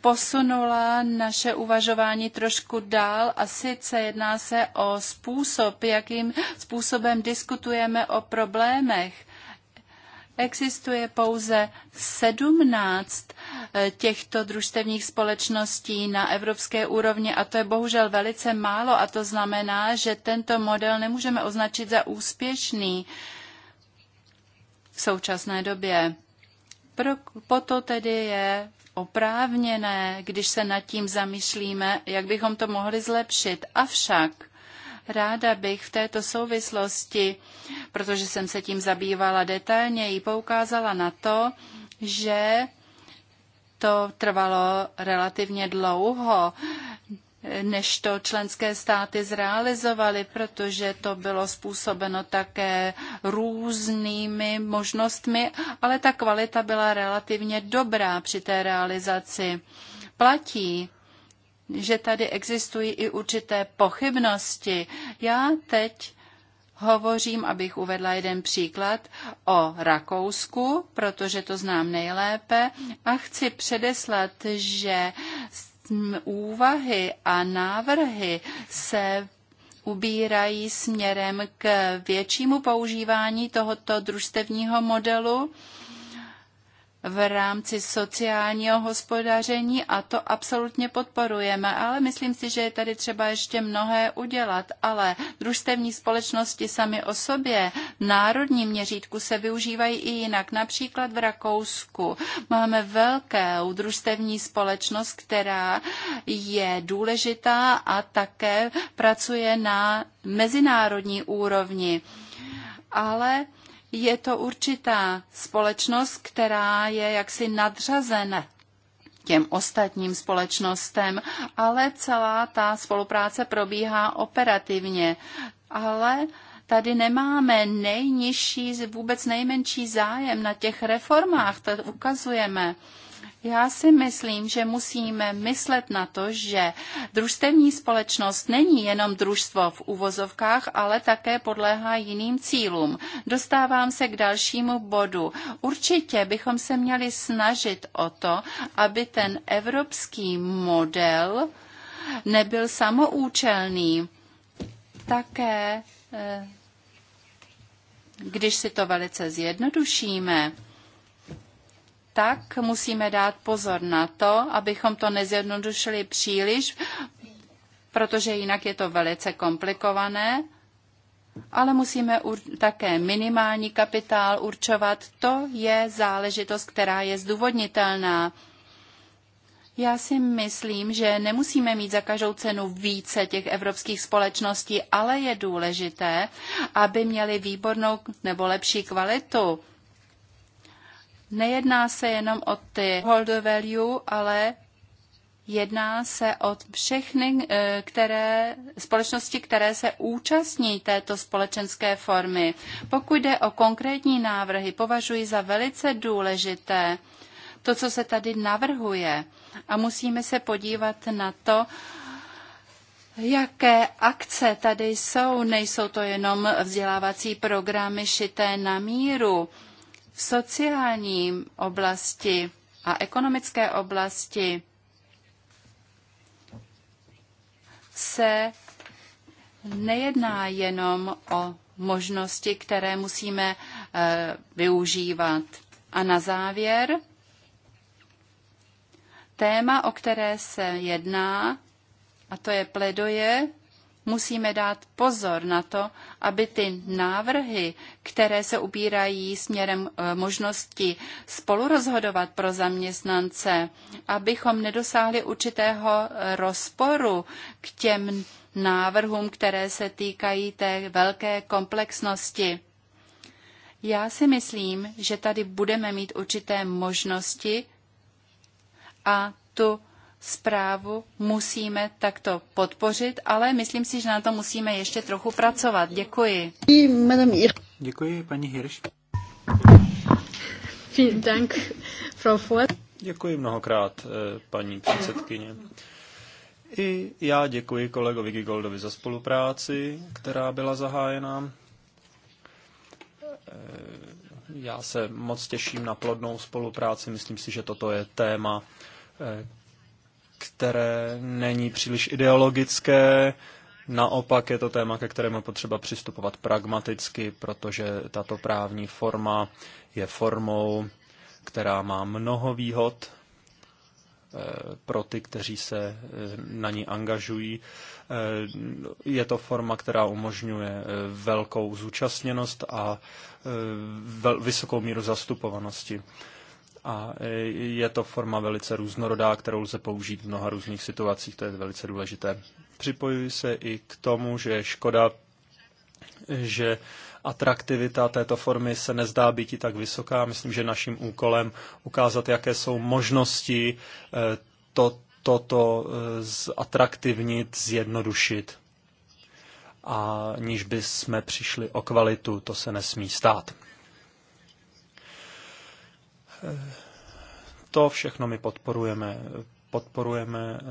posunula naše uvažování trošku dál a sice jedná se o způsob, jakým způsobem diskutujeme o problémech. Existuje pouze 17 eh, těchto družstevních společností na evropské úrovni a to je bohužel velice málo a to znamená, že tento model nemůžeme označit za úspěšný současné době. Pro, proto tedy je oprávněné, když se nad tím zamýšlíme, jak bychom to mohli zlepšit. Avšak ráda bych v této souvislosti, protože jsem se tím zabývala detailněji, poukázala na to, že to trvalo relativně dlouho, než to členské státy zrealizovaly, protože to bylo způsobeno také různými možnostmi, ale ta kvalita byla relativně dobrá při té realizaci. Platí, že tady existují i určité pochybnosti. Já teď hovořím, abych uvedla jeden příklad, o Rakousku, protože to znám nejlépe a chci předeslat, že úvahy a návrhy se ubírají směrem k většímu používání tohoto družstevního modelu v rámci sociálního hospodaření a to absolutně podporujeme, ale myslím si, že je tady třeba ještě mnohé udělat, ale družstevní společnosti sami o sobě v národním měřítku se využívají i jinak. Například v Rakousku máme velké družstevní společnost, která je důležitá a také pracuje na mezinárodní úrovni. Ale je to určitá společnost, která je jaksi nadřazena těm ostatním společnostem, ale celá ta spolupráce probíhá operativně. Ale tady nemáme nejnižší, vůbec nejmenší zájem na těch reformách, to ukazujeme. Já si myslím, že musíme myslet na to, že družstevní společnost není jenom družstvo v uvozovkách, ale také podléhá jiným cílům. Dostávám se k dalšímu bodu. Určitě bychom se měli snažit o to, aby ten evropský model nebyl samoučelný. Také, eh, když si to velice zjednodušíme, tak musíme dát pozor na to, abychom to nezjednodušili příliš, protože jinak je to velice komplikované, ale musíme také minimální kapitál určovat. To je záležitost, která je zdůvodnitelná. Já si myslím, že nemusíme mít za každou cenu více těch evropských společností, ale je důležité, aby měli výbornou nebo lepší kvalitu Nejedná se jenom o ty hold value, ale jedná se o všechny eh, které, společnosti, které se účastní této společenské formy. Pokud jde o konkrétní návrhy, považuji za velice důležité to, co se tady navrhuje. A musíme se podívat na to, Jaké akce tady jsou? Nejsou to jenom vzdělávací programy šité na míru v sociální oblasti a ekonomické oblasti se nejedná jenom o možnosti, které musíme eh, využívat. A na závěr téma, o které se jedná, a to je pledoje musíme dát pozor na to, aby ty návrhy, které se ubírají směrem eh, možnosti spolurozhodovat pro zaměstnance, abychom nedosáhli určitého eh, rozporu k těm návrhům, které se týkají té velké komplexnosti. Já si myslím, že tady budeme mít určité možnosti a tu zprávu musíme takto podpořit, ale myslím si, že na to musíme ještě trochu pracovat. Děkuji. Děkuji, paní Hirš. Děkuji mnohokrát, eh, paní předsedkyně. I já děkuji kolegovi Gigoldovi za spolupráci, která byla zahájena. Eh, já se moc těším na plodnou spolupráci. Myslím si, že toto je téma, eh, které není příliš ideologické, naopak je to téma, ke kterému potřeba přistupovat pragmaticky, protože tato právní forma je formou, která má mnoho výhod eh, pro ty, kteří se eh, na ní angažují. Eh, je to forma, která umožňuje velkou zúčastněnost a vysokou míru zastupovanosti a e, je to forma velice různorodá, kterou lze použít v mnoha různých situacích, to je velice důležité. Připojuji se i k tomu, že je škoda, že atraktivita této formy se nezdá být i tak vysoká. Myslím, že naším úkolem ukázat, jaké jsou možnosti e, to, toto e, zatraktivnit, zjednodušit a niž by jsme přišli o kvalitu, to se nesmí stát. To všechno my podporujeme. Podporujeme eh,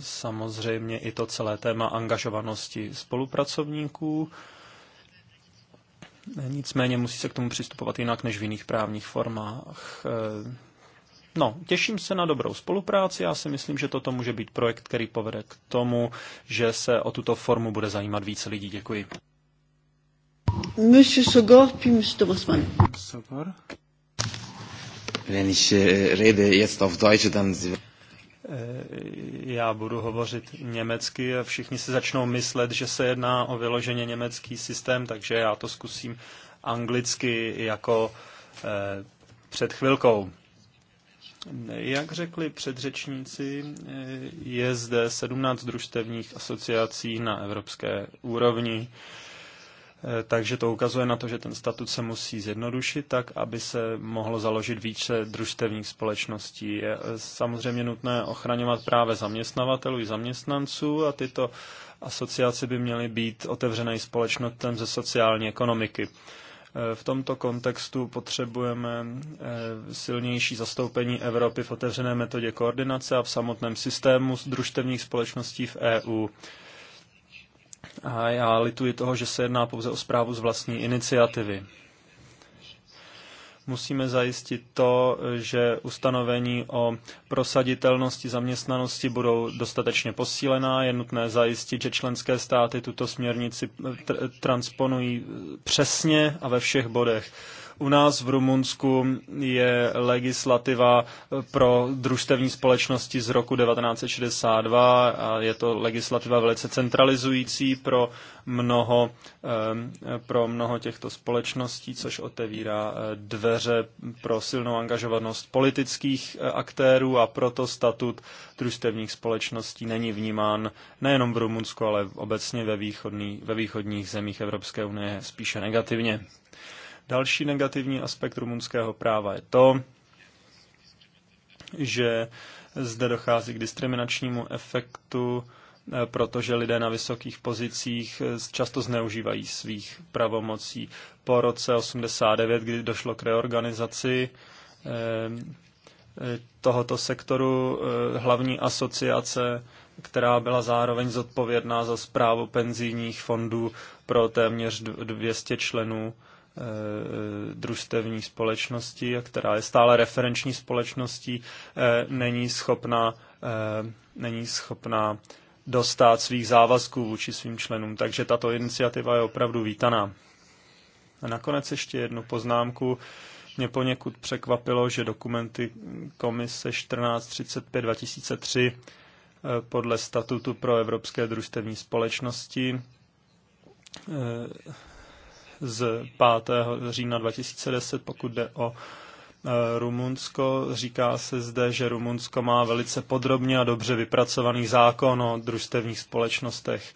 samozřejmě i to celé téma angažovanosti spolupracovníků. Nicméně musí se k tomu přistupovat jinak než v jiných právních formách. Eh, no, těším se na dobrou spolupráci. Já si myslím, že toto může být projekt, který povede k tomu, že se o tuto formu bude zajímat více lidí. Děkuji. Monsieur Sogor, puis Monsieur Thomasman. Sogor. Wenn ich äh, rede jetzt auf Deutsch, dann... Eh, já budu hovořit německy a všichni si začnou myslet, že se jedná o vyloženě německý systém, takže já to zkusím anglicky jako eh, před chvilkou. Jak řekli předřečníci, eh, je zde 17 družstevních asociací na evropské úrovni. Eh, Eh, takže to ukazuje na to, že ten statut se musí zjednodušit tak, aby se mohlo založit více družstevních společností. Je eh, samozřejmě nutné ochraňovat právě zaměstnavatelů i zaměstnanců a tyto asociace by měly být otevřené společnostem ze sociální ekonomiky. Eh, v tomto kontextu potřebujeme silnější zastoupení Evropy v otevřené metodě koordinace a v samotném systému družstevních společností v EU. A já lituji toho, že se jedná pouze o zprávu z vlastní iniciativy. Musíme zajistit to, že ustanovení o prosaditelnosti zaměstnanosti budou dostatečně posílená. Je nutné zajistit, že členské státy tuto směrnici tr- transponují přesně a ve všech bodech. U nás v Rumunsku je legislativa eh, pro družstevní společnosti z roku 1962 a je to legislativa velice centralizující pro mnoho, ehm, pro mnoho těchto společností, což otevírá eh, dveře pro silnou angažovanost politických eh, aktérů a proto statut družstevních společností není vnímán nejenom v Rumunsku, ale obecně ve, východní, ve východních zemích Evropské unie spíše negativně. Další negativní aspekt rumunského práva je to, že zde dochází k diskriminačnímu efektu, eh, protože lidé na vysokých pozicích eh, často zneužívají svých pravomocí. Po roce 89, kdy došlo k reorganizaci eh, tohoto sektoru, hlavní asociace, která byla zároveň zodpovědná za zprávu penzijních fondů pro téměř 200 členů, Eh, družstevní společnosti, která je stále referenční společností, eh, není schopná, eh, není schopná dostat svých závazků vůči svým členům. Takže tato iniciativa je opravdu vítaná. A nakonec ještě jednu poznámku. Mě poněkud překvapilo, že dokumenty komise 1435 2003 podle statutu pro Evropské družstevní společnosti z 5. října 2010, pokud jde o e, Rumunsko. Říká se zde, že Rumunsko má velice podrobně a dobře vypracovaný zákon o družstevních společnostech,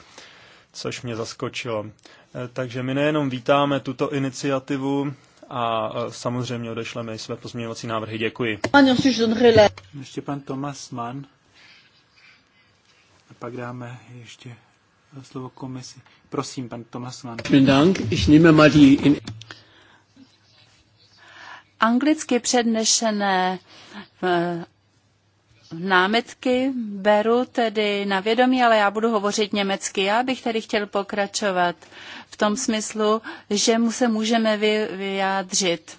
což mě zaskočilo. E, takže my nejenom vítáme tuto iniciativu a e, samozřejmě odešleme i své pozměňovací návrhy. Děkuji. Ještě pan Tomas Mann. A pak dáme ještě slovo komisi. Prosím, pan Mann. Anglicky přednešené eh, námitky beru tedy na vědomí, ale já budu hovořit německy. Já bych tedy chtěl pokračovat v tom smyslu, že mu se můžeme vyjádřit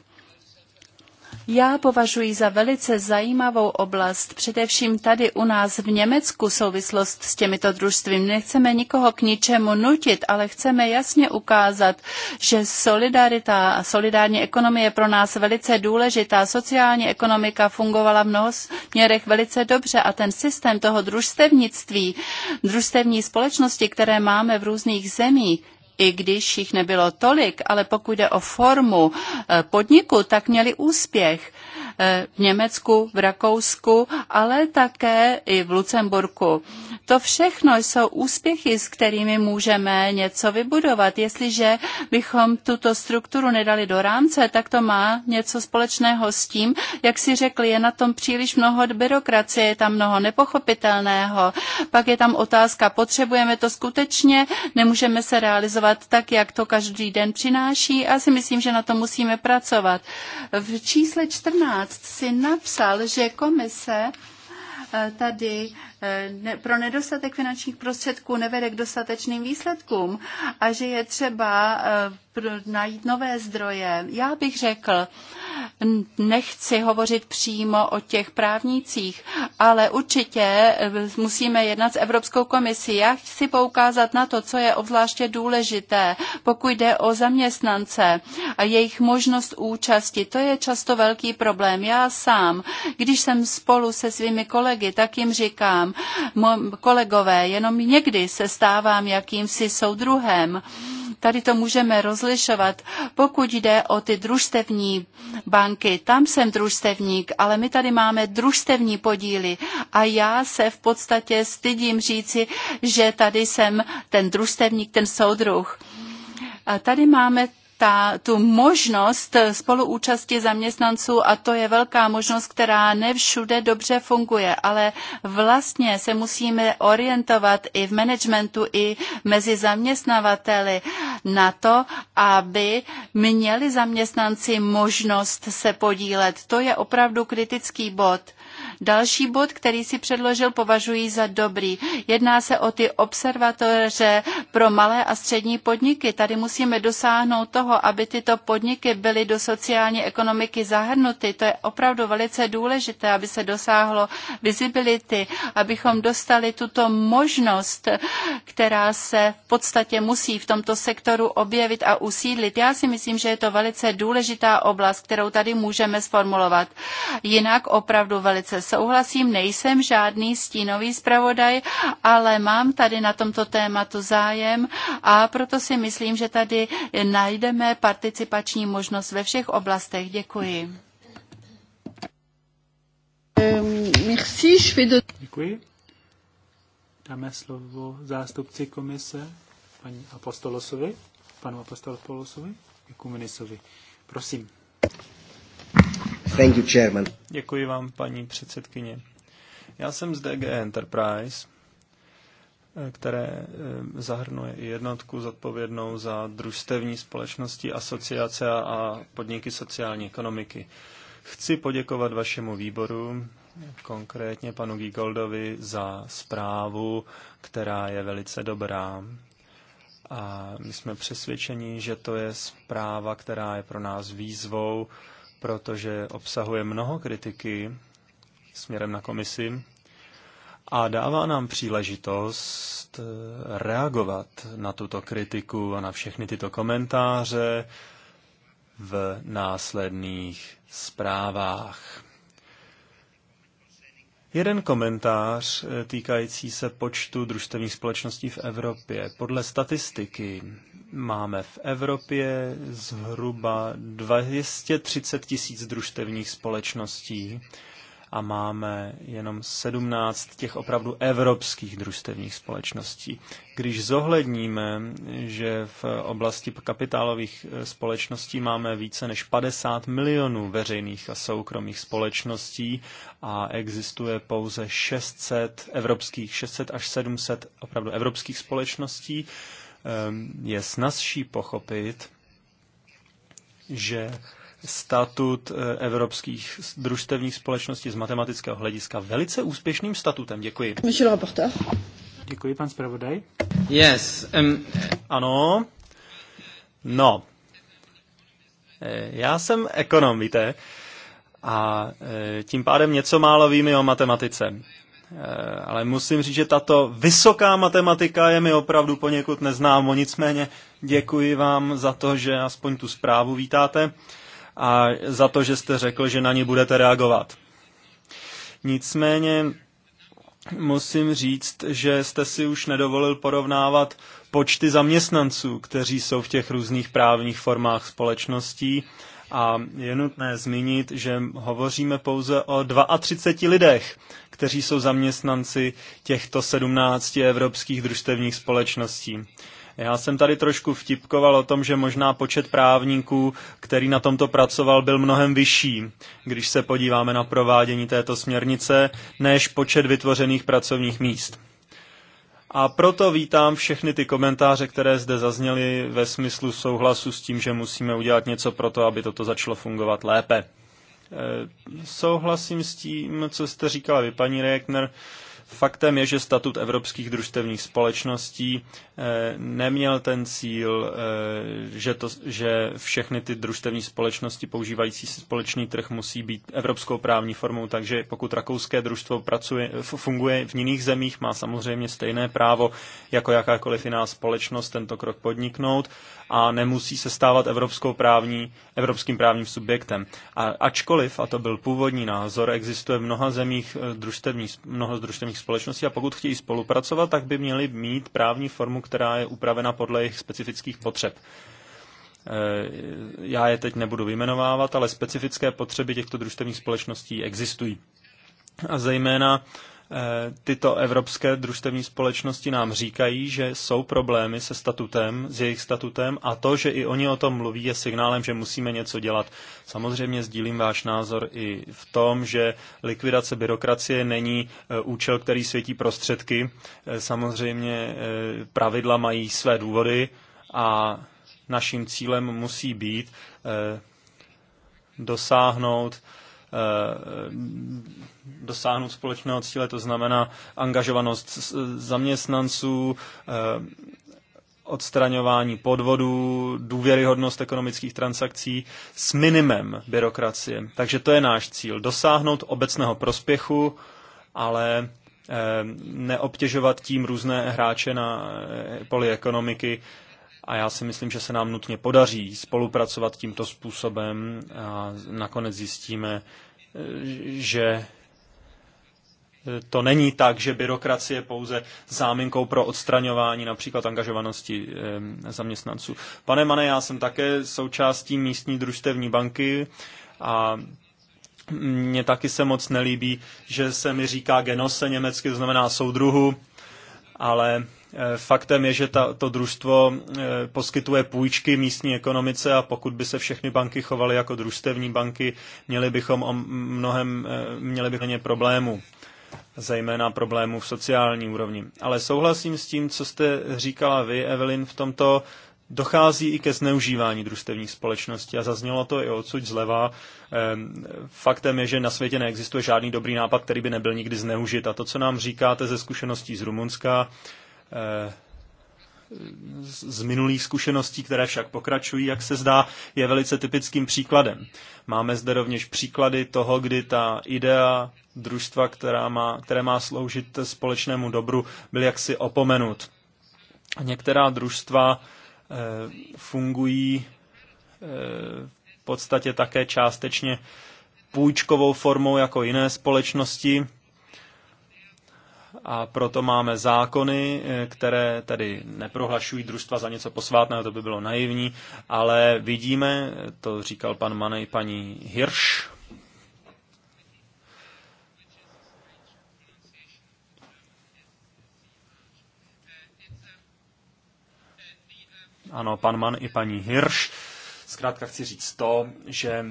já považuji za velice zajímavou oblast, především tady u nás v Německu souvislost s těmito družstvím. Nechceme nikoho k ničemu nutit, ale chceme jasně ukázat, že solidarita a solidární ekonomie je pro nás velice důležitá. Sociální ekonomika fungovala v mnoho směrech velice dobře a ten systém toho družstevnictví, družstevní společnosti, které máme v různých zemích, i když jich nebylo tolik, ale pokud jde o formu eh, podniku, tak měli úspěch eh, v Německu, v Rakousku, ale také i v Lucemburku. To všechno jsou úspěchy, s kterými můžeme něco vybudovat. Jestliže bychom tuto strukturu nedali do rámce, tak to má něco společného s tím, jak si řekli, je na tom příliš mnoho byrokracie, je tam mnoho nepochopitelného. Pak je tam otázka, potřebujeme to skutečně, nemůžeme se realizovat tak, jak to každý den přináší. A si myslím, že na to musíme pracovat. V čísle 14 si napsal, že komise eh, tady ne, pro nedostatek finančních prostředků nevede k dostatečným výsledkům a že je třeba eh, najít nové zdroje. Já bych řekl, nechci hovořit přímo o těch právnících, ale určitě eh, musíme jednat s Evropskou komisí. Já chci poukázat na to, co je obzvláště důležité, pokud jde o zaměstnance a jejich možnost účasti. To je často velký problém. Já sám, když jsem spolu se svými kolegy, tak jim říkám, kolegové, jenom někdy se stávám jakýmsi soudruhem tady to můžeme rozlišovat. Pokud jde o ty družstevní banky, tam jsem družstevník, ale my tady máme družstevní podíly a já se v podstatě stydím říci, že tady jsem ten družstevník, ten soudruh. A tady máme ta, tu možnost spoluúčasti zaměstnanců a to je velká možnost, která nevšude dobře funguje, ale vlastně se musíme orientovat i v managementu, i mezi zaměstnavateli na to, aby měli zaměstnanci možnost se podílet. To je opravdu kritický bod Další bod, který si předložil, považuji za dobrý. Jedná se o ty observatoře pro malé a střední podniky. Tady musíme dosáhnout toho, aby tyto podniky byly do sociální ekonomiky zahrnuty. To je opravdu velice důležité, aby se dosáhlo visibility, abychom dostali tuto možnost, která se v podstatě musí v tomto sektoru objevit a usídlit. Já si myslím, že je to velice důležitá oblast, kterou tady můžeme sformulovat. Jinak opravdu velice souhlasím, nejsem žádný stínový zpravodaj, ale mám tady na tomto tématu zájem a proto si myslím, že tady najdeme participační možnost ve všech oblastech. Děkuji. Ehm, Děkuji. Dáme slovo zástupci komise, paní Apostolosovi, panu Apostolosovi, Kuminisovi. Prosím. Thank you, chairman. Děkuji vám, paní předsedkyně. Já jsem z DG Enterprise, které eh, zahrnuje i jednotku zodpovědnou za družstevní společnosti, asociace a podniky sociální ekonomiky. Chci poděkovat vašemu výboru, konkrétně panu Gigoldovi, za zprávu, která je velice dobrá. A my jsme přesvědčeni, že to je zpráva, která je pro nás výzvou, protože obsahuje mnoho kritiky směrem na komisi a dává nám příležitost eh, reagovat na tuto kritiku a na všechny tyto komentáře v následných zprávách. Jeden komentář eh, týkající se počtu družstevních společností v Evropě. Podle statistiky máme v Evropě zhruba 230 tisíc družstevních společností a máme jenom 17 těch opravdu evropských družstevních společností. Když zohledníme, že v oblasti kapitálových eh, společností máme více než 50 milionů veřejných a soukromých společností a existuje pouze 600 evropských, 600 až 700 opravdu evropských společností, Ehm, je snazší pochopit, že statut eh, evropských družstevních společností z matematického hlediska velice úspěšným statutem. Děkuji. Děkuji, pan zpravodaj. Yes. Um... Ano. No. Eh, já jsem ekonom, víte, a eh, tím pádem něco málo vím o matematice. Eh, ale musím říct, že tato vysoká matematika je mi opravdu poněkud neznámo. Nicméně děkuji vám za to, že aspoň tu zprávu vítáte a za to, že jste řekl, že na ní budete reagovat. Nicméně musím říct, že jste si už nedovolil porovnávat počty zaměstnanců, kteří jsou v těch různých právních formách společností a je nutné zmínit, že hovoříme pouze o 32 lidech, kteří jsou zaměstnanci těchto 17 evropských družstevních společností. Já jsem tady trošku vtipkoval o tom, že možná počet právníků, který na tomto pracoval, byl mnohem vyšší, když se podíváme na provádění této směrnice, než počet vytvořených pracovních míst. A proto vítám všechny ty komentáře, které zde zazněly ve smyslu souhlasu s tím, že musíme udělat něco pro to, aby toto začalo fungovat lépe. E, souhlasím s tím, co jste říkala vy, paní Reckner Faktem je, že statut evropských družstevních společností eh, neměl ten cíl, eh, že, to, že všechny ty družstevní společnosti používající společný trh musí být evropskou právní formou, takže pokud rakouské družstvo pracuje, funguje v jiných zemích, má samozřejmě stejné právo jako jakákoliv jiná společnost tento krok podniknout a nemusí se stávat evropskou právní, evropským právním subjektem. A, ačkoliv, a to byl původní názor, existuje v mnoha zemích eh, družstevní, mnoho družstevních společností a pokud chtějí spolupracovat, tak by měli mít právní formu, která je upravena podle jejich specifických potřeb. Eh, já je teď nebudu vyjmenovávat, ale specifické potřeby těchto družstevních společností existují. A zejména Eh, tyto evropské družstevní společnosti nám říkají, že jsou problémy se statutem, s jejich statutem a to, že i oni o tom mluví, je signálem, že musíme něco dělat. Samozřejmě sdílím váš názor i v tom, že likvidace byrokracie není eh, účel, který světí prostředky. Eh, samozřejmě pravidla mají své důvody a naším cílem musí být dosáhnout Eh, dosáhnout společného cíle, to znamená angažovanost zaměstnanců, eh, odstraňování podvodů, důvěryhodnost ekonomických transakcí s minimem byrokracie. Takže to je náš cíl. Dosáhnout obecného prospěchu, ale eh, neobtěžovat tím různé hráče na poli ekonomiky a já si myslím, že se nám nutně podaří spolupracovat tímto způsobem a nakonec zjistíme, že to není tak, že byrokracie je pouze záminkou pro odstraňování například angažovanosti zaměstnanců. Pane Mane, já jsem také součástí místní družstevní banky a mně taky se moc nelíbí, že se mi říká genose německy, to znamená soudruhu, ale Eh, faktem je, že ta, to družstvo eh, poskytuje půjčky místní ekonomice a pokud by se všechny banky chovaly jako družstevní banky, měli bychom o mnohem, eh, měli bychom problémů zejména problémů v sociální úrovni. Ale souhlasím s tím, co jste říkala vy, Evelyn, v tomto dochází i ke zneužívání družstevních společností a zaznělo to i odsud zleva. Ehm, faktem je, že na světě neexistuje žádný dobrý nápad, který by nebyl nikdy zneužit. A to, co nám říkáte ze zkušeností z Rumunska, Eh, z minulých zkušeností, které však pokračují, jak se zdá, je velice typickým příkladem. Máme zde rovněž příklady toho, kdy ta idea družstva, která má, které má sloužit společnému dobru, byl jaksi opomenut. Některá družstva e, fungují e, v podstatě také částečně půjčkovou formou jako jiné společnosti, a proto máme zákony, eh, které tedy neprohlašují družstva za něco posvátného, to by bylo naivní, ale vidíme, to říkal pan Manej paní Hirš. Ano, pan Mann i paní Hirš. Zkrátka chci říct to, že,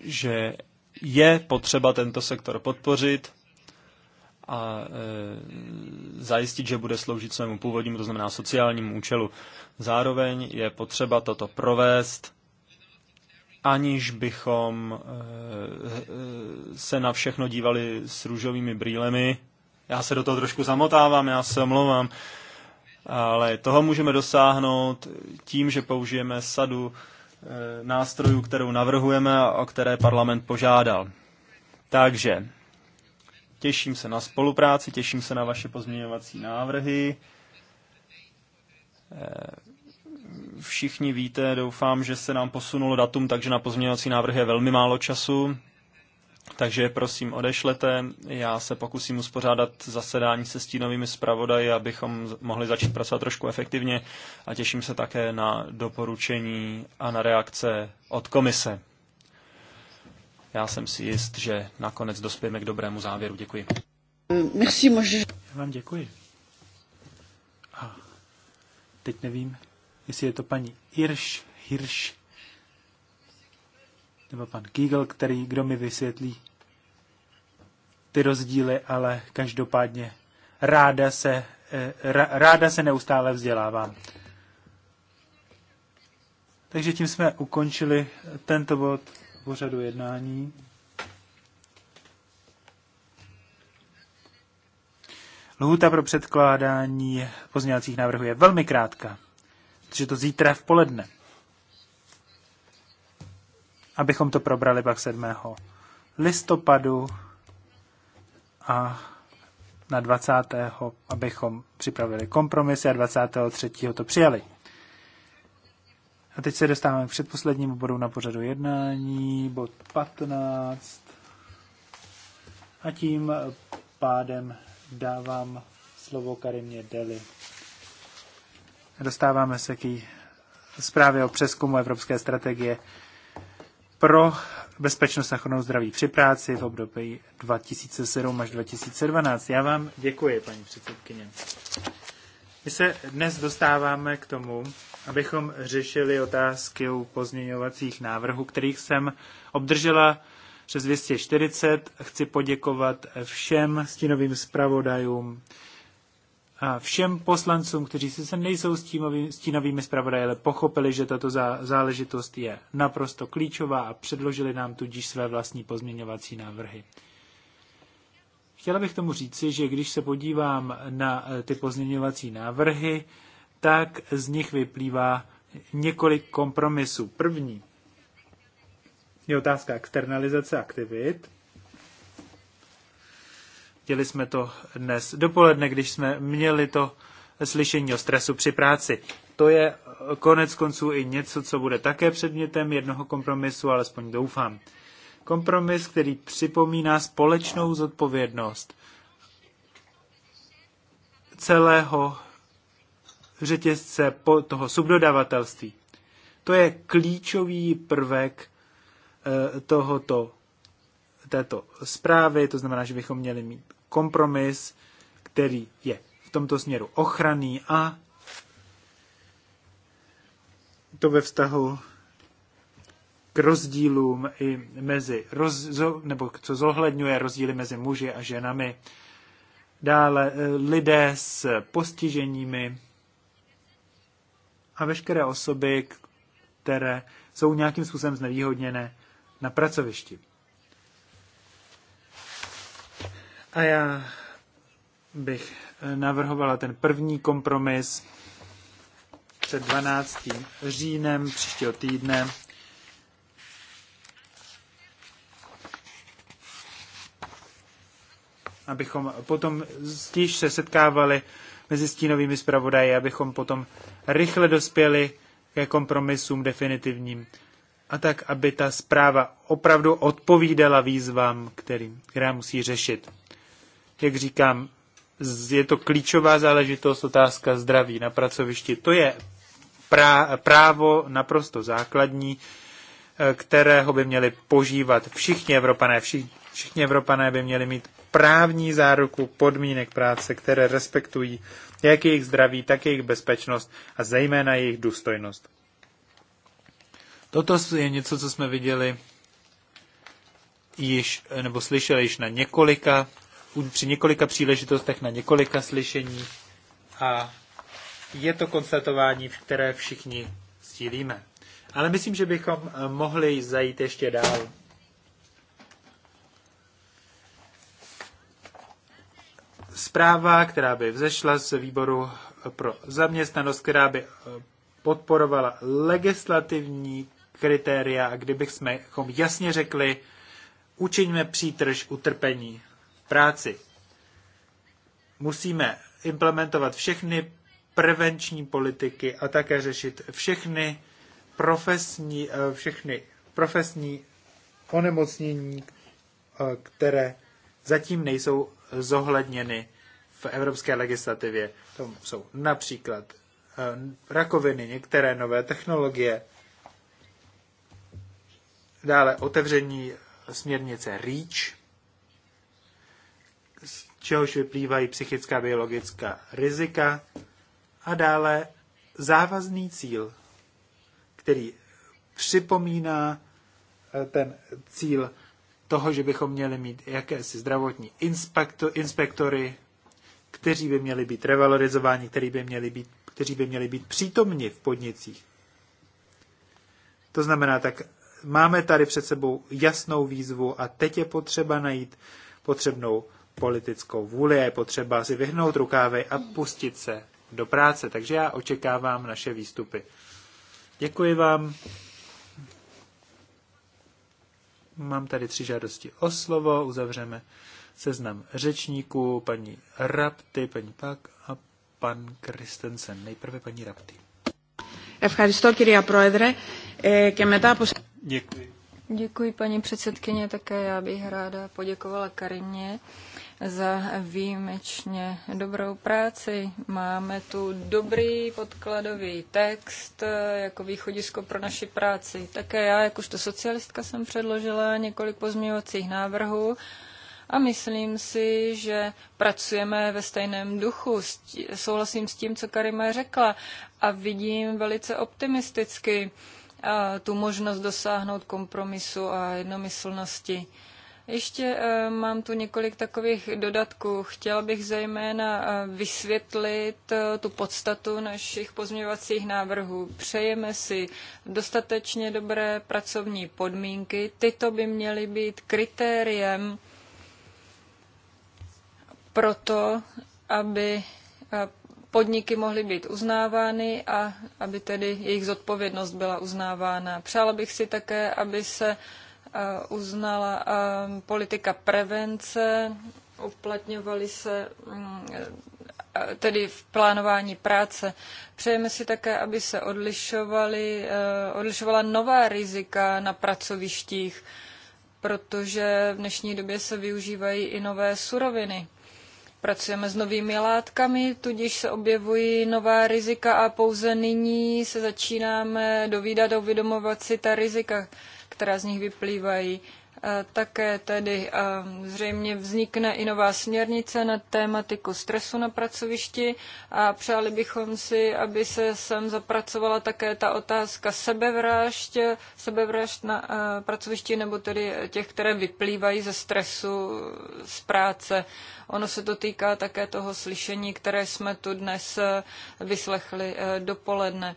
že je potřeba tento sektor podpořit a e, zajistit, že bude sloužit svému původnímu, to znamená sociálnímu účelu. Zároveň je potřeba toto provést, aniž bychom e, e se na všechno dívali s růžovými brýlemi. Já se do toho trošku zamotávám, já se omlouvám, ale toho můžeme dosáhnout tím, že použijeme sadu Eh, nástrojů, kterou navrhujeme a o které parlament požádal. Takže těším se na spolupráci, těším se na vaše pozměňovací návrhy. Eh, všichni víte, doufám, že se nám posunulo datum, takže na pozměňovací návrhy je velmi málo času. Takže prosím odešlete, já se pokusím uspořádat zasedání se stínovými zpravodaji, abychom mohli začít pracovat trošku efektivně a těším se také na doporučení a na reakce od komise. Já jsem si jist, že nakonec dospějeme k dobrému závěru. Děkuji. Merci, může... Já vám děkuji. A teď nevím, jestli je to paní Irš, Hirš, nebo pan Kegel, který, kdo mi vysvětlí ty rozdíly, ale každopádně ráda se, eh, ráda se neustále vzdělávám. Takže tím jsme ukončili tento bod pořadu jednání. Lhůta pro předkládání pozměňovacích návrhů je velmi krátká, protože to zítra v poledne abychom to probrali pak 7. listopadu a na 20. abychom připravili kompromisy a 23. to přijali. A teď se dostáváme k předposlednímu bodu na pořadu jednání, bod 15. A tím pádem dávám slovo Karimě Deli. Dostáváme se k zprávě o přeskumu Evropské strategie pro bezpečnost a ochranu zdraví při práci v období 2007 až 2012. Já vám děkuji, paní předsedkyně. My se dnes dostáváme k tomu, abychom řešili otázky u pozměňovacích návrhů, kterých jsem obdržela přes 240. Chci poděkovat všem stínovým zpravodajům, a všem poslancům, kteří si se nejsou stínový, stínovými zpravodaji, ale pochopili, že tato zá, záležitost je naprosto klíčová a předložili nám tudíž své vlastní pozměňovací návrhy. Chtěla bych tomu říci, že když se podívám na eh, ty pozměňovací návrhy, tak z nich vyplývá několik kompromisů. První je otázka externalizace aktivit. Děli jsme to dnes dopoledne, když jsme měli to slyšení o stresu při práci. To je konec konců i něco, co bude také předmětem jednoho kompromisu, alespoň doufám. Kompromis, který připomíná společnou zodpovědnost celého řetězce po toho subdodavatelství. To je klíčový prvek eh, tohoto, této zprávy, to znamená, že bychom měli mít kompromis, který je v tomto směru ochranný a to ve vztahu k rozdílům i mezi, roz, nebo co zohledňuje rozdíly mezi muži a ženami. Dále eh, lidé s postiženími a veškeré osoby, které jsou nějakým způsobem znevýhodněné na pracovišti. A já bych eh, navrhovala ten první kompromis před 12. říjnem příštího týdne. Abychom potom stíž se setkávali mezi stínovými zpravodaji, abychom potom rychle dospěli ke kompromisům definitivním. A tak, aby ta zpráva opravdu odpovídala výzvám, kterým která musí řešit jak říkám, je to klíčová záležitost, otázka zdraví na pracovišti. To je právo naprosto základní, eh, kterého by měli požívat všichni Evropané. Všichni, všichni Evropané by měli mít právní záruku podmínek práce, které respektují jak jejich zdraví, tak jejich bezpečnost a zejména jejich důstojnost. Toto je něco, co jsme viděli již, nebo slyšeli již na několika při několika příležitostech na několika slyšení a je to konstatování, v které všichni sdílíme. Ale myslím, že bychom eh, mohli zajít ještě dál. Zpráva, která by vzešla z výboru eh, pro zaměstnanost, která by eh, podporovala legislativní kritéria a kdybychom jasně řekli, učiňme přítrž utrpení práci. Musíme implementovat všechny prevenční politiky a také řešit všechny profesní, eh, všechny profesní onemocnění, eh, které zatím nejsou zohledněny v evropské legislativě. To jsou například eh, rakoviny, některé nové technologie, dále otevření směrnice REACH, čehož vyplývají psychická biologická rizika a dále závazný cíl, který připomíná eh, ten cíl toho, že bychom měli mít jakési zdravotní inspektor, inspektory, kteří by měli být revalorizováni, kteří by měli být, kteří by měli být přítomni v podnicích. To znamená, tak máme tady před sebou jasnou výzvu a teď je potřeba najít potřebnou politickou vůli a je potřeba si vyhnout rukávy a pustit se do práce. Takže já očekávám naše výstupy. Děkuji vám. Mám tady tři žádosti o slovo. Uzavřeme seznam řečníků. Paní Rapty, paní Pak a pan Kristensen. Nejprve paní Rapty. Eh, Děkuji. Děkuji paní předsedkyně, také já bych ráda poděkovala Karině za výjimečně dobrou práci. Máme tu dobrý podkladový text eh, jako východisko pro naši práci. Také já, jakožto socialistka, jsem předložila několik pozměňovacích návrhů a myslím si, že pracujeme ve stejném duchu. Souhlasím s tím, co Karima řekla a vidím velice optimisticky eh, tu možnost dosáhnout kompromisu a jednomyslnosti. Ještě eh, mám tu několik takových dodatků. Chtěla bych zejména eh, vysvětlit eh, tu podstatu našich pozměňovacích návrhů. Přejeme si dostatečně dobré pracovní podmínky. Tyto by měly být kritériem pro to, aby podniky mohly být uznávány a aby tedy jejich zodpovědnost byla uznávána. Přála bych si také, aby se Eh, uznala eh, politika prevence, uplatňovaly se mm, eh, tedy v plánování práce. Přejeme si také, aby se odlišovaly, odlišovala nová rizika na pracovištích, protože v dnešní době se využívají i nové suroviny. Pracujeme s novými látkami, tudíž se objevují nová rizika a pouze nyní se začínáme dovídat a uvědomovat si ta rizika která z nich vyplývají. Eh, také tedy eh, zřejmě vznikne i nová směrnice na tématiku stresu na pracovišti a přáli bychom si, aby se sem zapracovala také ta otázka sebevražd, sebevražd na eh, pracovišti nebo tedy těch, které vyplývají ze stresu z práce. Ono se to týká také toho slyšení, které jsme tu dnes vyslechli dopoledne.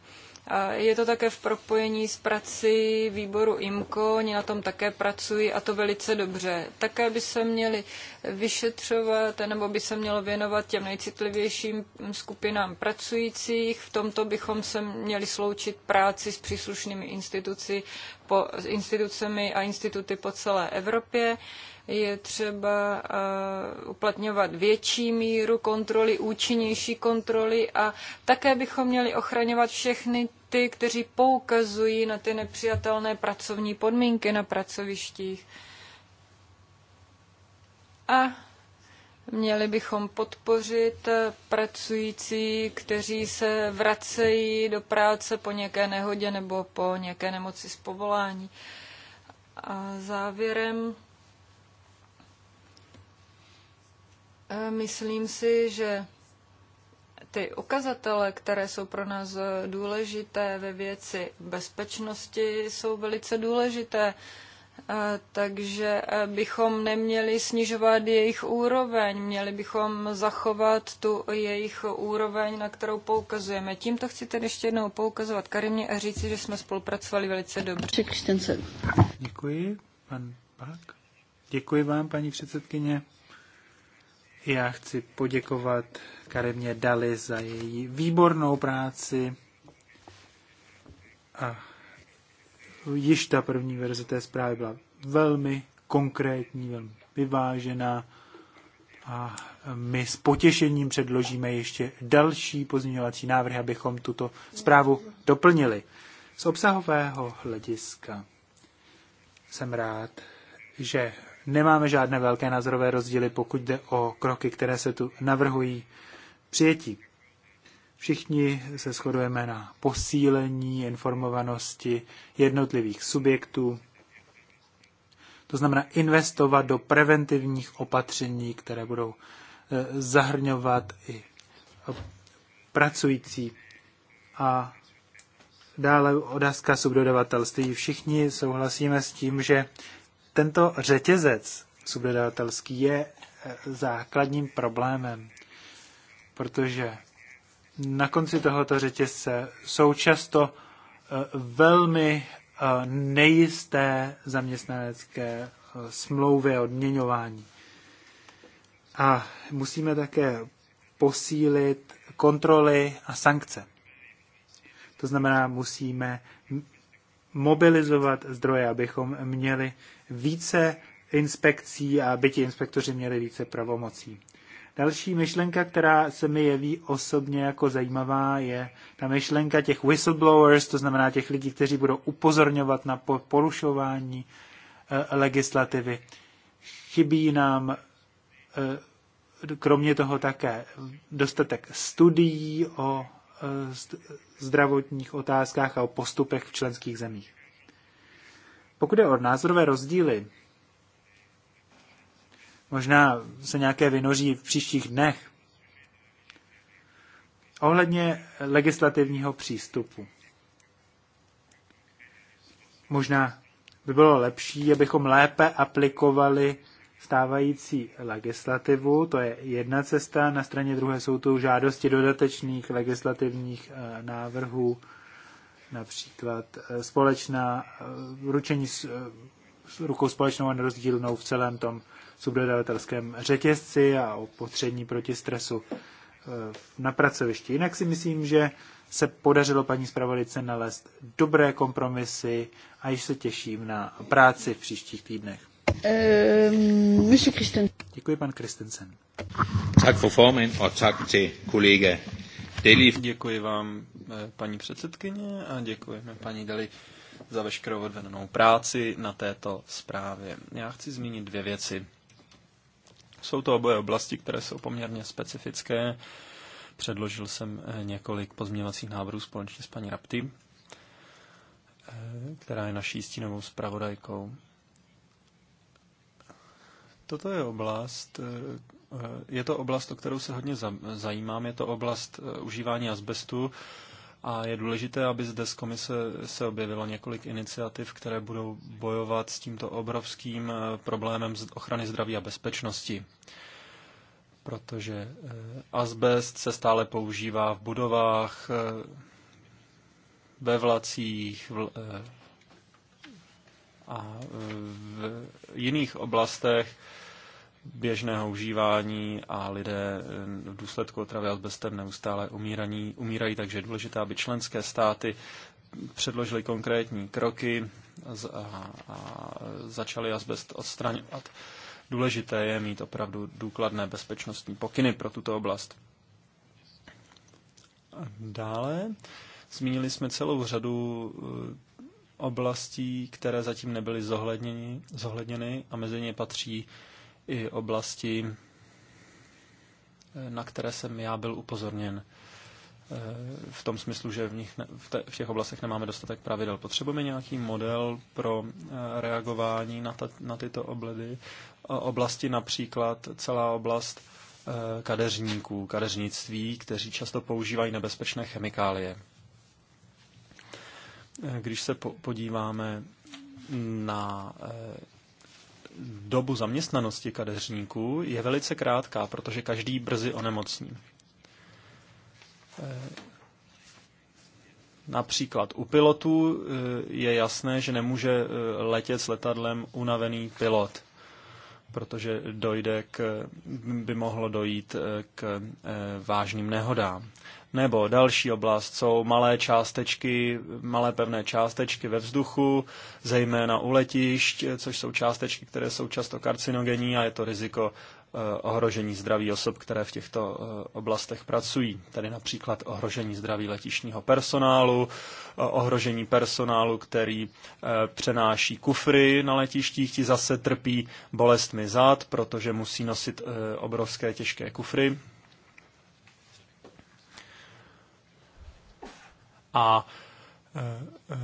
Je to také v propojení s prací výboru IMCO, oni na tom také pracují a to velice dobře. Také by se měli vyšetřovat nebo by se mělo věnovat těm nejcitlivějším skupinám pracujících. V tomto bychom se měli sloučit práci s příslušnými instituci po, institucemi a instituty po celé Evropě je třeba eh, uplatňovat větší míru kontroly, účinnější kontroly a také bychom měli ochraňovat všechny ty, kteří poukazují na ty nepřijatelné pracovní podmínky na pracovištích. A Měli bychom podpořit eh, pracující, kteří se vracejí do práce po nějaké nehodě nebo po nějaké nemoci z povolání. A závěrem E, myslím si, že ty ukazatele, které jsou pro nás důležité ve věci bezpečnosti, jsou velice důležité. E, takže e, bychom neměli snižovat jejich úroveň, měli bychom zachovat tu jejich úroveň, na kterou poukazujeme. Tímto chci tedy ještě jednou poukazovat Karimě a říci, že jsme spolupracovali velice dobře. Děkuji, pan Pak. Děkuji vám, paní předsedkyně. Já chci poděkovat Karimě Dali za její výbornou práci. A již ta první verze té zprávy byla velmi konkrétní, velmi vyvážená a my s potěšením předložíme ještě další pozměňovací návrh, abychom tuto zprávu doplnili. Z obsahového hlediska jsem rád, že nemáme žádné velké názorové rozdíly, pokud jde o kroky, které se tu navrhují přijetí. Všichni se shodujeme na posílení informovanosti jednotlivých subjektů, to znamená investovat do preventivních opatření, které budou eh, zahrňovat i pracující. A dále otázka subdodavatelství. Všichni souhlasíme s tím, že tento řetězec subdodavatelský je eh, základním problémem, protože na konci tohoto řetězce jsou často eh, velmi eh, nejisté zaměstnanecké smlouvy a odměňování. A musíme také posílit kontroly a sankce. To znamená, musíme mobilizovat zdroje, abychom měli více inspekcí a aby ti inspektoři měli více pravomocí. Další myšlenka, která se mi jeví osobně jako zajímavá, je ta myšlenka těch whistleblowers, to znamená těch lidí, kteří budou upozorňovat na porušování eh, legislativy. Chybí nám eh, kromě toho také dostatek studií o eh, zdravotních otázkách a o postupech v členských zemích. Pokud je o názorové rozdíly, možná se nějaké vynoří v příštích dnech, ohledně legislativního přístupu. Možná by bylo lepší, abychom lépe aplikovali stávající legislativu, to je jedna cesta, na straně druhé jsou tu žádosti dodatečných legislativních eh, návrhů například eh, společná eh, ručení eh, s rukou společnou a nerozdílnou v celém tom subdodavatelském řetězci a opotření proti stresu na pracovišti. Jinak si myslím, že se podařilo paní zpravodice nalézt dobré kompromisy a již se těším na práci v příštích týdnech. Děkuji, pan Kristensen. Tak for formen a tak til kollega Děkuji vám, Eh, paní předsedkyně a děkujeme paní Deli za veškerou odvedenou práci na této zprávě. Já chci zmínit dvě věci. Jsou to oboje oblasti, které jsou poměrně specifické. Předložil jsem eh, několik pozměňovacích návrhů společně s paní Rapty, eh, která je naší stínovou zpravodajkou. Toto je oblast, je to oblast, o kterou se hodně zajímám, je to oblast užívání asbestu a je důležité, aby zde z komise se objevilo několik iniciativ, které budou bojovat s tímto obrovským eh, problémem ochrany zdraví a bezpečnosti. Protože eh, asbest se stále používá v budovách, eh, ve vlacích a v jiných oblastech běžného užívání a lidé eh, v důsledku otravy asbestem neustále umíraní, umírají, takže je důležité, aby členské státy předložili konkrétní kroky a, a začali asbest odstraňovat. Důležité je mít opravdu důkladné bezpečnostní pokyny pro tuto oblast. A dále zmínili jsme celou řadu eh, oblastí, které zatím nebyly zohledněny, zohledněny a mezi ně patří i oblasti, eh, na které jsem já byl upozorněn. Eh, v tom smyslu, že v, nich ne, v, te, v těch oblastech nemáme dostatek pravidel. Potřebujeme nějaký model pro eh, reagování na, ta, na tyto obledy. Oblasti například celá oblast kadeřníků, kadeřnictví, kteří často používají nebezpečné chemikálie. Když se podíváme na dobu zaměstnanosti kadeřníků je velice krátká, protože každý brzy onemocní. Eh, například u pilotů eh, je jasné, že nemůže eh, letět s letadlem unavený pilot, protože dojde k, by mohlo dojít k vážným nehodám. Nebo další oblast jsou malé částečky, malé pevné částečky ve vzduchu, zejména u letišť, což jsou částečky, které jsou často karcinogenní a je to riziko eh, ohrožení zdraví osob, které v těchto eh, oblastech pracují. Tedy například ohrožení zdraví letišního personálu, eh, ohrožení personálu, který přenáší kufry na letištích, ti zase trpí bolestmi zad, protože musí nosit obrovské těžké kufry, A e, e,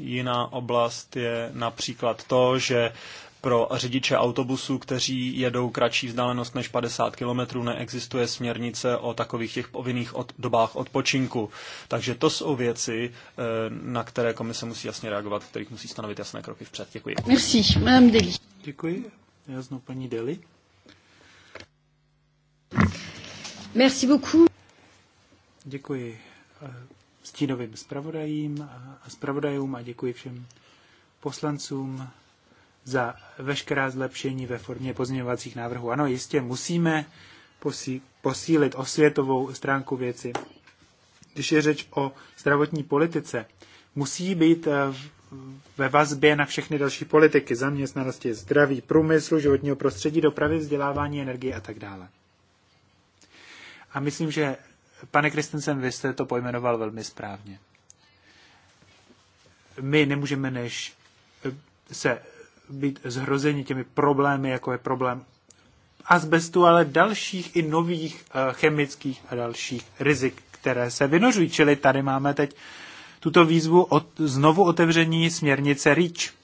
jiná oblast je například to, že pro řidiče autobusů, kteří jedou kratší vzdálenost než 50 km, neexistuje směrnice o takových těch povinných od, dobách odpočinku. Takže to jsou věci, e, na které komise musí jasně reagovat, kterých musí stanovit jasné kroky vpřed. Děkuji. Merci, Madame Deli. Děkuji. Já znovu paní Deli. Merci beaucoup. Děkuji eh, stínovým zpravodajím a zpravodajům a děkuji všem poslancům za veškerá zlepšení ve formě pozměňovacích návrhů. Ano, jistě musíme posílit osvětovou stránku věci. Když je řeč o zdravotní politice, musí být eh, ve vazbě na všechny další politiky, zaměstnanosti, zdraví, průmyslu, životního prostředí, dopravy, vzdělávání, energie a tak dále. A myslím, že Pane Kristensen, vy jste to pojmenoval velmi správně. My nemůžeme než eh, se být zhrozeni těmi problémy, jako je problém asbestu, ale dalších i nových eh, chemických a dalších rizik, které se vynožují. Čili tady máme teď tuto výzvu od, znovu otevření směrnice REACH.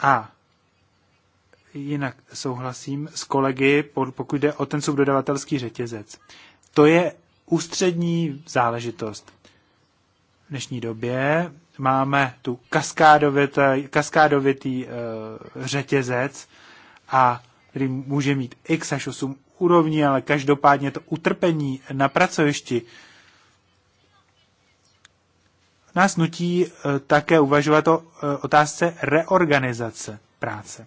A jinak souhlasím s kolegy, pokud jde o ten subdodavatelský řetězec. To je ústřední záležitost. V dnešní době máme tu kaskádovitý, uh, řetězec, a který může mít x až 8 úrovní, ale každopádně to utrpení na pracovišti nás nutí uh, také uvažovat o uh, otázce reorganizace práce.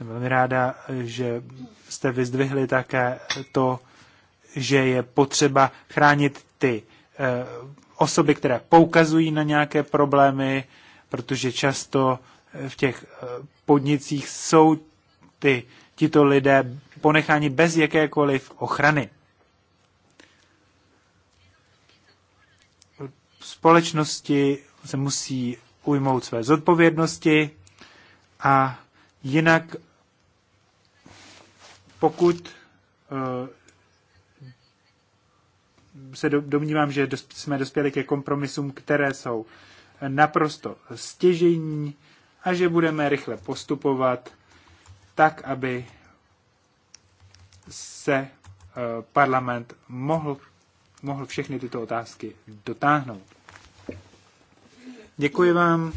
Jsem velmi ráda, že jste vyzdvihli také to, že je potřeba chránit ty eh, osoby, které poukazují na nějaké problémy, protože často eh, v těch eh, podnicích jsou ty, tito lidé ponecháni bez jakékoliv ochrany. Společnosti se musí ujmout své zodpovědnosti a jinak pokud eh, se domnívám, že jsme dospěli ke kompromisům, které jsou naprosto stěžení a že budeme rychle postupovat tak, aby se eh, parlament mohl, mohl všechny tyto otázky dotáhnout. Děkuji vám.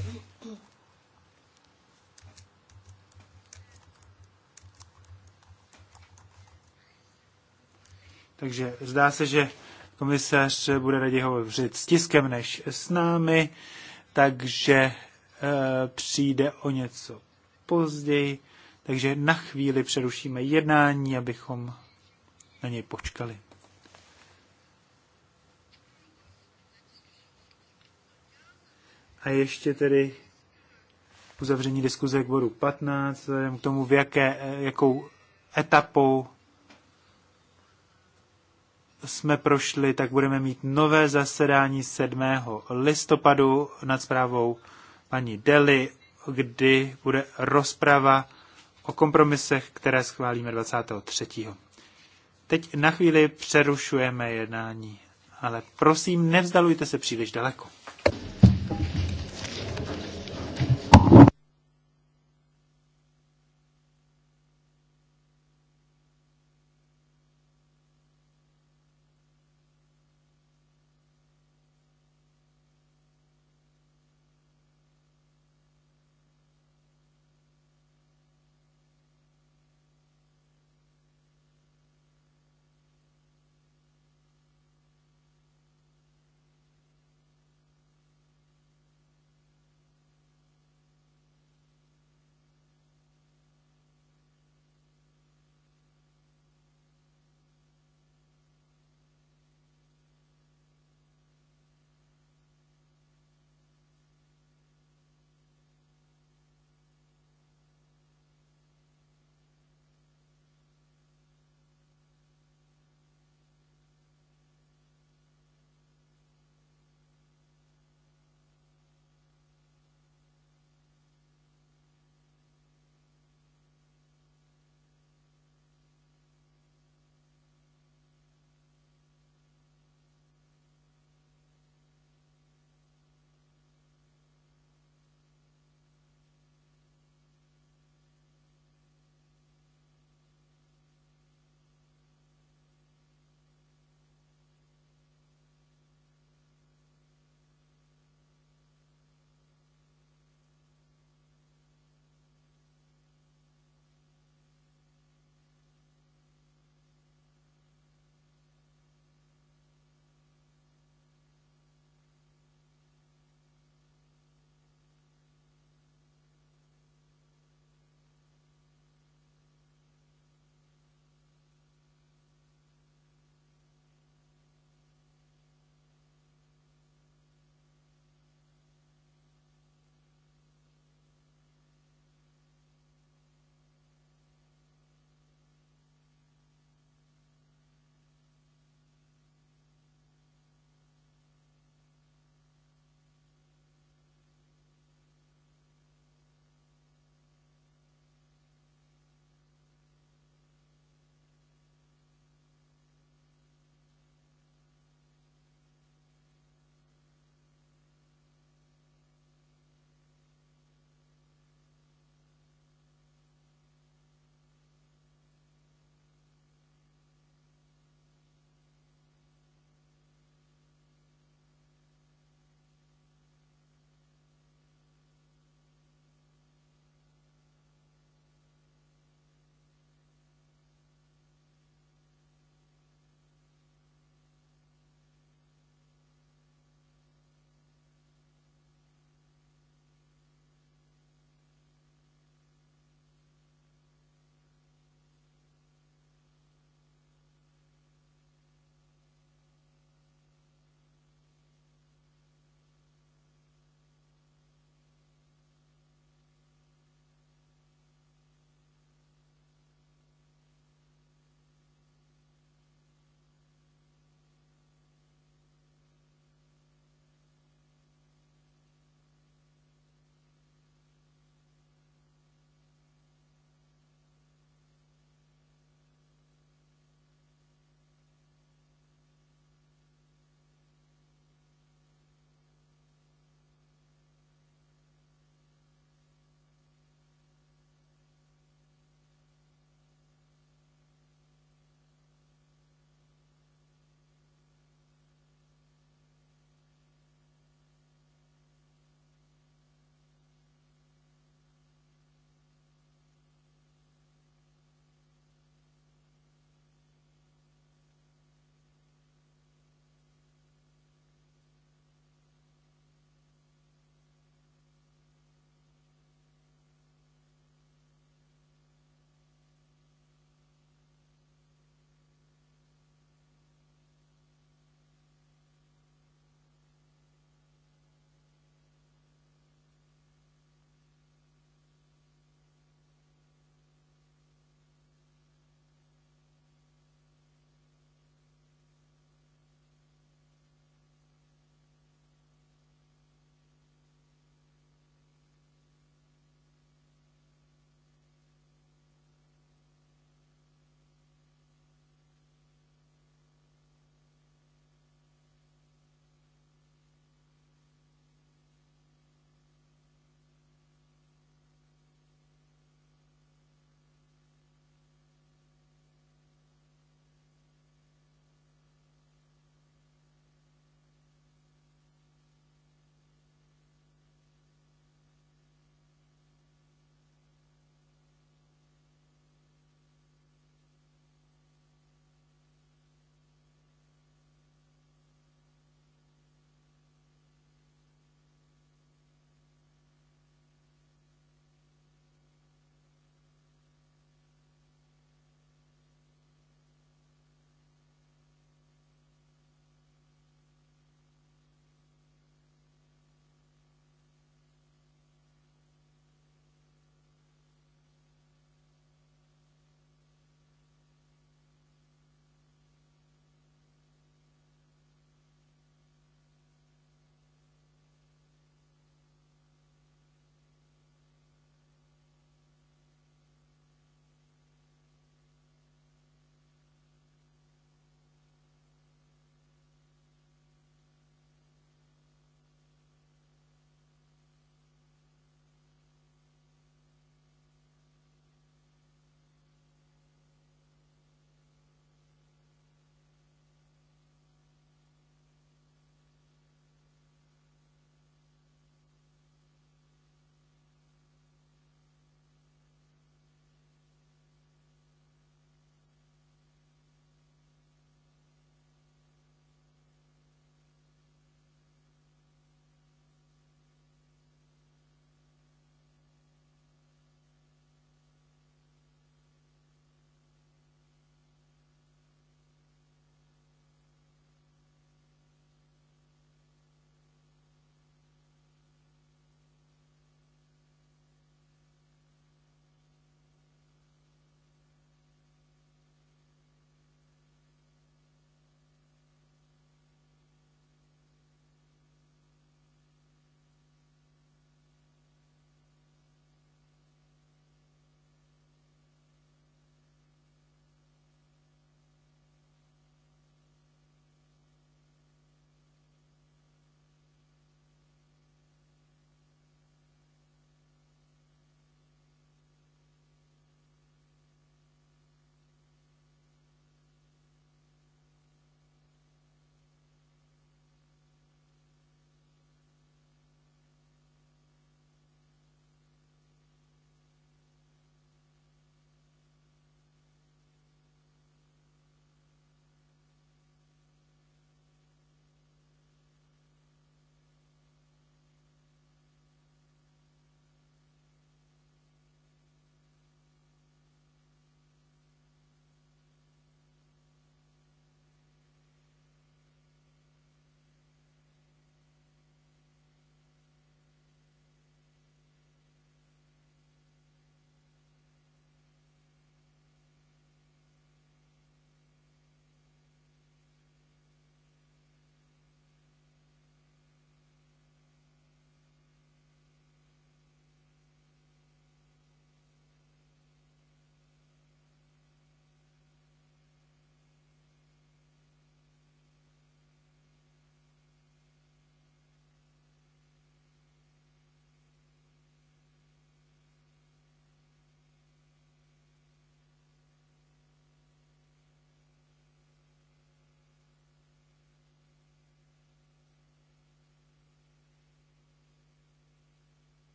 Takže zdá se, že komisař bude raději hovořit s tiskem než s námi, takže e, přijde o něco později. Takže na chvíli přerušíme jednání, abychom na něj počkali. A ještě tedy uzavření diskuze k bodu 15, k tomu, v jaké, e, jakou etapou jsme prošli, tak budeme mít nové zasedání 7. listopadu nad zprávou paní Deli, kdy bude rozprava o kompromisech, které schválíme 23. Teď na chvíli přerušujeme jednání, ale prosím, nevzdalujte se příliš daleko.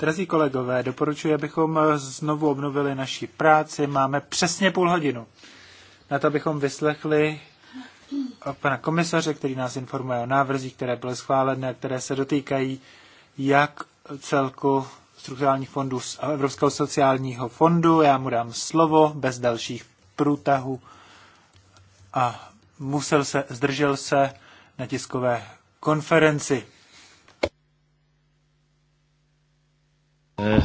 Drazí kolegové, doporučuji, abychom eh, znovu obnovili naši práci. Máme přesně půl hodinu na to, abychom vyslechli eh, pana komisaře, který nás informuje o návrzích, které byly schválené a které se dotýkají jak celku strukturálních fondů z Evropského sociálního fondu. Já mu dám slovo bez dalších průtahů a musel se, zdržel se na tiskové konferenci. Eh,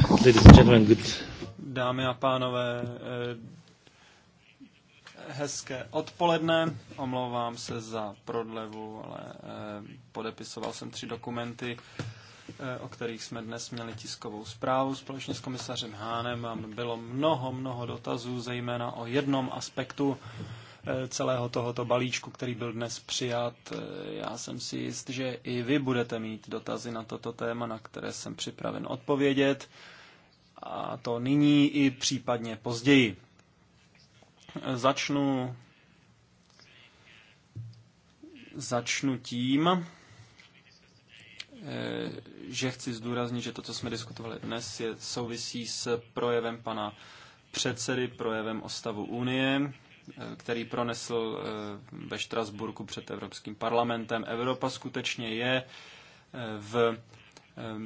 Dámy a pánové, eh, hezké odpoledne. Omlouvám se za prodlevu, ale eh, podepisoval jsem tři dokumenty, o kterých jsme dnes měli tiskovou zprávu společně s komisařem Hánem. Bylo mnoho, mnoho dotazů, zejména o jednom aspektu, Eh, celého tohoto balíčku, který byl dnes přijat. Eh, já jsem si jist, že i vy budete mít dotazy na toto téma, na které jsem připraven odpovědět, a to nyní i případně později. Eh, začnu začnu tím, že chci zdůraznit, že to, co jsme diskutovali dnes, je souvisí s projevem pana předsedy, projevem o stavu Unie. Eh, který pronesl eh, ve Štrasburku před Evropským parlamentem. Evropa skutečně je eh, v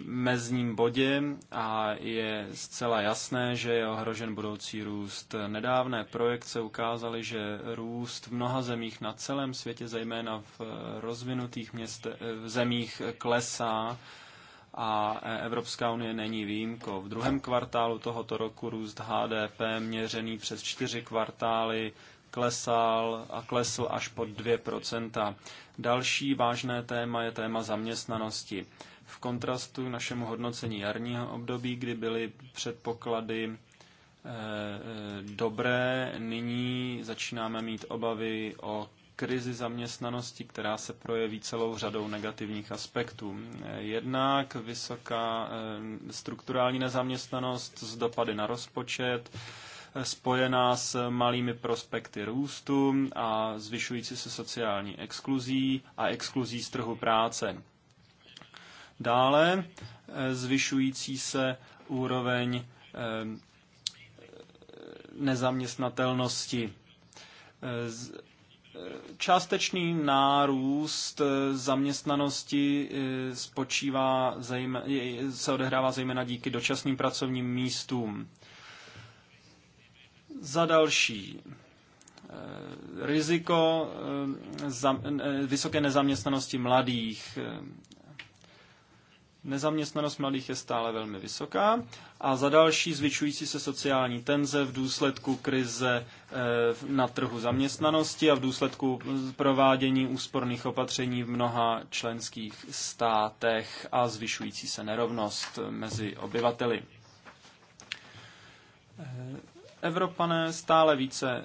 mezním bodě a je zcela jasné, že je ohrožen budoucí růst. Nedávné projekce ukázaly, že růst v mnoha zemích na celém světě, zejména v rozvinutých měste, v zemích, klesá a Evropská unie není výjimko. V druhém kvartálu tohoto roku růst HDP měřený přes čtyři kvartály klesal a klesl až pod 2%. Další vážné téma je téma zaměstnanosti. V kontrastu k našemu hodnocení jarního období, kdy byly předpoklady eh, eh, dobré, nyní začínáme mít obavy o krizi zaměstnanosti, která se projeví celou řadou negativních aspektů. Jednak vysoká eh, strukturální nezaměstnanost z dopady na rozpočet, eh, spojená s malými prospekty růstu a zvyšující se sociální exkluzí a exkluzí z trhu práce. Dále eh, zvyšující se úroveň nezaměstnatelnosti Částečný nárůst eh, zaměstnanosti eh, spočívá zejména, se odehrává zejména díky dočasným pracovním místům. Za další, eh, riziko vysoké nezaměstnanosti mladých. Nezaměstnanost mladých je stále velmi vysoká a za další zvyšující se sociální tenze v důsledku krize eh, na trhu zaměstnanosti a v důsledku provádění úsporných opatření v mnoha členských státech a zvyšující se nerovnost mezi obyvateli. Eh, Evropané stále více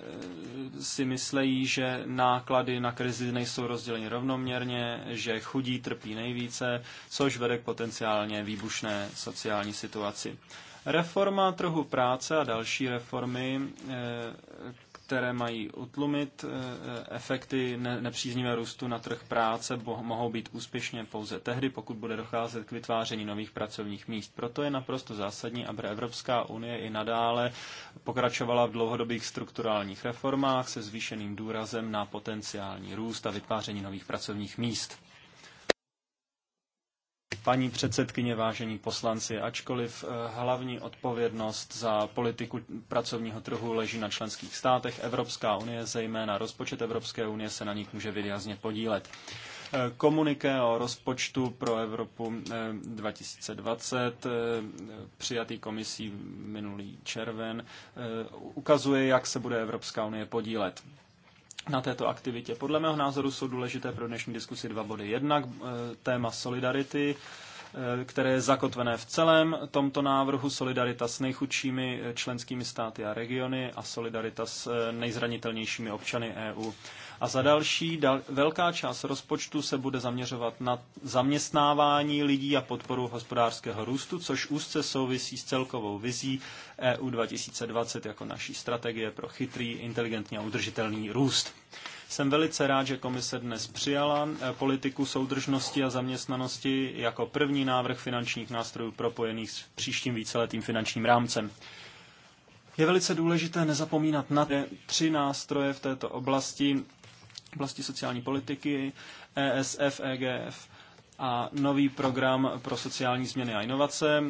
eh, si myslejí, že náklady na krizi nejsou rozděleny rovnoměrně, že chudí trpí nejvíce, což vede k potenciálně výbušné sociální situaci. Reforma trhu práce a další reformy, eh, které mají utlumit eh, eh, efekty nepříznivé růstu na trh práce, mohou být úspěšně pouze tehdy, pokud bude docházet k vytváření nových pracovních míst. Proto je naprosto zásadní, aby Evropská unie i nadále pokračovala v dlouhodobých strukturálních reformách se zvýšeným důrazem na potenciální růst a vytváření nových pracovních míst. Paní předsedkyně, vážení poslanci, ačkoliv eh, hlavní odpovědnost za politiku pracovního trhu leží na členských státech, Evropská unie, zejména rozpočet Evropské unie, se na nich může výrazně podílet. Eh, komuniké o rozpočtu pro Evropu 2020, eh, přijatý komisí minulý červen, ukazuje, jak se bude Evropská unie podílet na této aktivitě. Podle mého názoru jsou důležité pro dnešní diskusi dva body. Jednak eh, téma solidarity, Eh, které je zakotvené v celém tomto návrhu, solidarita s nejchudšími eh, členskými státy a regiony a solidarita s eh, nejzranitelnějšími občany EU. A za další, dal, velká část rozpočtu se bude zaměřovat na zaměstnávání lidí a podporu hospodářského růstu, což úzce souvisí s celkovou vizí EU 2020 jako naší strategie pro chytrý, inteligentní a udržitelný růst. Jsem velice rád, že komise dnes přijala eh, politiku soudržnosti a zaměstnanosti jako první návrh finančních nástrojů propojených s příštím víceletým finančním rámcem. Je velice důležité nezapomínat na tři nástroje v této oblasti, oblasti sociální politiky, ESF, EGF a nový program pro sociální změny a inovace e,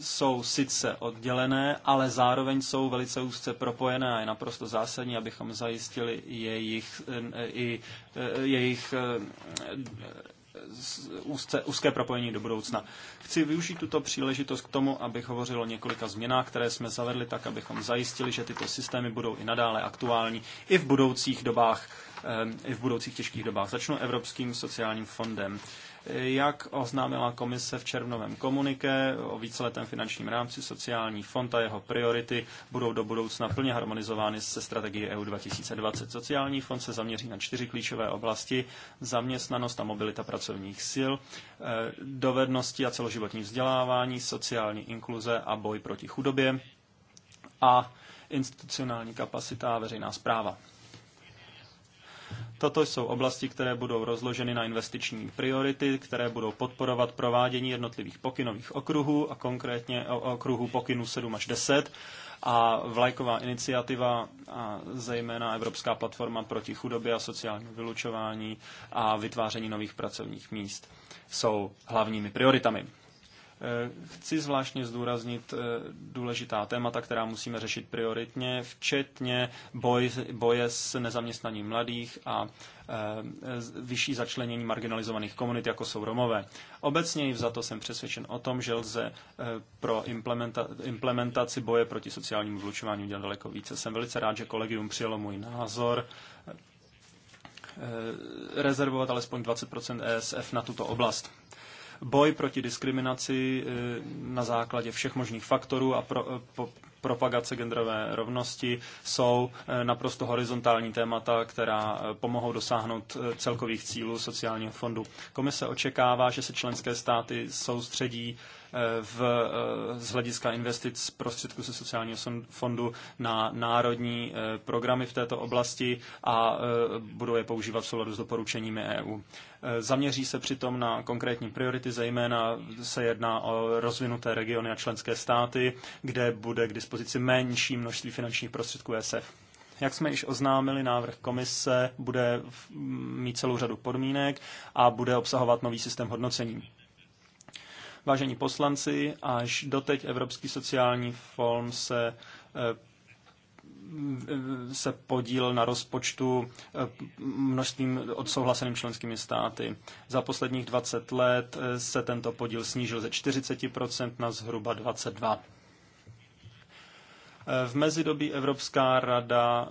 jsou sice oddělené, ale zároveň jsou velice úzce propojené a je naprosto zásadní, abychom zajistili jejich, e, i, e, jejich úzce, úzké propojení do budoucna. Chci využít tuto příležitost k tomu, abych hovořil o několika změnách, které jsme zavedli, tak abychom zajistili, že tyto systémy budou i nadále aktuální i v budoucích dobách, i v budoucích těžkých dobách. Začnu Evropským sociálním fondem. Jak oznámila komise v červnovém komuniké o víceletém finančním rámci, sociální fond a jeho priority budou do budoucna plně harmonizovány se strategií EU 2020. Sociální fond se zaměří na čtyři klíčové oblasti zaměstnanost a mobilita pracovních sil, eh, dovednosti a celoživotní vzdělávání, sociální inkluze a boj proti chudobě a institucionální kapacita a veřejná zpráva. Toto jsou oblasti, které budou rozloženy na investiční priority, které budou podporovat provádění jednotlivých pokynových okruhů a konkrétně okruhů pokynů 7 až 10 a vlajková iniciativa a zejména Evropská platforma proti chudobě a sociálnímu vylučování a vytváření nových pracovních míst jsou hlavními prioritami. Chci zvláštně zdůraznit eh, důležitá témata, která musíme řešit prioritně, včetně boj, boje s nezaměstnaním mladých a eh, vyšší začlenění marginalizovaných komunit, jako jsou Romové. Obecně i vzato jsem přesvědčen o tom, že lze eh, pro implementa, implementaci boje proti sociálnímu vlučování udělat daleko více. Jsem velice rád, že kolegium přijalo můj názor rezervovat alespoň 20 ESF na tuto oblast boj proti diskriminaci eh, na základě všech možných faktorů a pro, eh, po, propagace genderové rovnosti jsou eh, naprosto horizontální témata, která pomohou dosáhnout celkových cílů sociálního fondu. Komise očekává, že se členské státy soustředí v, eh, z hlediska investic prostředků ze sociálního fondu na národní eh, programy v této oblasti a eh, budou je používat v souladu s doporučeními EU. Zaměří se přitom na konkrétní priority, zejména se jedná o rozvinuté regiony a členské státy, kde bude k dispozici menší množství finančních prostředků ESF. E. Jak jsme již oznámili, návrh komise bude mít celou řadu podmínek a bude obsahovat nový systém hodnocení. Vážení poslanci, až doteď Evropský sociální fond se eh, se podíl na rozpočtu eh, množstvím odsouhlaseným členskými státy. Za posledních 20 let eh, se tento podíl snížil ze 40% na zhruba 22%. V mezidobí Evropská rada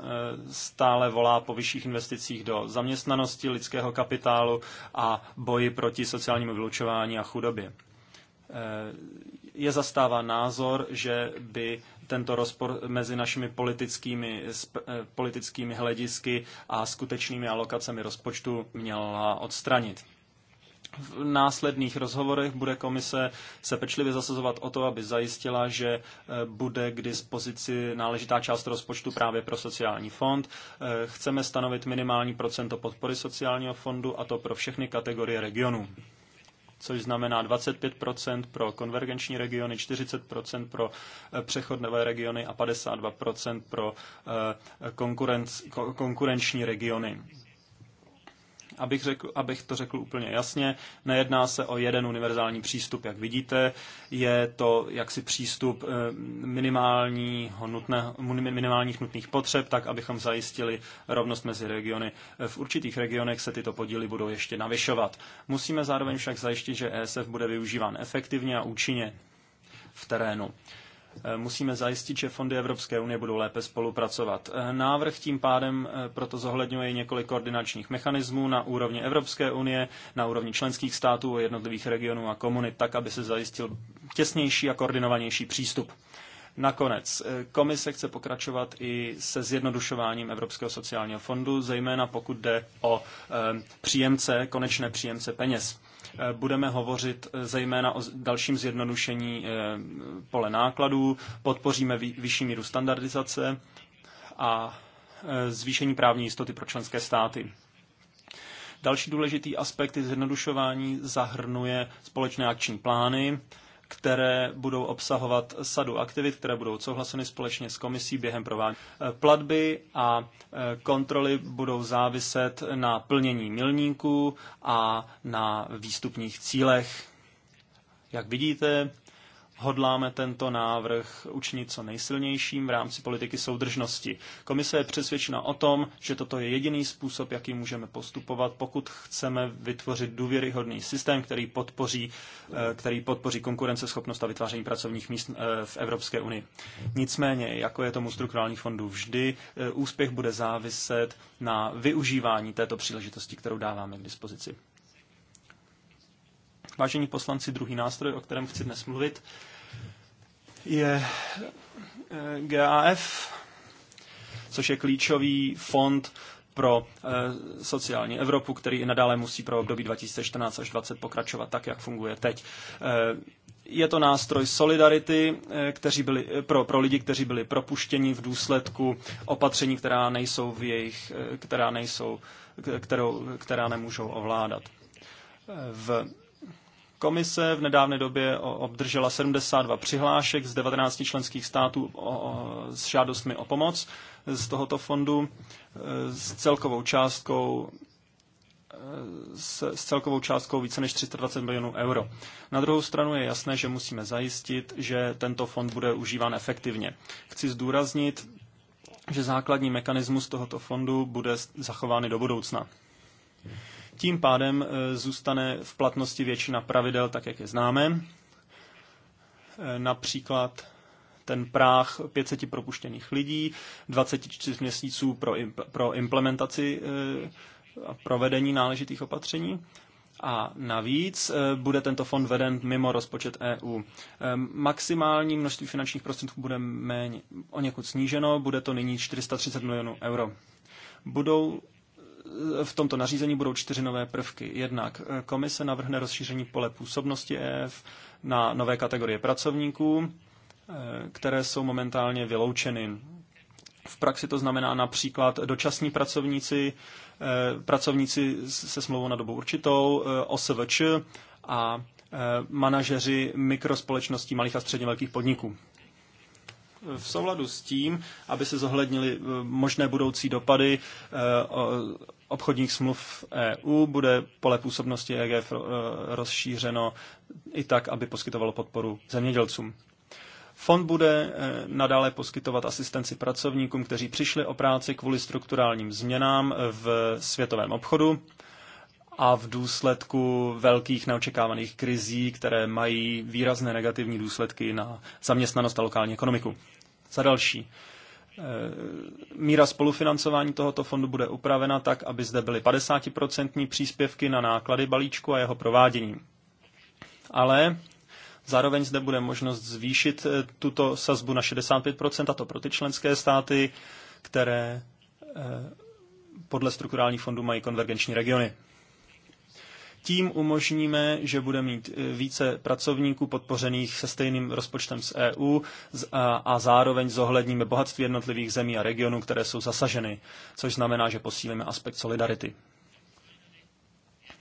stále volá po vyšších investicích do zaměstnanosti, lidského kapitálu a boji proti sociálnímu vylučování a chudobě. Eh, je zastává názor, že by tento rozpor mezi našimi politickými, eh, politickými hledisky a skutečnými alokacemi rozpočtu měla odstranit. V následných rozhovorech bude komise se pečlivě zasazovat o to, aby zajistila, že eh, bude k dispozici náležitá část rozpočtu právě pro sociální fond. Chceme stanovit minimální procento podpory sociálního fondu a to pro všechny kategorie regionů což znamená 25 pro konvergenční regiony, 40 pro eh, přechodné regiony a 52 pro eh, konkurenční regiony. Abych, řekl, abych to řekl úplně jasně, nejedná se o jeden univerzální přístup, jak vidíte. Je to jaksi přístup eh, minimálního nutné, minimálních nutných potřeb, tak abychom zajistili rovnost mezi regiony. V určitých regionech se tyto podíly budou ještě navyšovat. Musíme zároveň však zajistit, že ESF bude využíván efektivně a účinně v terénu. Eh, musíme zajistit, že fondy Evropské unie budou lépe spolupracovat. Eh, návrh tím pádem eh, proto zohledňuje několik koordinačních mechanismů na úrovni Evropské unie, na úrovni členských států, jednotlivých regionů a komunit, tak, aby se zajistil těsnější a koordinovanější přístup. Nakonec, komise chce pokračovat i se zjednodušováním Evropského sociálního fondu, zejména pokud jde o příjemce, konečné příjemce peněz. Eh, budeme hovořit eh, zejména o dalším zjednodušení eh, pole nákladů, podpoříme vyšší míru standardizace a zvýšení právní jistoty pro členské státy. Další důležitý aspekt zjednodušování zahrnuje společné akční plány, které budou obsahovat sadu aktivit, které budou souhlaseny společně s komisí během provádění. Eh, platby a eh, kontroly budou záviset na plnění milníků a na výstupních cílech. Jak vidíte, hodláme tento návrh učinit co nejsilnějším v rámci politiky soudržnosti. Komise je přesvědčena o tom, že toto je jediný způsob, jaký můžeme postupovat, pokud chceme vytvořit důvěryhodný systém, který podpoří, eh, který podpoří konkurenceschopnost a vytváření pracovních míst eh, v Evropské unii. Nicméně, jako je tomu strukturálních fondů vždy, eh, úspěch bude záviset na využívání této příležitosti, kterou dáváme k dispozici. Vážení poslanci, druhý nástroj, o kterém chci dnes mluvit, je eh, GAF, což je klíčový fond pro eh, sociální Evropu, který i nadále musí pro období 2014 až 2020 pokračovat tak, jak funguje teď. Eh, je to nástroj solidarity kteří byli, pro, pro lidi, kteří byli propuštěni v důsledku opatření, která nejsou v jejich, která nejsou, kterou, která nemůžou ovládat. V Komise v nedávné době obdržela 72 přihlášek z 19 členských států o, o, s žádostmi o pomoc z tohoto fondu e, s celkovou částkou e, s, s celkovou částkou více než 320 milionů euro. Na druhou stranu je jasné, že musíme zajistit, že tento fond bude užíván efektivně. Chci zdůraznit, že základní mechanismus tohoto fondu bude zachován do budoucna. Tím pádem eh, zůstane v platnosti většina pravidel, tak jak je známe. Eh, například ten práh 500 propuštěných lidí, 24 měsíců pro, impl- pro implementaci eh, a provedení náležitých opatření. A navíc bude tento fond veden mimo rozpočet EU. Maximální množství finančních prostředků bude méně, o někud sníženo, bude to nyní 430 milionů euro. Budou v tomto nařízení budou čtyři nové prvky. Jednak eh, komise navrhne rozšíření pole působnosti EF na nové kategorie pracovníků, eh, které jsou momentálně vyloučeny. V praxi to znamená například dočasní pracovníci, eh, pracovníci se smlouvou na dobu určitou, OSVČ a manažeři mikrospolečností malých a středně velkých podniků v souladu s tím, aby se zohlednili možné budoucí dopady obchodních smluv EU bude pole působnosti EGF eh, rozšířeno i tak, aby poskytovalo podporu zemědělcům. Fond bude eh, nadále poskytovat asistenci pracovníkům, kteří přišli o práci kvůli strukturálním změnám v světovém obchodu a v důsledku velkých neočekávaných krizí, které mají výrazné negativní důsledky na zaměstnanost a lokální ekonomiku. Za další, Eh, míra spolufinancování tohoto fondu bude upravena tak, aby zde byly 50% příspěvky na náklady balíčku a jeho provádění. Ale zároveň zde bude možnost zvýšit eh, tuto sazbu na 65%, a to pro ty členské státy, které eh, podle strukturálních fondů mají konvergenční regiony. Tím umožníme, že bude mít eh, více pracovníků podpořených se stejným rozpočtem z EU a zároveň zohledníme bohatství jednotlivých zemí a regionů, které jsou zasaženy, což znamená, že posílíme aspekt solidarity.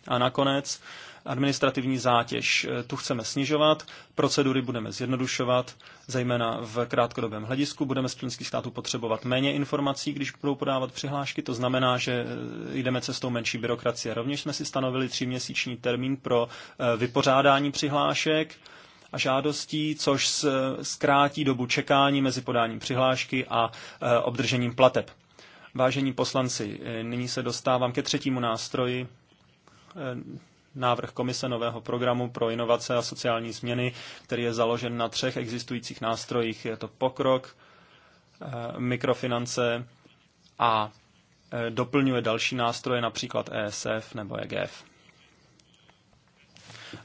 A nakonec Administrativní zátěž eh, tu chceme snižovat, procedury budeme zjednodušovat, zejména v krátkodobém hledisku. Budeme z členských států potřebovat méně informací, když budou podávat přihlášky. To znamená, že eh, jdeme cestou menší byrokracie. Rovněž jsme si stanovili tříměsíční termín pro eh, vypořádání přihlášek a žádostí, což zkrátí dobu čekání mezi podáním přihlášky a obdržením plateb. Vážení poslanci, nyní se dostávám ke třetímu nástroji návrh Komise nového programu pro inovace a sociální změny, který je založen na třech existujících nástrojích. Je to pokrok, eh, mikrofinance a eh, doplňuje další nástroje, například ESF nebo EGF.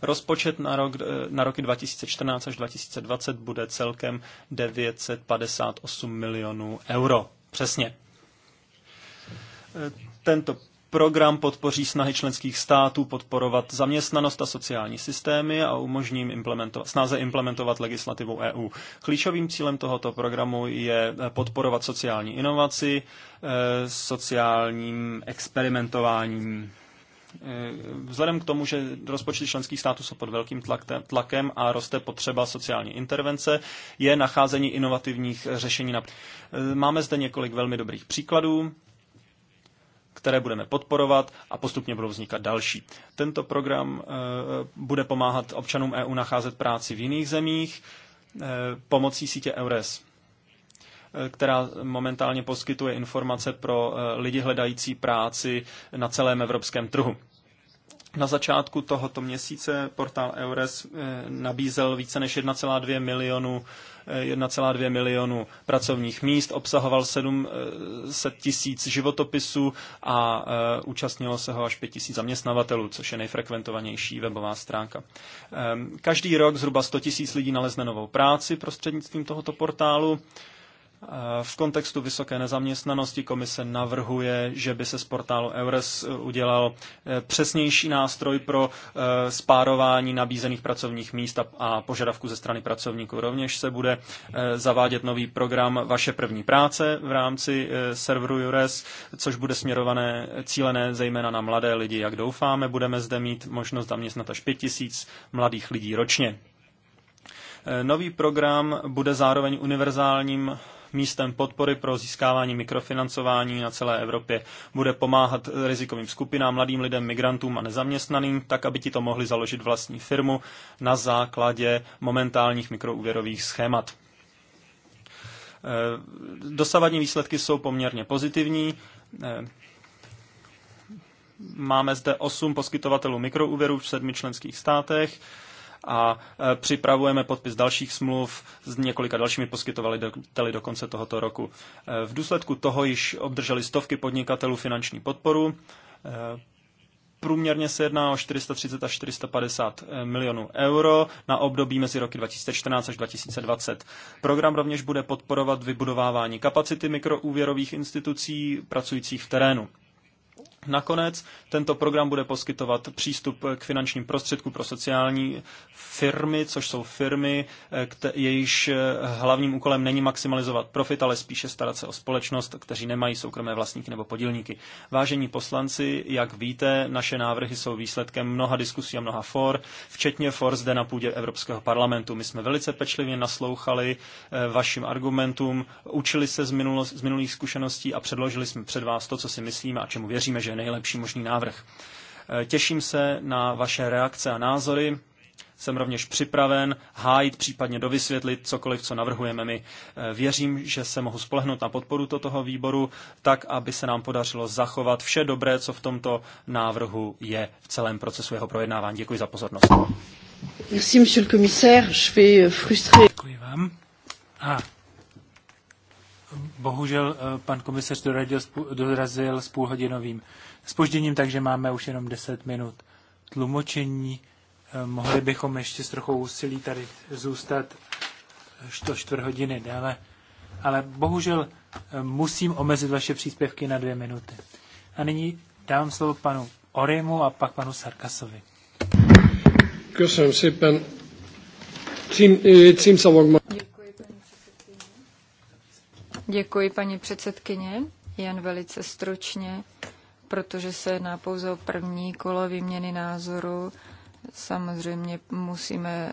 Rozpočet na, rok, eh, na roky 2014 až 2020 bude celkem 958 milionů euro. Přesně. Tento Program podpoří snahy členských států podporovat zaměstnanost a sociální systémy a umožní jim implementovat, snáze implementovat legislativu EU. Klíčovým cílem tohoto programu je eh, podporovat sociální inovaci, eh, sociálním experimentováním. Eh, vzhledem k tomu, že rozpočty členských států jsou pod velkým tlakem a roste potřeba sociální intervence, je nacházení inovativních řešení. Máme zde několik velmi dobrých příkladů které budeme podporovat a postupně budou vznikat další. Tento program eh, bude pomáhat občanům EU nacházet práci v jiných zemích eh, pomocí sítě EURES eh, která momentálně poskytuje informace pro lidi hledající práci na celém evropském trhu. Na začátku tohoto měsíce portál EURES nabízel více než 1,2 milionu 1,2 milionu pracovních míst, obsahoval 700 tisíc životopisů a e, účastnilo se ho až 5 tisíc zaměstnavatelů, což je nejfrekventovanější webová stránka. E, každý rok zhruba 100 tisíc lidí nalezne novou práci prostřednictvím tohoto portálu. V kontextu vysoké nezaměstnanosti komise navrhuje, že by se z portálu EURES eh, udělal eh, přesnější nástroj pro eh, spárování nabízených pracovních míst a požadavku ze strany pracovníků. Rovněž se bude zavádět nový program Vaše první práce v rámci serveru EURES, což bude směrované cílené zejména na mladé lidi. Jak doufáme, budeme zde mít možnost zaměstnat až 5000 mladých lidí ročně. Nový program bude zároveň univerzálním místem podpory pro získávání mikrofinancování na celé Evropě. Bude pomáhat rizikovým skupinám, mladým lidem, migrantům a nezaměstnaným, tak aby ti to mohli založit vlastní firmu na základě momentálních mikroúvěrových schémat. Eh, dosavadní výsledky jsou poměrně pozitivní. Eh, máme zde 8 poskytovatelů mikroúvěrů v sedmi členských státech a e, připravujeme podpis dalších smluv s několika dalšími poskytovateli do konce tohoto roku. E, v důsledku toho již obdrželi stovky podnikatelů finanční podporu. E, průměrně se jedná o 430 až 450 milionů euro na období mezi roky 2014 až 2020. Program rovněž bude podporovat vybudovávání kapacity mikroúvěrových institucí pracujících v terénu. Nakonec tento program bude poskytovat přístup k finančním prostředkům pro sociální firmy, což jsou firmy, jejichž eh, hlavním úkolem není maximalizovat profit, ale spíše starat se o společnost, kteří nemají soukromé vlastníky nebo podílníky. Vážení poslanci, jak víte, naše návrhy jsou výsledkem mnoha diskusí a mnoha for, včetně for zde na půdě Evropského parlamentu. My jsme velice pečlivě naslouchali eh, vašim argumentům, učili se z, minulo, z minulých zkušeností a předložili jsme před vás to, co si myslíme a čemu věříme, že že nejlepší možný návrh. Eh, těším se na vaše reakce a názory. Jsem rovněž připraven hájit, případně dovysvětlit cokoliv, co navrhujeme my. Eh, věřím, že se mohu spolehnout na podporu toho výboru, tak, aby se nám podařilo zachovat vše dobré, co v tomto návrhu je v celém procesu jeho projednávání. Děkuji za pozornost. Merci, monsieur le commissaire. Je vais frustrer. Děkuji vám. A Bohužel eh, pan komisař doradil, dorazil s půlhodinovým spožděním, takže máme už jenom 10 minut tlumočení. Eh, mohli bychom ještě s trochou úsilí tady zůstat to eh, čtvrt hodiny déle, ale bohužel musím omezit vaše příspěvky na dvě minuty. A nyní dám slovo panu Orimu a pak panu Sarkasovi. Köszönöm szépen. Cím, cím Děkuji, paní předsedkyně, jen velice stručně, protože se jedná pouze o první kolo výměny názoru. Samozřejmě musíme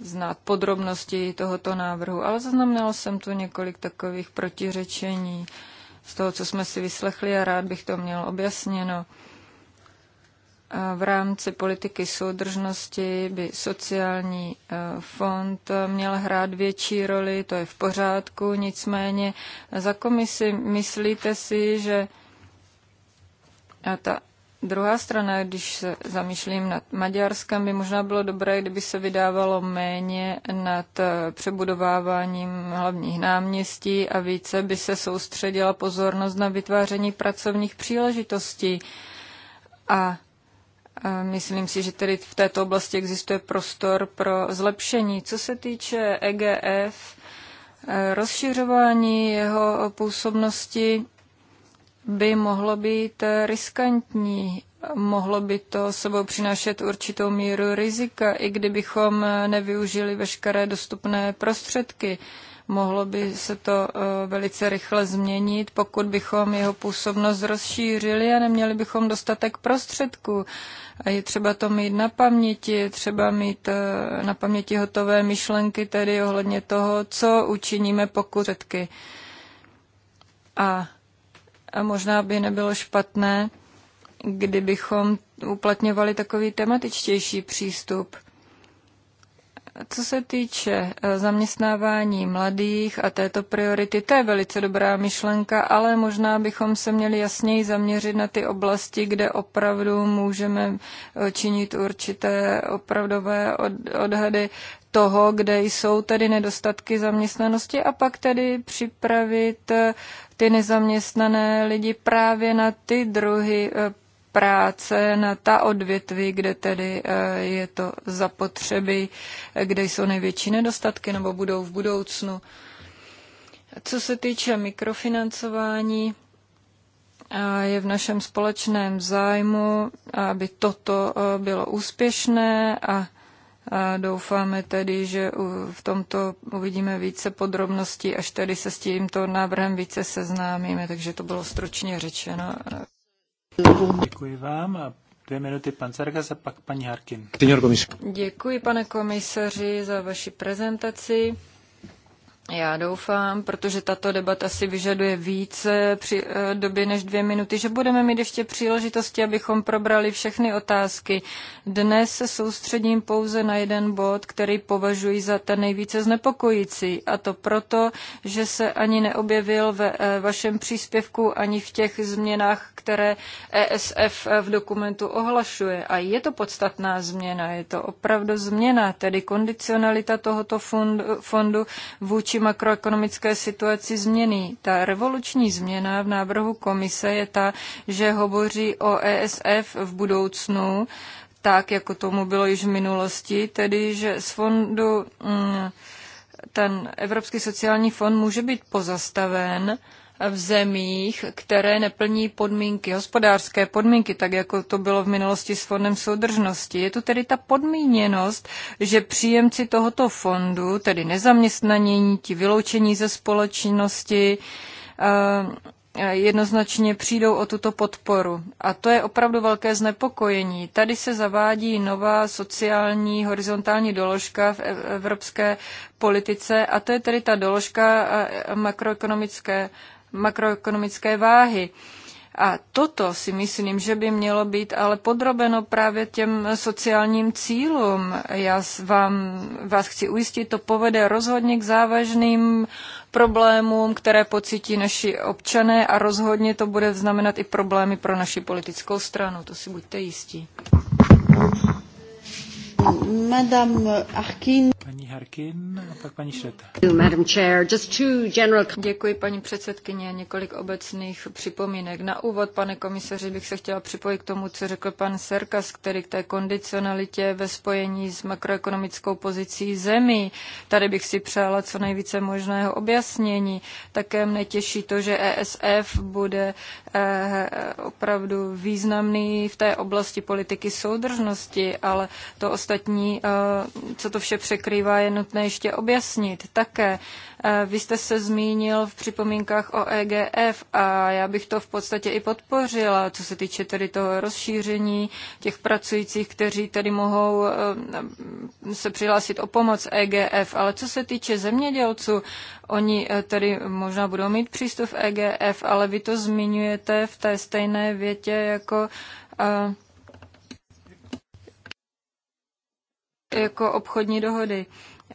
znát podrobnosti tohoto návrhu, ale zaznamenal jsem tu několik takových protiřečení z toho, co jsme si vyslechli a rád bych to měl objasněno v rámci politiky soudržnosti by sociální e, fond e, měl hrát větší roli, to je v pořádku, nicméně za komisi myslíte si, že a ta druhá strana, když se zamýšlím nad Maďarskem, by možná bylo dobré, kdyby se vydávalo méně nad e, přebudováváním hlavních náměstí a více by se soustředila pozornost na vytváření pracovních příležitostí. A Myslím si, že tedy v této oblasti existuje prostor pro zlepšení. Co se týče EGF, eh, rozšiřování jeho působnosti by mohlo být eh, riskantní. Mohlo by to sebou přinášet určitou míru rizika, i kdybychom eh, nevyužili veškeré dostupné prostředky. Mohlo by se to eh, velice rychle změnit, pokud bychom jeho působnost rozšířili a neměli bychom dostatek prostředků. A je třeba to mít na paměti, je třeba mít eh, na paměti hotové myšlenky, tedy ohledně toho, co učiníme pokud A, a možná by nebylo špatné, kdybychom uplatňovali takový tematičtější přístup. Co se týče eh, zaměstnávání mladých a této priority, to je velice dobrá myšlenka, ale možná bychom se měli jasněji zaměřit na ty oblasti, kde opravdu můžeme eh, činit určité opravdové odhady toho, kde jsou tedy nedostatky zaměstnanosti a pak tedy připravit eh, ty nezaměstnané lidi právě na ty druhy práce na ta odvětví, kde tedy eh, je to zapotřeby, eh, kde jsou největší nedostatky nebo budou v budoucnu. Co se týče mikrofinancování, eh, je v našem společném zájmu, aby toto bylo úspěšné a a doufáme tedy, že v tomto uvidíme více podrobností, až tedy se s tímto návrhem více seznámíme, takže to bylo stručně řečeno. Děkuji vám a dvě minuty pan Sargas a pak paní Harkin. Děkuji, pane komisaři, za vaši prezentaci. Já doufám, protože tato debata si vyžaduje více při, době eh, doby než dvě minuty, že budeme mít ještě příležitosti, abychom probrali všechny otázky. Dnes se soustředím pouze na jeden bod, který považuji za ten nejvíce znepokojící. A to proto, že se ani neobjevil ve eh, vašem příspěvku, ani v těch změnách, které ESF eh, v dokumentu ohlašuje. A je to podstatná změna, je to opravdu změna, tedy kondicionalita tohoto fondu, fondu vůči či makroekonomické situaci změny. Ta revoluční změna v návrhu komise je ta, že hovoří o ESF v budoucnu, tak, jako tomu bylo již v minulosti, tedy že z fondu mm, ten Evropský sociální fond může být pozastaven, v zemích, které neplní podmínky, hospodářské podmínky, tak jako to bylo v minulosti s Fondem soudržnosti. Je tu tedy ta podmíněnost, že příjemci tohoto fondu, tedy nezaměstnanění, ti vyloučení ze společnosti, eh, jednoznačně přijdou o tuto podporu. A to je opravdu velké znepokojení. Tady se zavádí nová sociální horizontální doložka v evropské politice a to je tedy ta doložka eh, makroekonomické makroekonomické váhy. A toto si myslím, že by mělo být ale podrobeno právě těm sociálním cílům. Já vám, vás chci ujistit, to povede rozhodně k závažným problémům, které pocítí naši občané a rozhodně to bude znamenat i problémy pro naši politickou stranu. To si buďte jistí. Madame Arkin a pak paní Šreta. Děkuji, paní předsedkyně. Několik obecných připomínek. Na úvod, pane komisaři, bych se chtěla připojit k tomu, co řekl pan Serkas, který k té kondicionalitě ve spojení s makroekonomickou pozicí zemí. Tady bych si přála co nejvíce možného objasnění. Také mne těší to, že ESF bude Eh, opravdu významný v té oblasti politiky soudržnosti, ale to ostatní, eh, co to vše překrývá, je nutné ještě objasnit. Také Eh, vy jste se zmínil v připomínkách o EGF a já bych to v podstatě i podpořila, co se týče tedy toho rozšíření těch pracujících, kteří tedy mohou eh, se přihlásit o pomoc EGF. Ale co se týče zemědělců, oni eh, tedy možná budou mít přístup EGF, ale vy to zmiňujete v té stejné větě jako jako obchodní dohody.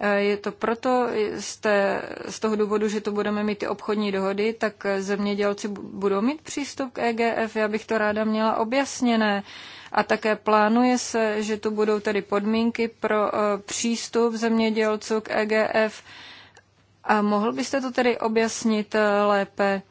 Eh, je to proto z, té, z toho důvodu, že to budeme mít ty obchodní dohody, tak eh, zemědělci budou mít přístup k EGF. Já bych to ráda měla objasněné. A také plánuje se, že to budou tedy podmínky pro eh, přístup zemědělců k EGF. A mohl byste to tedy objasnit lépe?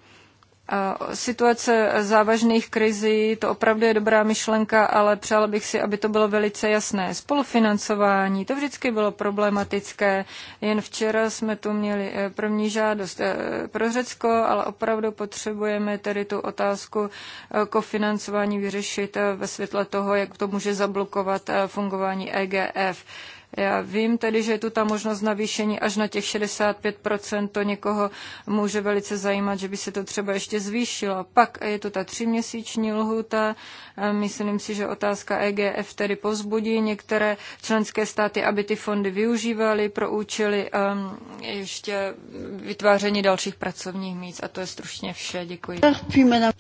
Situace závažných krizí, to opravdu je dobrá myšlenka, ale přála bych si, aby to bylo velice jasné. Spolufinancování, to vždycky bylo problematické. Jen včera jsme tu měli eh, první žádost eh, pro Řecko, ale opravdu potřebujeme tedy tu otázku eh, kofinancování vyřešit ve světle toho, jak to může zablokovat fungování EGF. Já vím tedy, že je tu ta možnost navýšení až na těch 65%, to někoho může velice zajímat, že by se to třeba ještě zvýšilo. Pak je tu ta tříměsíční lhuta, myslím si, že otázka EGF tedy povzbudí některé členské státy, aby ty fondy využívaly pro účely um, ještě vytváření dalších pracovních míst. A to je stručně vše. Děkuji.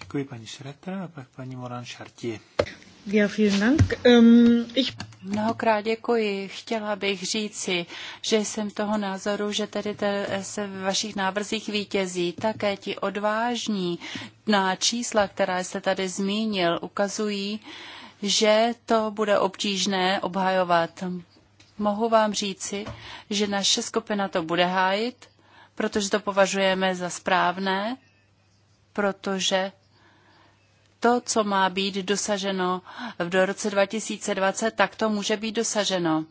Děkuji paní Šretra a pak paní Moran Šartí. Ja, vielen Dank. Um, ich... Mnohokrát děkuji. Chtěla bych říci, že jsem toho názoru, že tedy te, se v vašich návrzích vítězí také ti odvážní na čísla, která jste tady zmínil, ukazují, že to bude obtížné obhajovat. Mohu vám říci, že naše skupina to bude hájit, protože to považujeme za správné, protože to, co má být dosaženo v roce 2020, tak to může být dosaženo.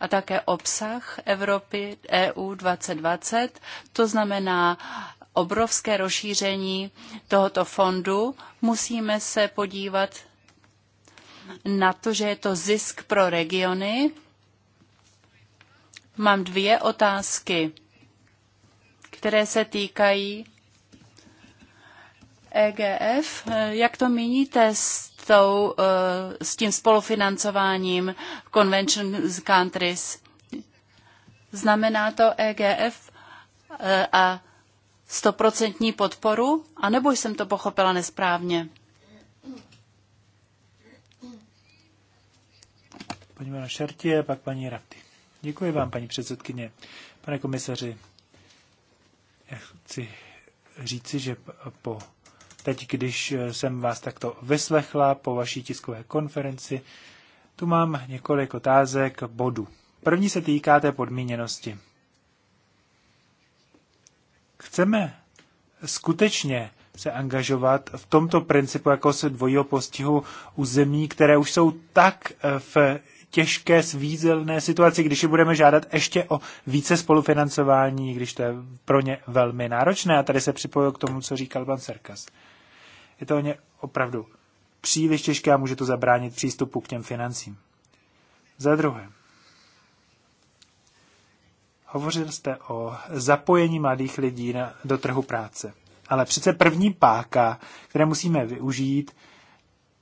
A také obsah Evropy EU 2020, to znamená obrovské rozšíření tohoto fondu. Musíme se podívat na to, že je to zisk pro regiony. Mám dvě otázky, které se týkají EGF, jak to míníte s, tou, eh, s tím spolufinancováním Convention Countries? Znamená to EGF eh, a stoprocentní podporu, anebo jsem to pochopila nesprávně? Paní Mano Šertě, pak paní Rapty. Děkuji vám, paní předsedkyně. Pane komisaři, já chci říci, že po Teď, když eh, jsem vás takto vyslechla po vaší tiskové konferenci, tu mám několik otázek bodu. První se týká té podmíněnosti. Chceme skutečně se angažovat v tomto principu jako se dvojího postihu u zemí, které už jsou tak eh, v těžké, svízelné situaci, když je budeme žádat ještě o více spolufinancování, když to je pro ně velmi náročné. A tady se připojuji k tomu, co říkal pan Serkas je to opravdu příliš těžké a může to zabránit přístupu k těm financím. Za druhé, hovořil jste o zapojení mladých lidí na, do trhu práce. Ale přece první páka, které musíme využít,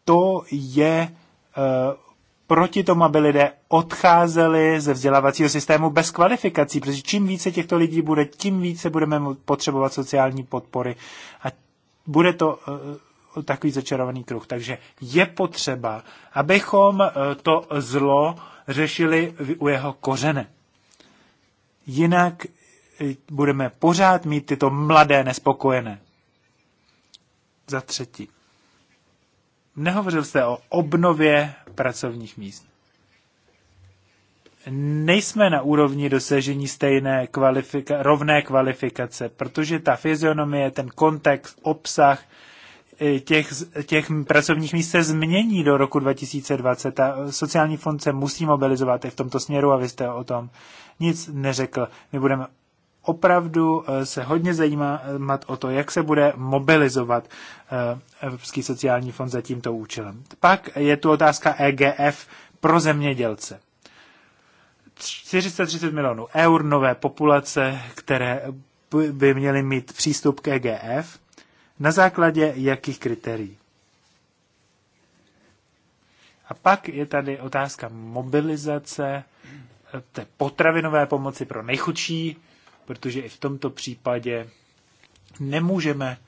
to je e, proti tomu, aby lidé odcházeli ze vzdělávacího systému bez kvalifikací, protože čím více těchto lidí bude, tím více budeme potřebovat sociální podpory a bude to eh, eh, takový začarovaný kruh. Takže je potřeba, abychom eh, to zlo řešili u jeho kořene. Jinak budeme pořád mít tyto mladé nespokojené. Za třetí. Nehovořil jste o obnově pracovních míst nejsme na úrovni dosažení stejné kvalifika- rovné kvalifikace, protože ta fyzionomie, ten kontext, obsah eh, těch, těch pracovních míst se změní do roku 2020 a sociální fond se musí mobilizovat i v tomto směru a vy jste o tom nic neřekl. My budeme opravdu eh, se hodně zajímat o to, jak se bude mobilizovat eh, Evropský sociální fond za tímto účelem. Pak je tu otázka EGF pro zemědělce. 430 milionů eur nové populace, které by měly mít přístup k EGF. Na základě jakých kritérií? A pak je tady otázka mobilizace eh, té potravinové pomoci pro nejchudší, protože i v tomto případě nemůžeme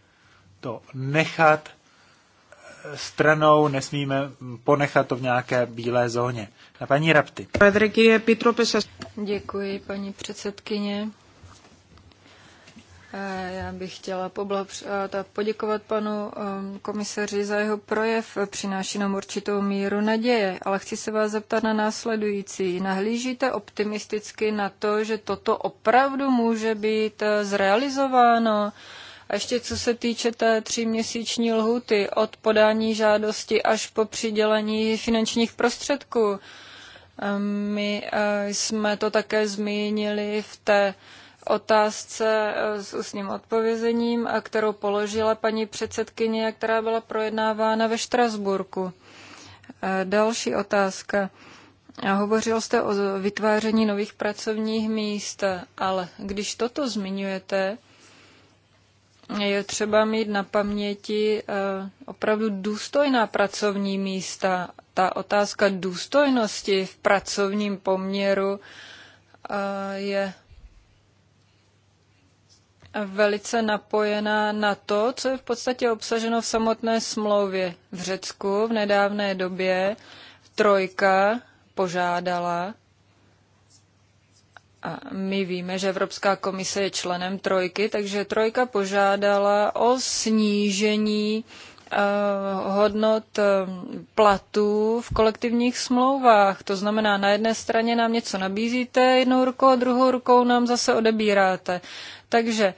to nechat stranou, nesmíme ponechat to v nějaké bílé zóně. Na paní Rapty. Děkuji, paní předsedkyně. Eh, já bych chtěla eh, poděkovat panu ehm, komisaři za jeho projev. Eh, přináší nám určitou míru naděje, ale chci se vás zeptat na následující. Nahlížíte optimisticky na to, že toto opravdu může být zrealizováno? A ještě co se týče té tříměsíční lhuty od podání žádosti až po přidělení finančních prostředků, my jsme to také zmínili v té otázce e, s ústním odpovězením, kterou položila paní předsedkyně, která byla projednávána ve Štrasburku. E, další otázka. Hovořil jste o vytváření nových pracovních míst, ale když toto zmiňujete, je třeba mít na paměti eh, opravdu důstojná pracovní místa. Ta otázka důstojnosti v pracovním poměru eh, je velice napojená na to, co je v podstatě obsaženo v samotné smlouvě. V Řecku v nedávné době trojka požádala my víme, že Evropská komise je členem trojky, takže trojka požádala o snížení eh, hodnot eh, platů v kolektivních smlouvách. To znamená, na jedné straně nám něco nabízíte jednou rukou, a druhou rukou nám zase odebíráte. Takže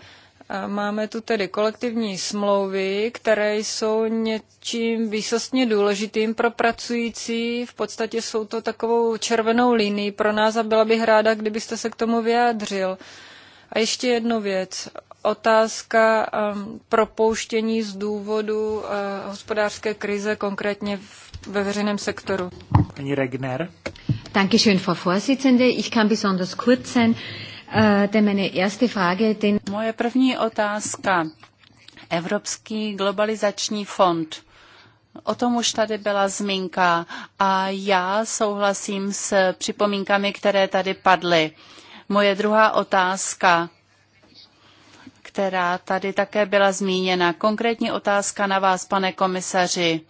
Máme tu tedy kolektivní smlouvy, které jsou něčím výsostně důležitým pro pracující. V podstatě jsou to takovou červenou linií pro nás a byla bych ráda, kdybyste se k tomu vyjádřil. A ještě jednu věc. Otázka um, propouštění z důvodu uh, hospodářské krize, konkrétně v, ve veřejném sektoru. Paní Regner. Dankeschön, Frau Vorsitzende. Ich kann besonders kurz sein. Eh, Moje první otázka. Evropský globalizační fond. O tom už tady byla zmínka a já souhlasím s připomínkami, které tady padly. Moje druhá otázka, která tady také byla zmíněna. Konkrétní otázka na vás, pane komisaři.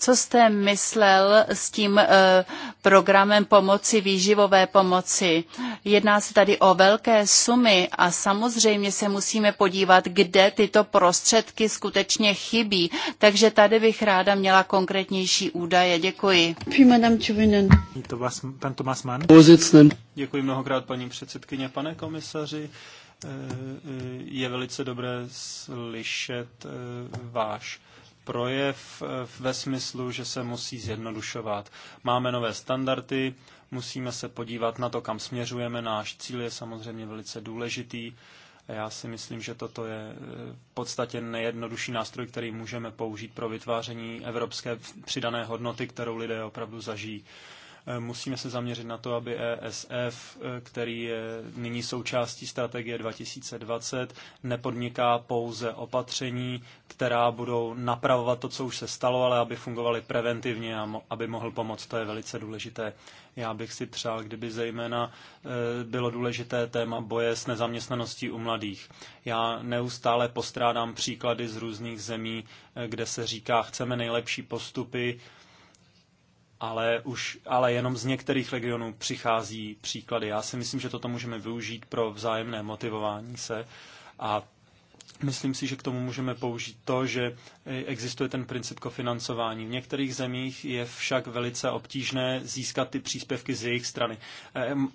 Co jste myslel s tím eh, programem pomoci, výživové pomoci? Jedná se tady o velké sumy a samozřejmě se musíme podívat, kde tyto prostředky skutečně chybí. Takže tady bych ráda měla konkrétnější údaje. Děkuji. Pan Tomas Mann. Děkuji mnohokrát, paní předsedkyně. Pane komisaři, eh, eh, je velice dobré slyšet váš projev eh, ve smyslu, že se musí zjednodušovat. Máme nové standardy, musíme se podívat na to, kam směřujeme. Náš cíl je samozřejmě velice důležitý. já si myslím, že toto je eh, v podstatě nejjednodušší nástroj, který můžeme použít pro vytváření evropské přidané hodnoty, kterou lidé opravdu zažijí. Eh, musíme se zaměřit na to, aby ESF, eh, který je nyní součástí strategie 2020, nepodniká pouze opatření, která budou napravovat to, co už se stalo, ale aby fungovaly preventivně a aby mohl pomoct. To je velice důležité. Já bych si přál, kdyby zejména eh, bylo důležité téma boje s nezaměstnaností u mladých. Já neustále postrádám příklady z různých zemí, kde se říká, chceme nejlepší postupy, ale, už, ale jenom z některých legionů přichází příklady. Já si myslím, že toto můžeme využít pro vzájemné motivování se a Myslím si, že k tomu můžeme použít to, že existuje ten princip kofinancování. V některých zemích je však velice obtížné získat ty příspěvky z jejich strany.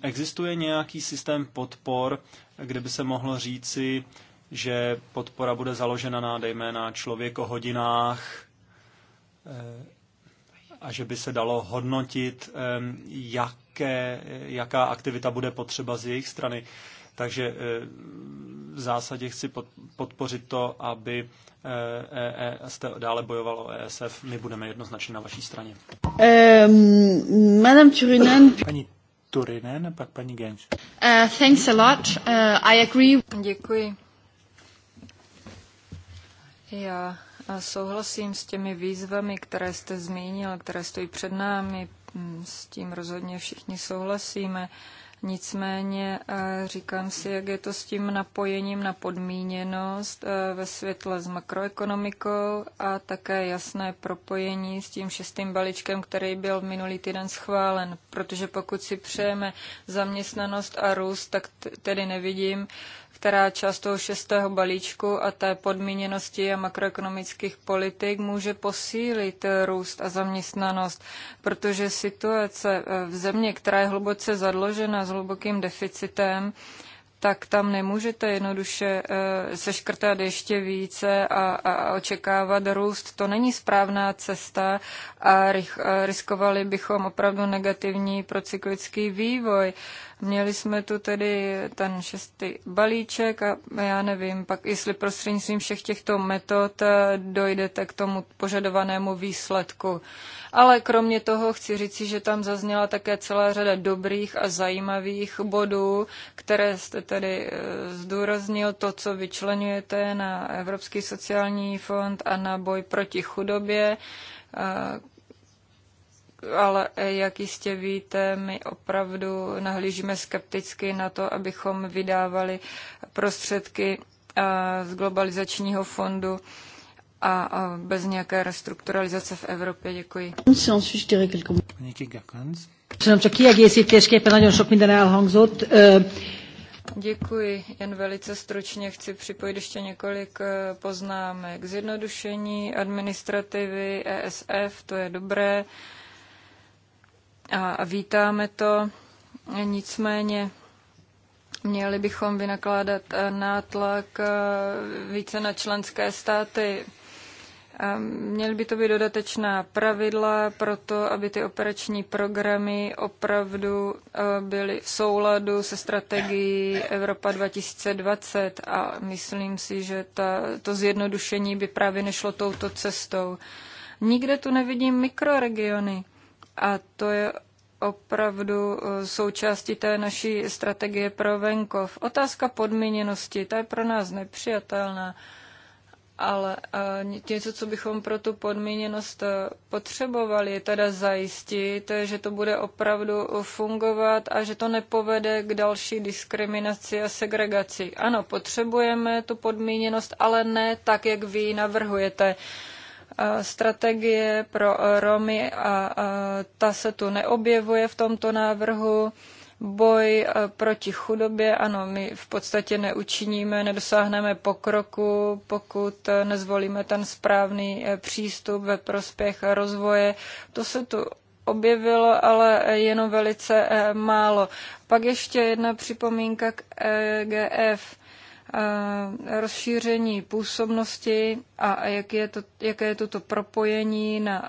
Existuje nějaký systém podpor, kde by se mohlo říci, že podpora bude založena na, dejme, na hodinách, eh, a že by se dalo hodnotit, jaké, jaká aktivita bude potřeba z jejich strany. Takže eh, v zásadě chci podpořit to, aby EES eh, e dále bojovalo o ESF. My budeme jednoznačně na vaší straně. Um, Madame Turinen. Paní Turinen, pak paní Gens. Uh, eh, thanks a lot. Uh, I agree. Děkuji. Já Souhlasím s těmi výzvami, které jste zmínil, které stojí před námi. Mm, s tím rozhodně všichni souhlasíme. Nicméně e, říkám si, jak je to s tím napojením na podmíněnost e, ve světle s makroekonomikou a také jasné propojení s tím šestým balíčkem, který byl minulý týden schválen. Protože pokud si přejeme zaměstnanost a růst, tak tedy nevidím která část toho šestého balíčku a té podmíněnosti a makroekonomických politik může posílit eh, růst a zaměstnanost, protože situace eh, v země, která je hluboce zadložena s hlubokým deficitem, tak tam nemůžete jednoduše eh, seškrtat ještě více a, a očekávat růst. To není správná cesta a riskovali bychom opravdu negativní procyklický vývoj. Měli jsme tu tedy ten šestý balíček a já nevím, pak jestli prostřednictvím všech těchto metod eh, dojdete k tomu požadovanému výsledku. Ale kromě toho chci říci, že tam zazněla také celá řada dobrých a zajímavých bodů, které jste tedy eh, zdůraznil, to, co vyčlenujete na Evropský sociální fond a na boj proti chudobě eh, ale eh, jak jistě víte, my opravdu nahlížíme skepticky na to, abychom vydávali prostředky eh, z globalizačního fondu a bez nějaké restrukturalizace v Evropě. Děkuji. Eh, Děkuji. Jen velice stručně chci připojit ještě několik poznámek. Zjednodušení administrativy ESF, to je dobré a vítáme to. Nicméně měli bychom vynakládat eh, nátlak eh, více na členské státy. Měly by to být dodatečná pravidla pro to, aby ty operační programy opravdu eh, byly v souladu se strategií Evropa 2020 a myslím si, že ta, to zjednodušení by právě nešlo touto cestou. Nikde tu nevidím mikroregiony. A to je opravdu eh, součástí té naší strategie pro venkov. Otázka podmíněnosti, ta je pro nás nepřijatelná, ale eh, něco, co bychom pro tu podmíněnost eh, potřebovali, je teda zajistit, že to bude opravdu fungovat a že to nepovede k další diskriminaci a segregaci. Ano, potřebujeme tu podmíněnost, ale ne tak, jak vy ji navrhujete strategie pro eh, Romy a ta se tu neobjevuje v tomto návrhu. Boj eh, proti chudobě, ano, my v podstatě neučiníme, nedosáhneme pokroku, pokud eh, nezvolíme ten správný přístup ve prospěch rozvoje. To se tu objevilo, ale jenom velice málo. Pak ještě jedna připomínka k EGF rozšíření působnosti a jak je to, jaké je toto propojení na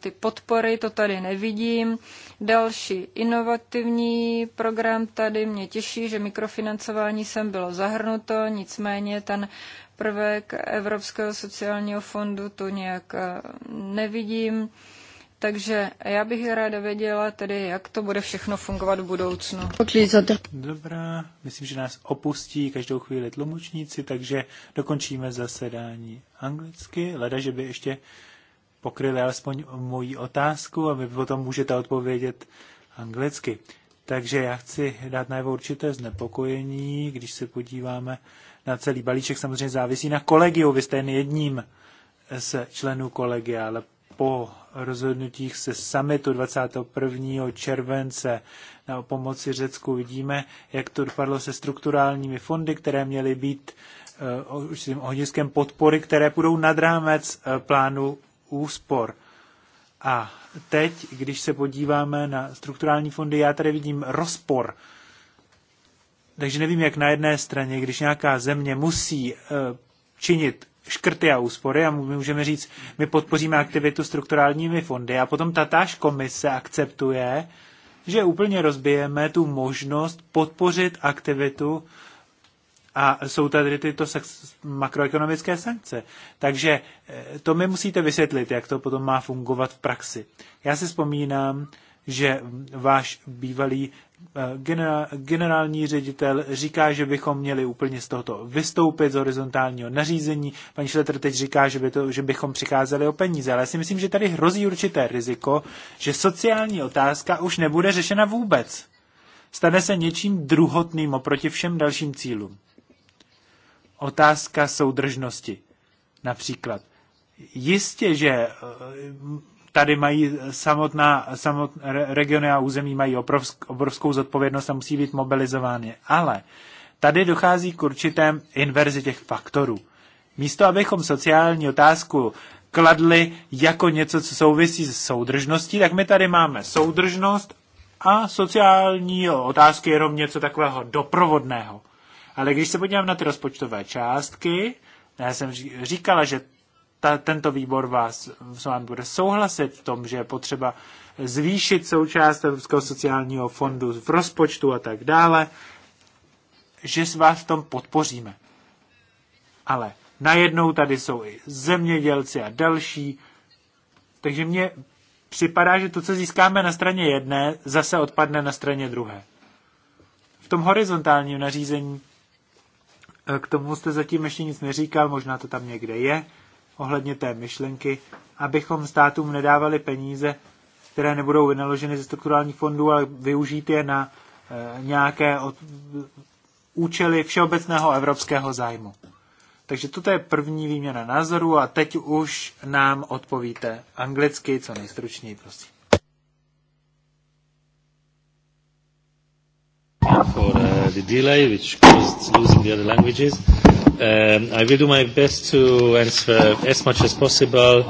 ty podpory, to tady nevidím. Další inovativní program tady mě těší, že mikrofinancování sem bylo zahrnuto, nicméně ten prvek Evropského sociálního fondu to nějak nevidím. Takže já bych ráda věděla tedy, jak to bude všechno fungovat v budoucnu. Dobrá, myslím, že nás opustí každou chvíli tlumočníci, takže dokončíme zasedání anglicky. Leda, že by ještě pokryli alespoň moji otázku a vy potom můžete odpovědět anglicky. Takže já chci dát najevo určité znepokojení, když se podíváme na celý balíček. Samozřejmě závisí na kolegiu, vy jste jen jedním z členů kolegia, ale po rozhodnutích se summitu 21. července na pomoci Řecku vidíme, jak to dopadlo se strukturálními fondy, které měly být eh, určitým ohniskem podpory, které půjdou nad rámec eh, plánu úspor. A teď, když se podíváme na strukturální fondy, já tady vidím rozpor. Takže nevím, jak na jedné straně, když nějaká země musí eh, činit škrty a úspory a my můžeme říct, my podpoříme aktivitu strukturálními fondy a potom tatáž komise akceptuje, že úplně rozbijeme tu možnost podpořit aktivitu a jsou tady tyto makroekonomické sankce. Takže eh, to mi musíte vysvětlit, jak to potom má fungovat v praxi. Já si vzpomínám, že váš bývalý Eh, generální ředitel říká, že bychom měli úplně z tohoto vystoupit z horizontálního nařízení. Paní Šletr teď říká, že, by to, že bychom přicházeli o peníze, ale já si myslím, že tady hrozí určité riziko, že sociální otázka už nebude řešena vůbec. Stane se něčím druhotným oproti všem dalším cílům. Otázka soudržnosti například. Jistě, že eh, tady mají samotná, samot, regiony a území mají obrovsk, obrovskou zodpovědnost a musí být mobilizovány. Ale tady dochází k určitém inverzi těch faktorů. Místo, abychom sociální otázku kladli jako něco, co souvisí s soudržností, tak my tady máme soudržnost a sociální otázky jenom něco takového doprovodného. Ale když se podívám na ty rozpočtové částky, já jsem říkala, že ta, tento výbor vás s vám bude souhlasit v tom, že je potřeba zvýšit součást Evropského sociálního fondu v rozpočtu a tak dále, že s vás v tom podpoříme. Ale najednou tady jsou i zemědělci a další, takže mně připadá, že to, co získáme na straně jedné, zase odpadne na straně druhé. V tom horizontálním nařízení eh, k tomu jste zatím ještě nic neříkal, možná to tam někde je, ohledně té myšlenky, abychom státům nedávali peníze, které nebudou vynaloženy ze strukturálních fondů, ale využít je na eh, nějaké od, účely všeobecného evropského zájmu. Takže toto je první výměna názoru a teď už nám odpovíte anglicky, co nejstručněji, prosím. For uh, the delay which caused losing the other languages. Um, I will do my best to answer as much as possible.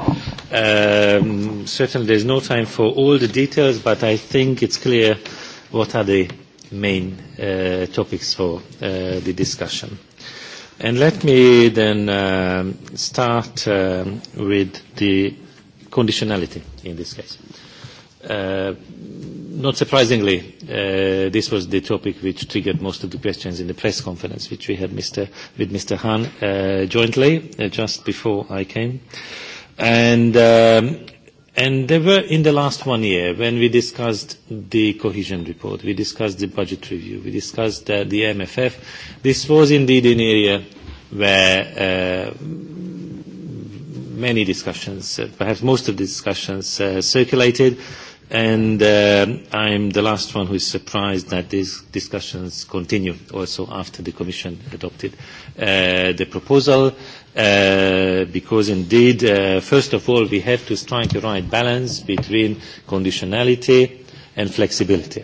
Um, certainly there's no time for all the details, but I think it's clear what are the main uh, topics for uh, the discussion. And let me then um, start um, with the conditionality in this case. Uh, not surprisingly, uh, this was the topic which triggered most of the questions in the press conference, which we had Mr. with Mr. Hahn uh, jointly uh, just before I came. And, um, and there were, in the last one year, when we discussed the cohesion report, we discussed the budget review, we discussed uh, the MFF, this was indeed an area where uh, many discussions, uh, perhaps most of the discussions, uh, circulated And uh, I'm the last one who is surprised that these discussions continue also after the Commission adopted uh, the proposal, uh, because indeed, uh, first of all, we have to strike the right balance between conditionality and flexibility.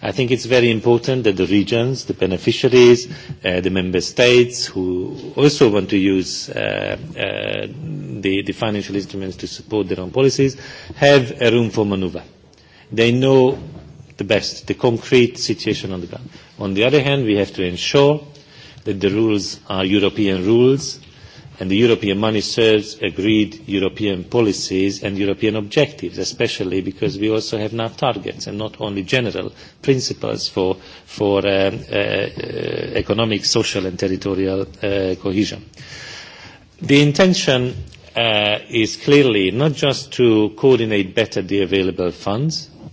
I think it's very important that the regions, the beneficiaries, uh, the member states who also want to use uh, uh, the, the financial instruments to support their own policies have a room for maneuver they know the best, the concrete situation on the ground. On the other hand, we have to ensure that the rules are European rules and the European money serves agreed European policies and European objectives, especially because we also have now targets and not only general principles for, for um, uh, economic, social and territorial uh, cohesion. The intention uh, is clearly not just to coordinate better the available funds,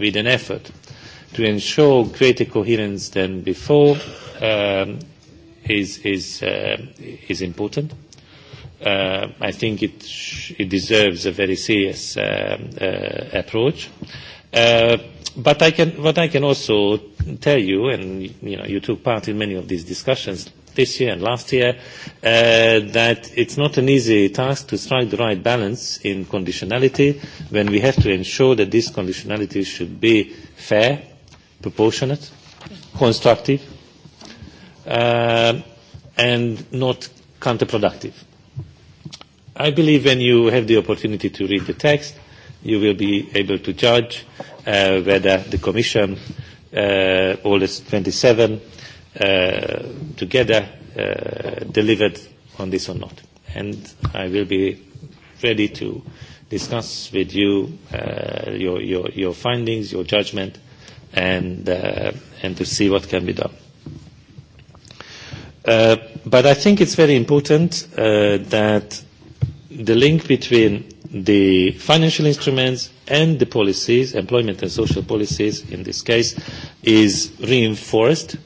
with an effort to ensure greater coherence than before um, is, is, uh, is important. Uh, I think it, sh- it deserves a very serious uh, uh, approach. Uh, but I can, what I can also tell you, and you know, you took part in many of these discussions this year and last year, uh, that it's not an easy task to strike the right balance in conditionality when we have to ensure that this conditionality should be fair, proportionate, constructive, uh, and not counterproductive. I believe when you have the opportunity to read the text, you will be able to judge uh, whether the Commission, uh, all the 27, uh, together uh, delivered on this or not. And I will be ready to discuss with you uh, your, your, your findings, your judgment, and, uh, and to see what can be done. Uh, but I think it's very important uh, that the link between the financial instruments and the policies, employment and social policies in this case, is reinforced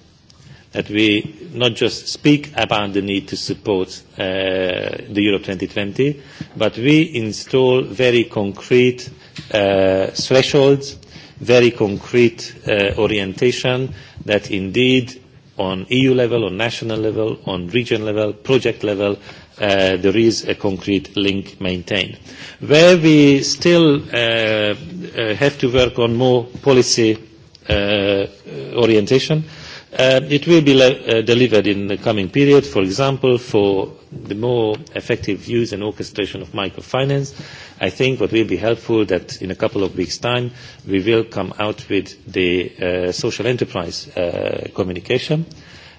that we not just speak about the need to support uh, the Europe 2020, but we install very concrete uh, thresholds, very concrete uh, orientation that indeed on EU level, on national level, on region level, project level, uh, there is a concrete link maintained. Where we still uh, uh, have to work on more policy uh, orientation, uh, Uh, it will be uh, delivered in the coming period, for example, for the more effective use and orchestration of microfinance. I think what will be helpful that in a couple of weeks' time we will come out with the uh, social enterprise uh, communication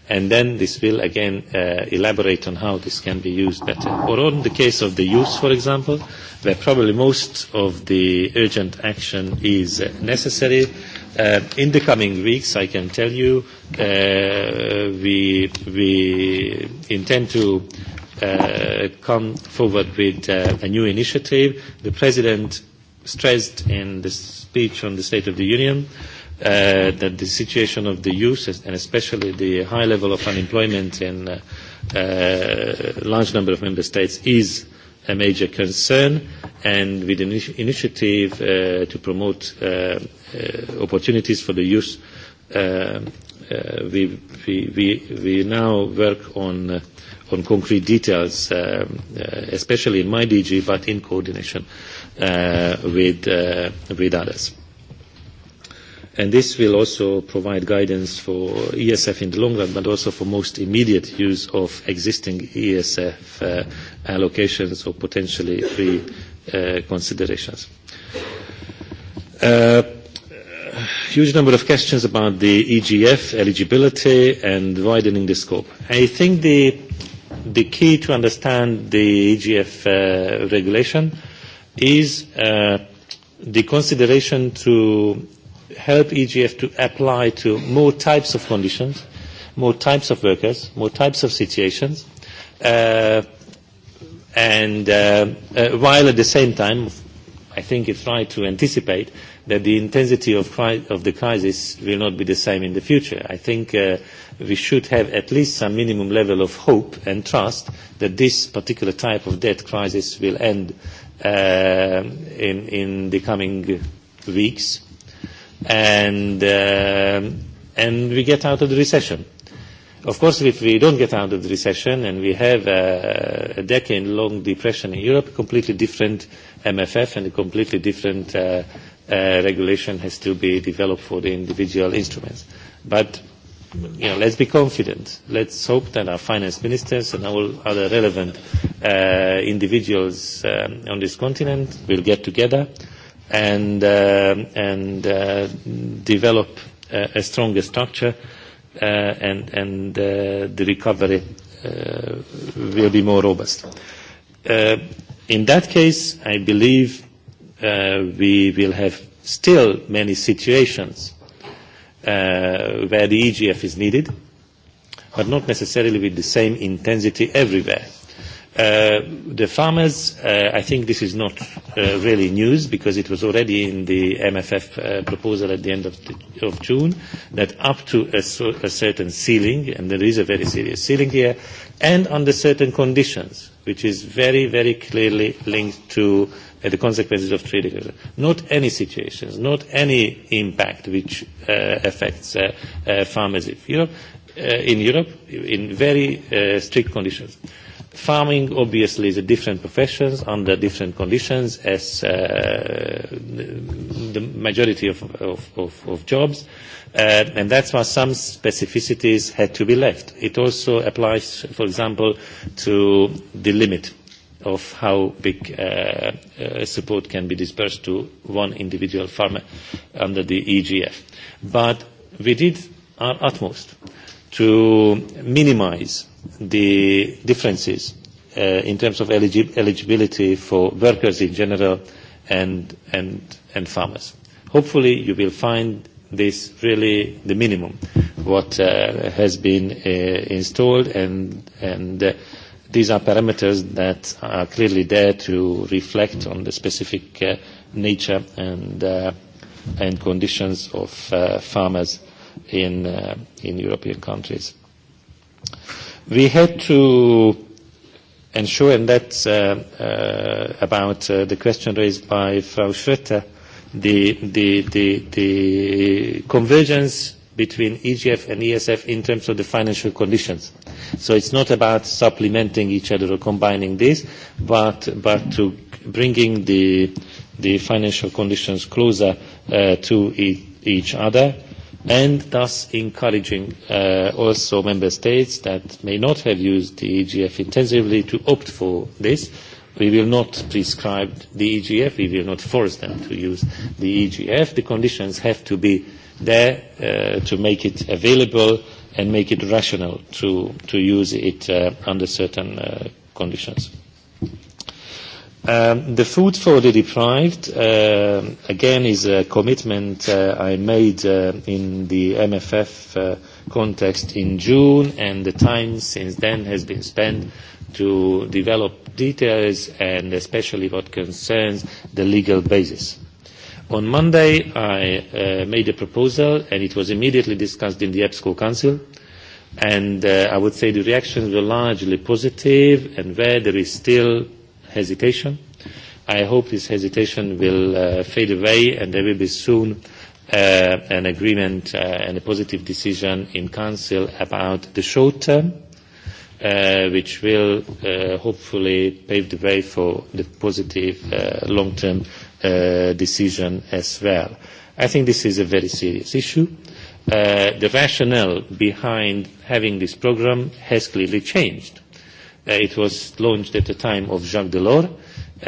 and then this will again uh, elaborate on how this can be used better. Or on the case of the youth, for example, where probably most of the urgent action is uh, necessary, Uh, in the coming weeks, I can tell you, uh, we, we intend to uh, come forward with uh, a new initiative. The President stressed in the speech on the State of the Union uh, that the situation of the youth, and especially the high level of unemployment in a uh, uh, large number of member states, is a major concern. And with an initiative uh, to promote uh, uh, opportunities for the youth, uh, uh, we, we, we, we now work on, uh, on concrete details, um, uh, especially in my DG, but in coordination uh, with, uh, with others. And this will also provide guidance for ESF in the long run, but also for most immediate use of existing ESF uh, allocations or potentially reconsiderations. Uh, huge number of questions about the EGF eligibility and widening the scope. I think the, the key to understand the EGF uh, regulation is uh, the consideration to help EGF to apply to more types of conditions, more types of workers, more types of situations, uh, and uh, uh, while at the same time, I think it's right to anticipate that the intensity of, cri of the crisis will not be the same in the future. I think uh, we should have at least some minimum level of hope and trust that this particular type of debt crisis will end uh, in, in the coming weeks and, uh, and we get out of the recession. Of course, if we don't get out of the recession and we have a, a decade-long depression in Europe, completely different MFF and a completely different uh, Uh, regulation has to be developed for the individual instruments. But you know, let's be confident. Let's hope that our finance ministers and all other relevant uh, individuals um, on this continent will get together and, uh, and uh, develop a, a stronger structure uh, and, and uh, the recovery uh, will be more robust. Uh, in that case, I believe Uh, we will have still many situations uh, where the EGF is needed, but not necessarily with the same intensity everywhere. Uh, the farmers, uh, I think this is not uh, really news because it was already in the MFF uh, proposal at the end of, the, of June that up to a, a certain ceiling, and there is a very serious ceiling here, and under certain conditions, which is very, very clearly linked to at uh, the consequences of trade agreements. Not any situations, not any impact which uh, affects uh, uh, farmers in Europe, uh, in Europe in very uh, strict conditions. Farming obviously is a different profession under different conditions as uh, the majority of, of, of, of jobs. Uh, and that's why some specificities had to be left. It also applies, for example, to the limit of how big uh, uh, support can be dispersed to one individual farmer under the EGF. But we did our utmost to minimize the differences uh, in terms of eligi eligibility for workers in general and, and, and farmers. Hopefully you will find this really the minimum what uh, has been uh, installed and, and uh, these are parameters that are clearly there to reflect on the specific uh, nature and, uh, and conditions of uh, farmers in, uh, in European countries. We had to ensure, and that's uh, uh, about uh, the question raised by Frau Schroeter, the, the, the, the convergence between EGF and ESF in terms of the financial conditions. So it's not about supplementing each other or combining these, but, but to bringing the, the financial conditions closer uh, to e each other and thus encouraging uh, also member states that may not have used the EGF intensively to opt for this. We will not prescribe the EGF. We will not force them to use the EGF. The conditions have to be there uh, to make it available and make it rational to, to use it uh, under certain uh, conditions. Um, the food for the deprived, uh, again, is a commitment uh, I made uh, in the MFF uh, context in June, and the time since then has been spent to develop details and especially what concerns the legal basis On Monday, I uh, made a proposal, and it was immediately discussed in the EBSCO Council. And uh, I would say the reactions were largely positive, and where there is still hesitation, I hope this hesitation will uh, fade away, and there will be soon uh, an agreement uh, and a positive decision in Council about the short term, uh, which will uh, hopefully pave the way for the positive uh, long-term Uh, decision as well. I think this is a very serious issue. Uh, the rationale behind having this program has clearly changed. Uh, it was launched at the time of Jacques Delors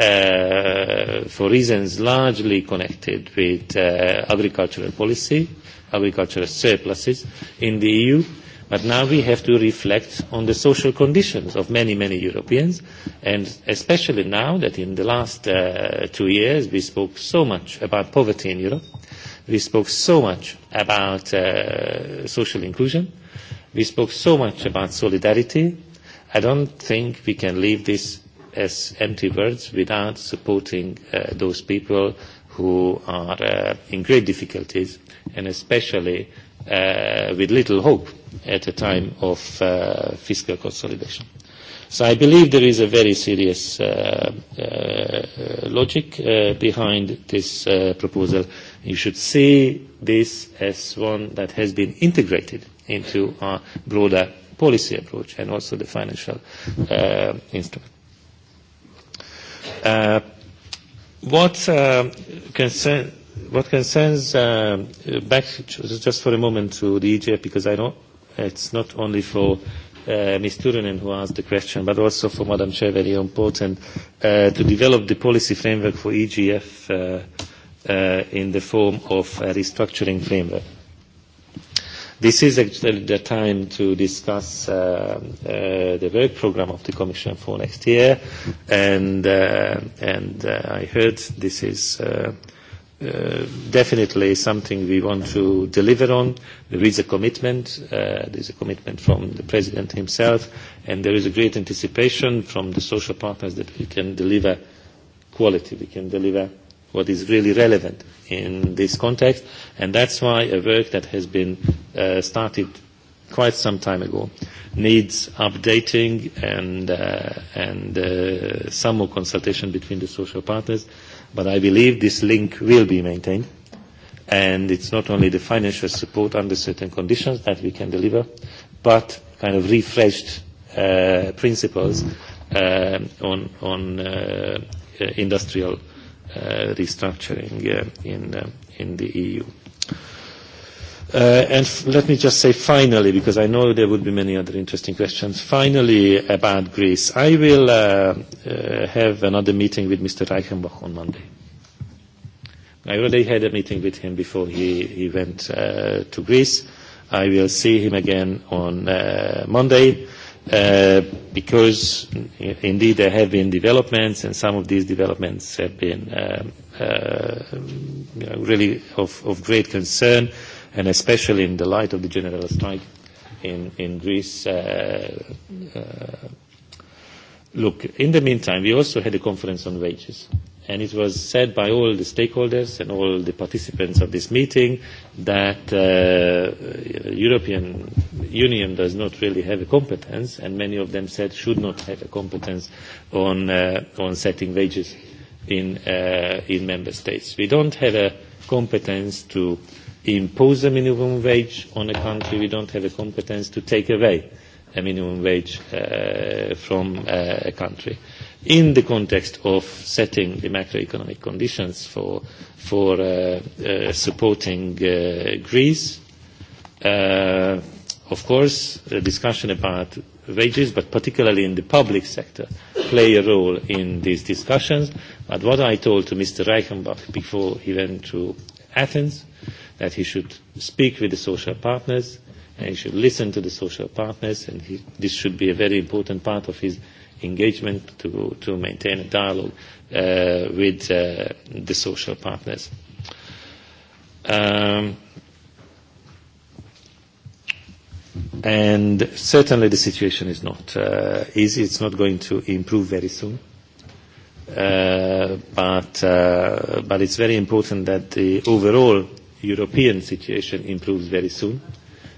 uh, for reasons largely connected with uh, agricultural policy, agricultural surpluses in the EU But now we have to reflect on the social conditions of many, many Europeans, and especially now that in the last uh, two years we spoke so much about poverty in Europe, we spoke so much about uh, social inclusion, we spoke so much about solidarity. I don't think we can leave this as empty words without supporting uh, those people who are uh, in great difficulties and especially uh, with little hope at a time of uh, fiscal consolidation. So I believe there is a very serious uh, uh, uh, logic uh, behind this uh, proposal. You should see this as one that has been integrated into our broader policy approach and also the financial uh, instrument. Uh, what, uh, concern, what concerns uh, back just for a moment to the EGF because I don't It's not only for uh, Ms. Turunen who asked the question, but also for Madam Chair, very important, uh, to develop the policy framework for EGF uh, uh, in the form of a restructuring framework. This is actually the time to discuss uh, uh, the work program of the Commission for next year, and, uh, and uh, I heard this is uh, Uh, definitely something we want to deliver on. There is a commitment. Uh, there is a commitment from the President himself, and there is a great anticipation from the social partners that we can deliver quality, we can deliver what is really relevant in this context. And that's why a work that has been uh, started quite some time ago needs updating and, uh, and uh, some more consultation between the social partners But I believe this link will be maintained. And it's not only the financial support under certain conditions that we can deliver, but kind of refreshed uh, principles uh, on, on uh, industrial uh, restructuring uh, in, uh, in the EU. Uh, and let me just say finally, because I know there would be many other interesting questions, finally about Greece. I will uh, uh, have another meeting with Mr. Reichenbach on Monday. I already had a meeting with him before he, he went uh, to Greece. I will see him again on uh, Monday uh, because indeed there have been developments and some of these developments have been um, uh, really of, of great concern and especially in the light of the general strike in, in Greece. Uh, uh, look, in the meantime, we also had a conference on wages. And it was said by all the stakeholders and all the participants of this meeting that uh, European Union does not really have a competence, and many of them said should not have a competence on, uh, on setting wages in, uh, in member states. We don't have a competence to uh, impose a minimum wage on a country, we don't have the competence to take away a minimum wage uh, from uh, a country. In the context of setting the macroeconomic conditions for, for uh, uh, supporting uh, Greece, uh, of course, the discussion about wages, but particularly in the public sector, play a role in these discussions. But what I told to Mr. Reichenbach before he went to Athens that he should speak with the social partners, and he should listen to the social partners, and he, this should be a very important part of his engagement to, to maintain a dialogue uh, with uh, the social partners. Um, and certainly the situation is not uh, easy. It's not going to improve very soon. Uh, but, uh, but it's very important that the overall European situation improves very soon,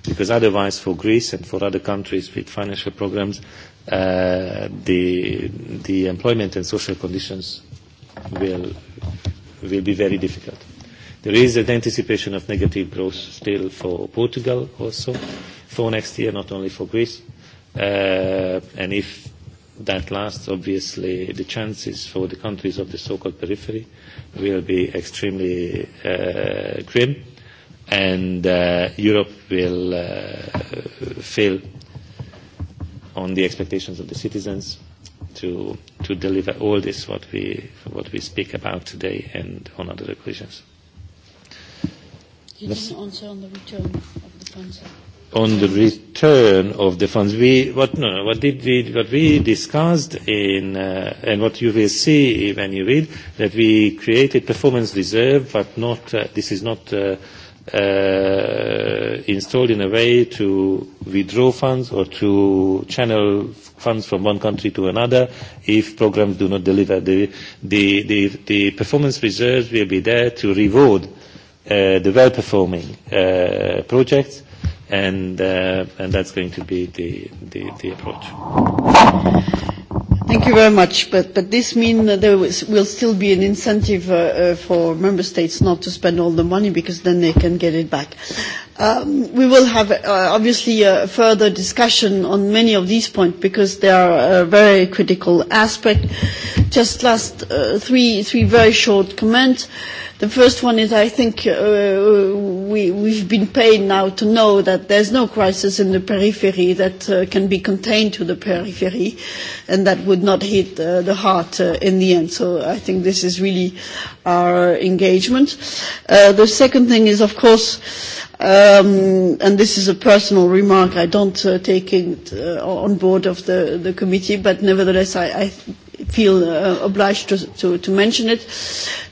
because otherwise for Greece and for other countries with financial programs, uh, the, the employment and social conditions will, will be very difficult. There is an anticipation of negative growth still for Portugal also for next year, not only for Greece. Uh, and if that lasts, obviously, the chances for the countries of the so-called periphery will be extremely uh, grim, and uh, Europe will uh, fail on the expectations of the citizens to to deliver all this what we what we speak about today and on other occasions. You didn't answer on the return of the funds on the return of the funds. We, what, no, what, did we, what we discussed in, uh, and what you will see when you read, that we created performance reserve, but not, uh, this is not uh, uh, installed in a way to withdraw funds or to channel funds from one country to another if programs do not deliver. The, the, the, the performance reserves will be there to reward uh, the well-performing uh, projects Uh, and, that's going to be the, approach. Thank you very much. But, this mean that there will still be an incentive uh, uh, for member states not to spend all the money because then they can get it back. Um, we will have obviously a further discussion on many of these points because they are a very critical aspect. Just last three, very short comments. The first one is I think uh, we, we've been paid now to know that there's no crisis in the periphery that uh, can be contained to the periphery and that would not hit uh, the heart uh, in the end. So I think this is really our engagement. Uh, the second thing is, of course, um, and this is a personal remark, I don't uh, take it uh, on board of the, the committee, but nevertheless, I, I feel uh, obliged to, to, to mention it,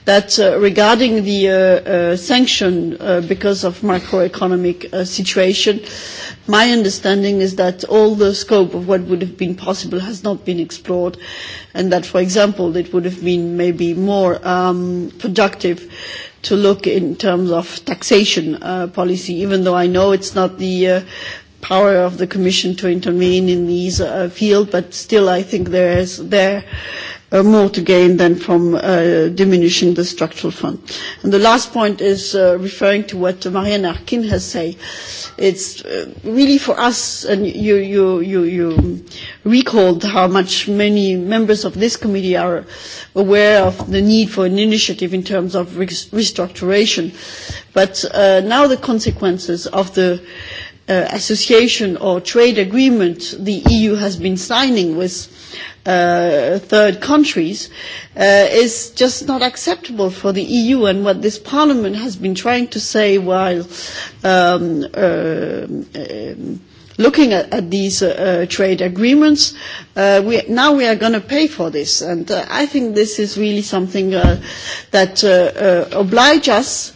that uh, regarding the uh, uh, sanction uh, because of macroeconomic uh, situation, my understanding is that all the scope of what would have been possible has not been explored, and that, for example, it would have been maybe more um, productive to look in terms of taxation uh, policy, even though I know it's not the uh, power of the Commission to intervene in these uh, field, but still I think there is there uh, more to gain than from uh, diminishing the structural fund. And the last point is uh, referring to what Marianne Arkin has said. It's uh, really for us, and you, you, you, you recalled how much many members of this committee are aware of the need for an initiative in terms of restructuration. But uh, now the consequences of the uh, uh, association or trade agreement the EU has been signing with uh, third countries uh, is just not acceptable for the EU and what this parliament has been trying to say while um, uh, um, looking at, at these uh, uh, trade agreements, uh, we, now we are going to pay for this. And uh, I think this is really something uh, that uh, uh, obliges us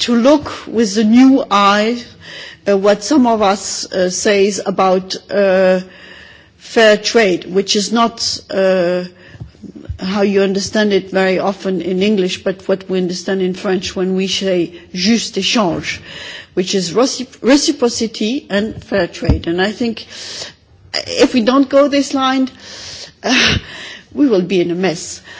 to look with a new eye uh, Uh, what some of us uh, says about uh, fair trade, which is not uh, how you understand it very often in English, but what we understand in French when we say juste échange, which is reciprocity and fair trade. And I think uh, if we don't go this line, uh, we will be in a mess. Uh,